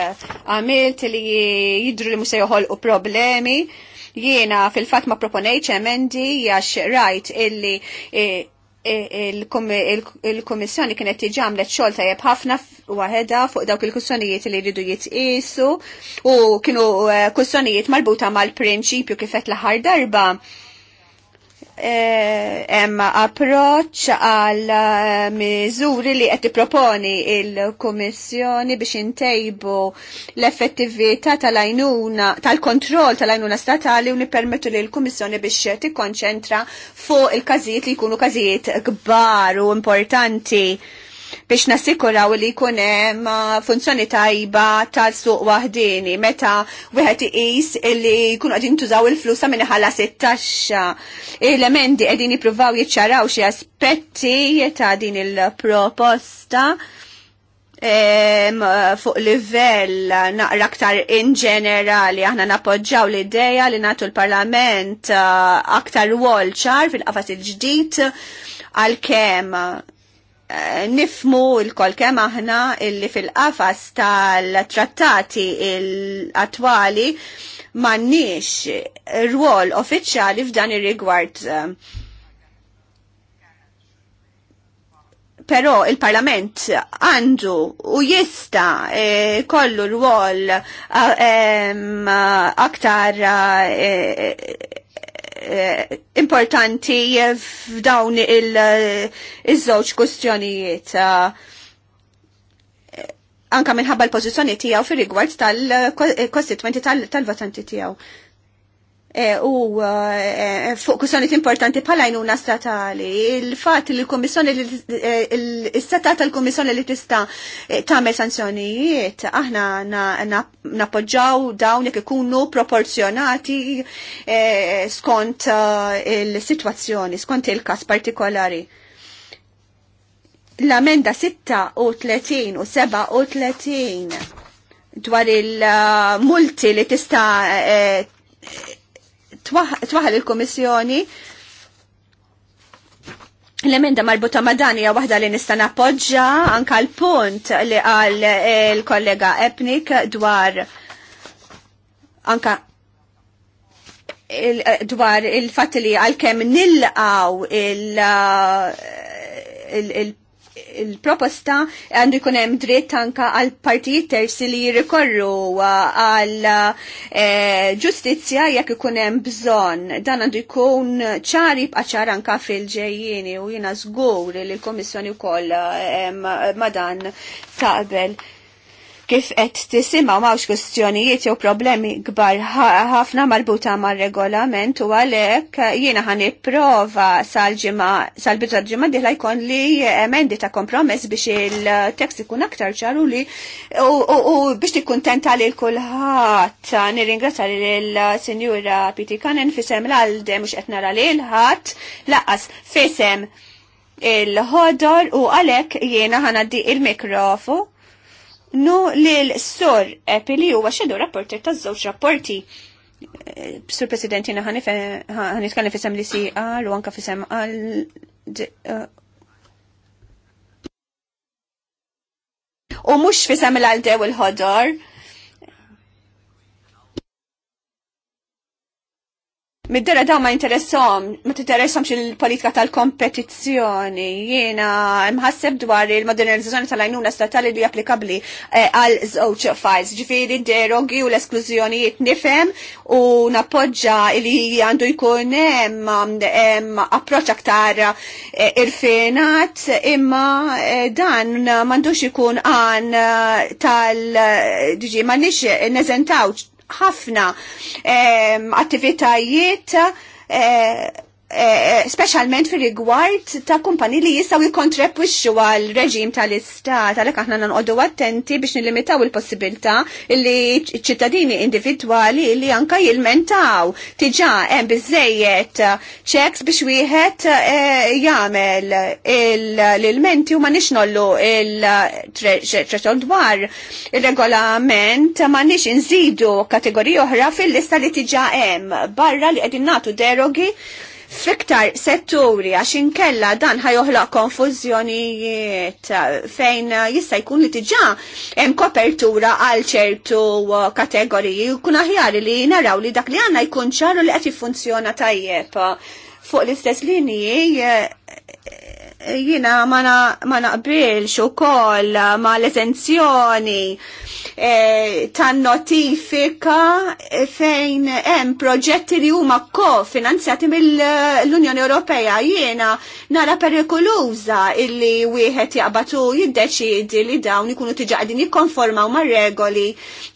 eh, għamilt li jidru li musa joħolqu problemi. Jiena fil-fatt ma proponejċ emendi għax rajt illi e, eh, il-Komissjoni kienet iġamlet xogħol tajjeb ħafna waħedha fuq dawk il kussonijiet li jridu jitqisu u kienu kussonijiet marbuta mal-prinċipju kif qed l-aħħar darba hemm eh, approċċ għal eh, miżuri li qed proponi il-Kummissjoni biex intejbu l-effettività tal ajnuna tal-kontroll tal ajnuna statali u nippermettu li l-Kummissjoni biex tikkonċentra fuq il-każijiet li jkunu każijiet kbar u importanti biex nasikuraw li jkun hemm uh, funzjoni tajba tal-suq wahdini meta wieħed iqis li jkunu qegħdin tużaw il-flus minn ħala it Elementi qegħdin jippruvaw jiċċaraw xi aspetti ta' din il-proposta fuq livell naqra aktar in ġenerali aħna napoġġaw l-ideja li natu l-Parlament uh, aktar wol ċar fil-qafas il-ġdid għal-kem Eh, nifmu il-kol kem aħna illi fil-qafas tal-trattati il-attwali mannix rwol uffiċjali f'dan ir-rigward. Eh. Però il-Parlament għandu u jista eh, kollu rwol aktar Eh, importanti f'dawn il-żewġ eh, kustjonijiet eh, anka minħabba l-pozizjoni tiegħu fir rigward tal-kostitwenti tal-votanti tiegħu. Eh, u eh, eh, fuq kussjoni importanti bħala jnuna statali. Il-fat li l-Kommissjoni, il-seta tal-Kommissjoni li tista tagħmel sanzjonijiet, aħna napoġġaw dawn ikunu proporzjonati skont il-sitwazzjoni, skont il-każ partikolari l-amenda 36 u 37 dwar il-multi li tista' twaħal il-Komissjoni L-emenda marbuta ma' dan hija waħda li nista' nappoġġja anke l-punt li qal eh, il-kollega Epnik dwar anka il eh, dwar il-fatt li għalkemm nilqaw il-, eh, il, il il-proposta għandu jkun hemm dritt anka għal partijiet terzi li jirrikorru uh, għal eh, ġustizzja jekk ikun hemm bżonn. Dan għandu jkun ċari b'qaċar anka fil-ġejjieni u jiena żgur li l-Komissjoni wkoll eh, ma dan taqbel kif qed tisimgħu m'hawnx kwestjonijiet jew problemi kbar ħafna marbuta mar-regolament u għalhekk jiena ħan ipprova sal-ġimgħa sal bidra ġimgħa diħla jkun li emendi ta' kompromess biex il-tekst ikun aktar ċaru li u biex tikkuntenta lil kulħadd nirringrazzja lill-Sinjura Piti Kanen fisem l għaldem mhux qed nara lil ħadd laqas fisem il-ħodor u għalek jiena ħanaddi il-mikrofu nu lil sor Epi li huwa xedu rapporter ta' żewġ rapporti. Eh, Sur President jina fi sem li CR u anka sem għal eh. u mux fisem l-għaldew il-ħodor. Mid-dera da ma interessom, ma t-interessom il-politika tal-kompetizzjoni, jiena mħasseb dwar il-modernizzazzjoni tal-għajnuna statali li applikabli eh, għal żewġ fajz. ġifiri derogi u l-esklużjonijiet nifem u napoġġa li għandu jkun hemm aktar eh, irfinat imma eh, dan m'għandux ikun għan tal-ġi ma nix neżentawx ħafna eh, attivitajiet eh, Eh, specialment fir rigward ta' kumpani li jistaw jikontrepuxxu għal reġim tal-istat, għalek aħna nanqodu attenti biex nilimitaw il-possibilità li ċittadini individwali li anka jilmentaw. Tiġa hemm bizzejiet checks biex wieħed eh, jagħmel l-ilmenti u ma nix nollu il-threshold dwar il-regolament ma nix inżidu kategoriji oħra fil-lista li tiġa hemm barra li qegħdin nagħtu derogi fiktar setturi għax inkella dan ħajoħloq konfużjonijiet eh, fejn eh, jista' jkun li diġà hemm kopertura għal ċertu eh, kategoriji u kun aħjar li naraw li dak li għandna jkun ċaru li qed jiffunzjona tajjeb fuq l-istess linji jina ma naqbilx u koll ma l-esenzjoni e, tan notifika fejn hemm proġetti li huma kofinanzjati mill-Unjoni Ewropea jiena nara perikoluża illi wieħed jaqbatu jiddeċidi li dawn ikunu tiġa qegħdin jikkonformaw mar-regoli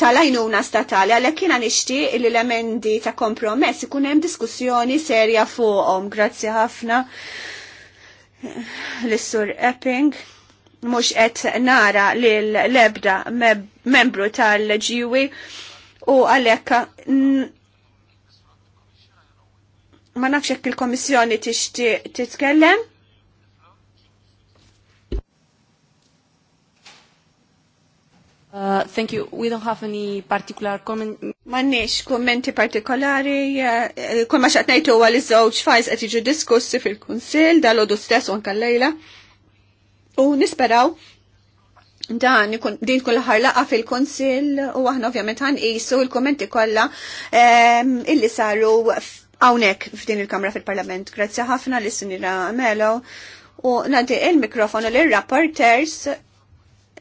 tal-għajnuna statali għalhekk jiena nixtieq li l-emendi ta' kompromess ikun hemm diskussjoni serja fuqhom. Grazzi ħafna l-sur Epping mux qed nara li l-ebda membru tal-ġiwi u għalekka ma nafx il-Komissjoni t titkellem. Uh, thank you. We don't have any particular comment. Mannix kommenti partikolari, uh, kull ma għal iż-żewġ fajz qed jiġu diskussi fil-Kunsill dal-għodu stess u anka lejla. U nisperaw dan din kull ħarlaqa fil-Kunsill u aħna ovvjament ħanqisu l-kommenti kollha um, illi saru hawnhekk f'din il-Kamra fil-Parlament. Grazzi ħafna lis-Sinira Melo u nagħti il-mikrofonu lir-rapporters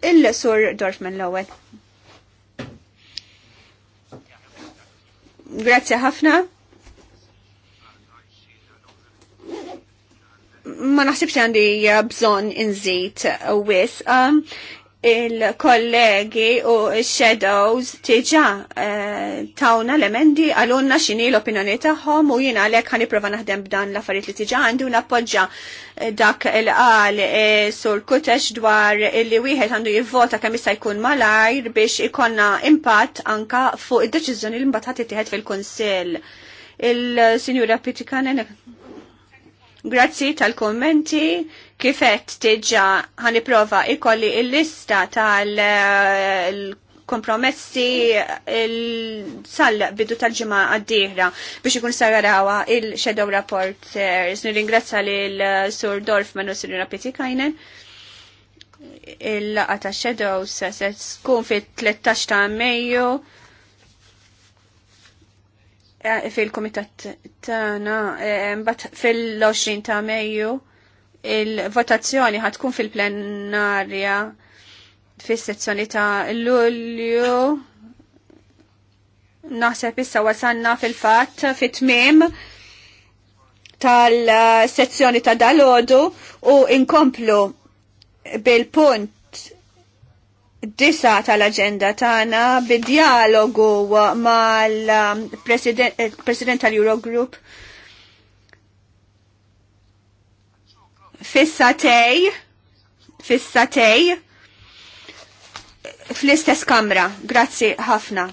Il-sur Dorfman l ewel Grazzi ħafna. ma naħsibx għandi bżon inżit wis. Um, il-kollegi u shadows tiġa eh, tawna l-emendi għalunna xini l-opinjoni taħħom u jina għalek għani prova naħdem b'dan l-affarijiet li tiġa għandu napoġġa nappoġġa eh, dak il-qal eh, sur kutex dwar li wieħed għandu jivvota kemm jista' jkun malajr biex ikonna impatt anka fuq id-deċiżjoni li mbagħad tittieħed fil-kunsill. Il-Sinjura Pitikanen, grazzi tal-kommenti Kifet tiġa ħaniprofa ikolli il-lista tal-kompromessi eh, sal-bidu tal-ġimgħa għad-dieħla biex ikun sagarawa il-Shadow Reporters. Nirringrazza l eh, Sur Dorfman u Rapiti Kajnen il-laqa ta' Shadows se tkun fit-13 ta' Mejju eh, fil-komitat tagħna na' fil-20 ta' Mejju il-votazzjoni ħatkun fil-plenarja fis-sezzjoni ta' Lulju naħseb issa wasanna fil-fatt fit-tmiem tal-sezzjoni ta' dalodu u inkomplu bil-punt disa tal-agenda tagħna bid-dialogu mal-President eh, tal-Eurogroup fissatej, fissatej, fl-istess kamra. Grazzi ħafna.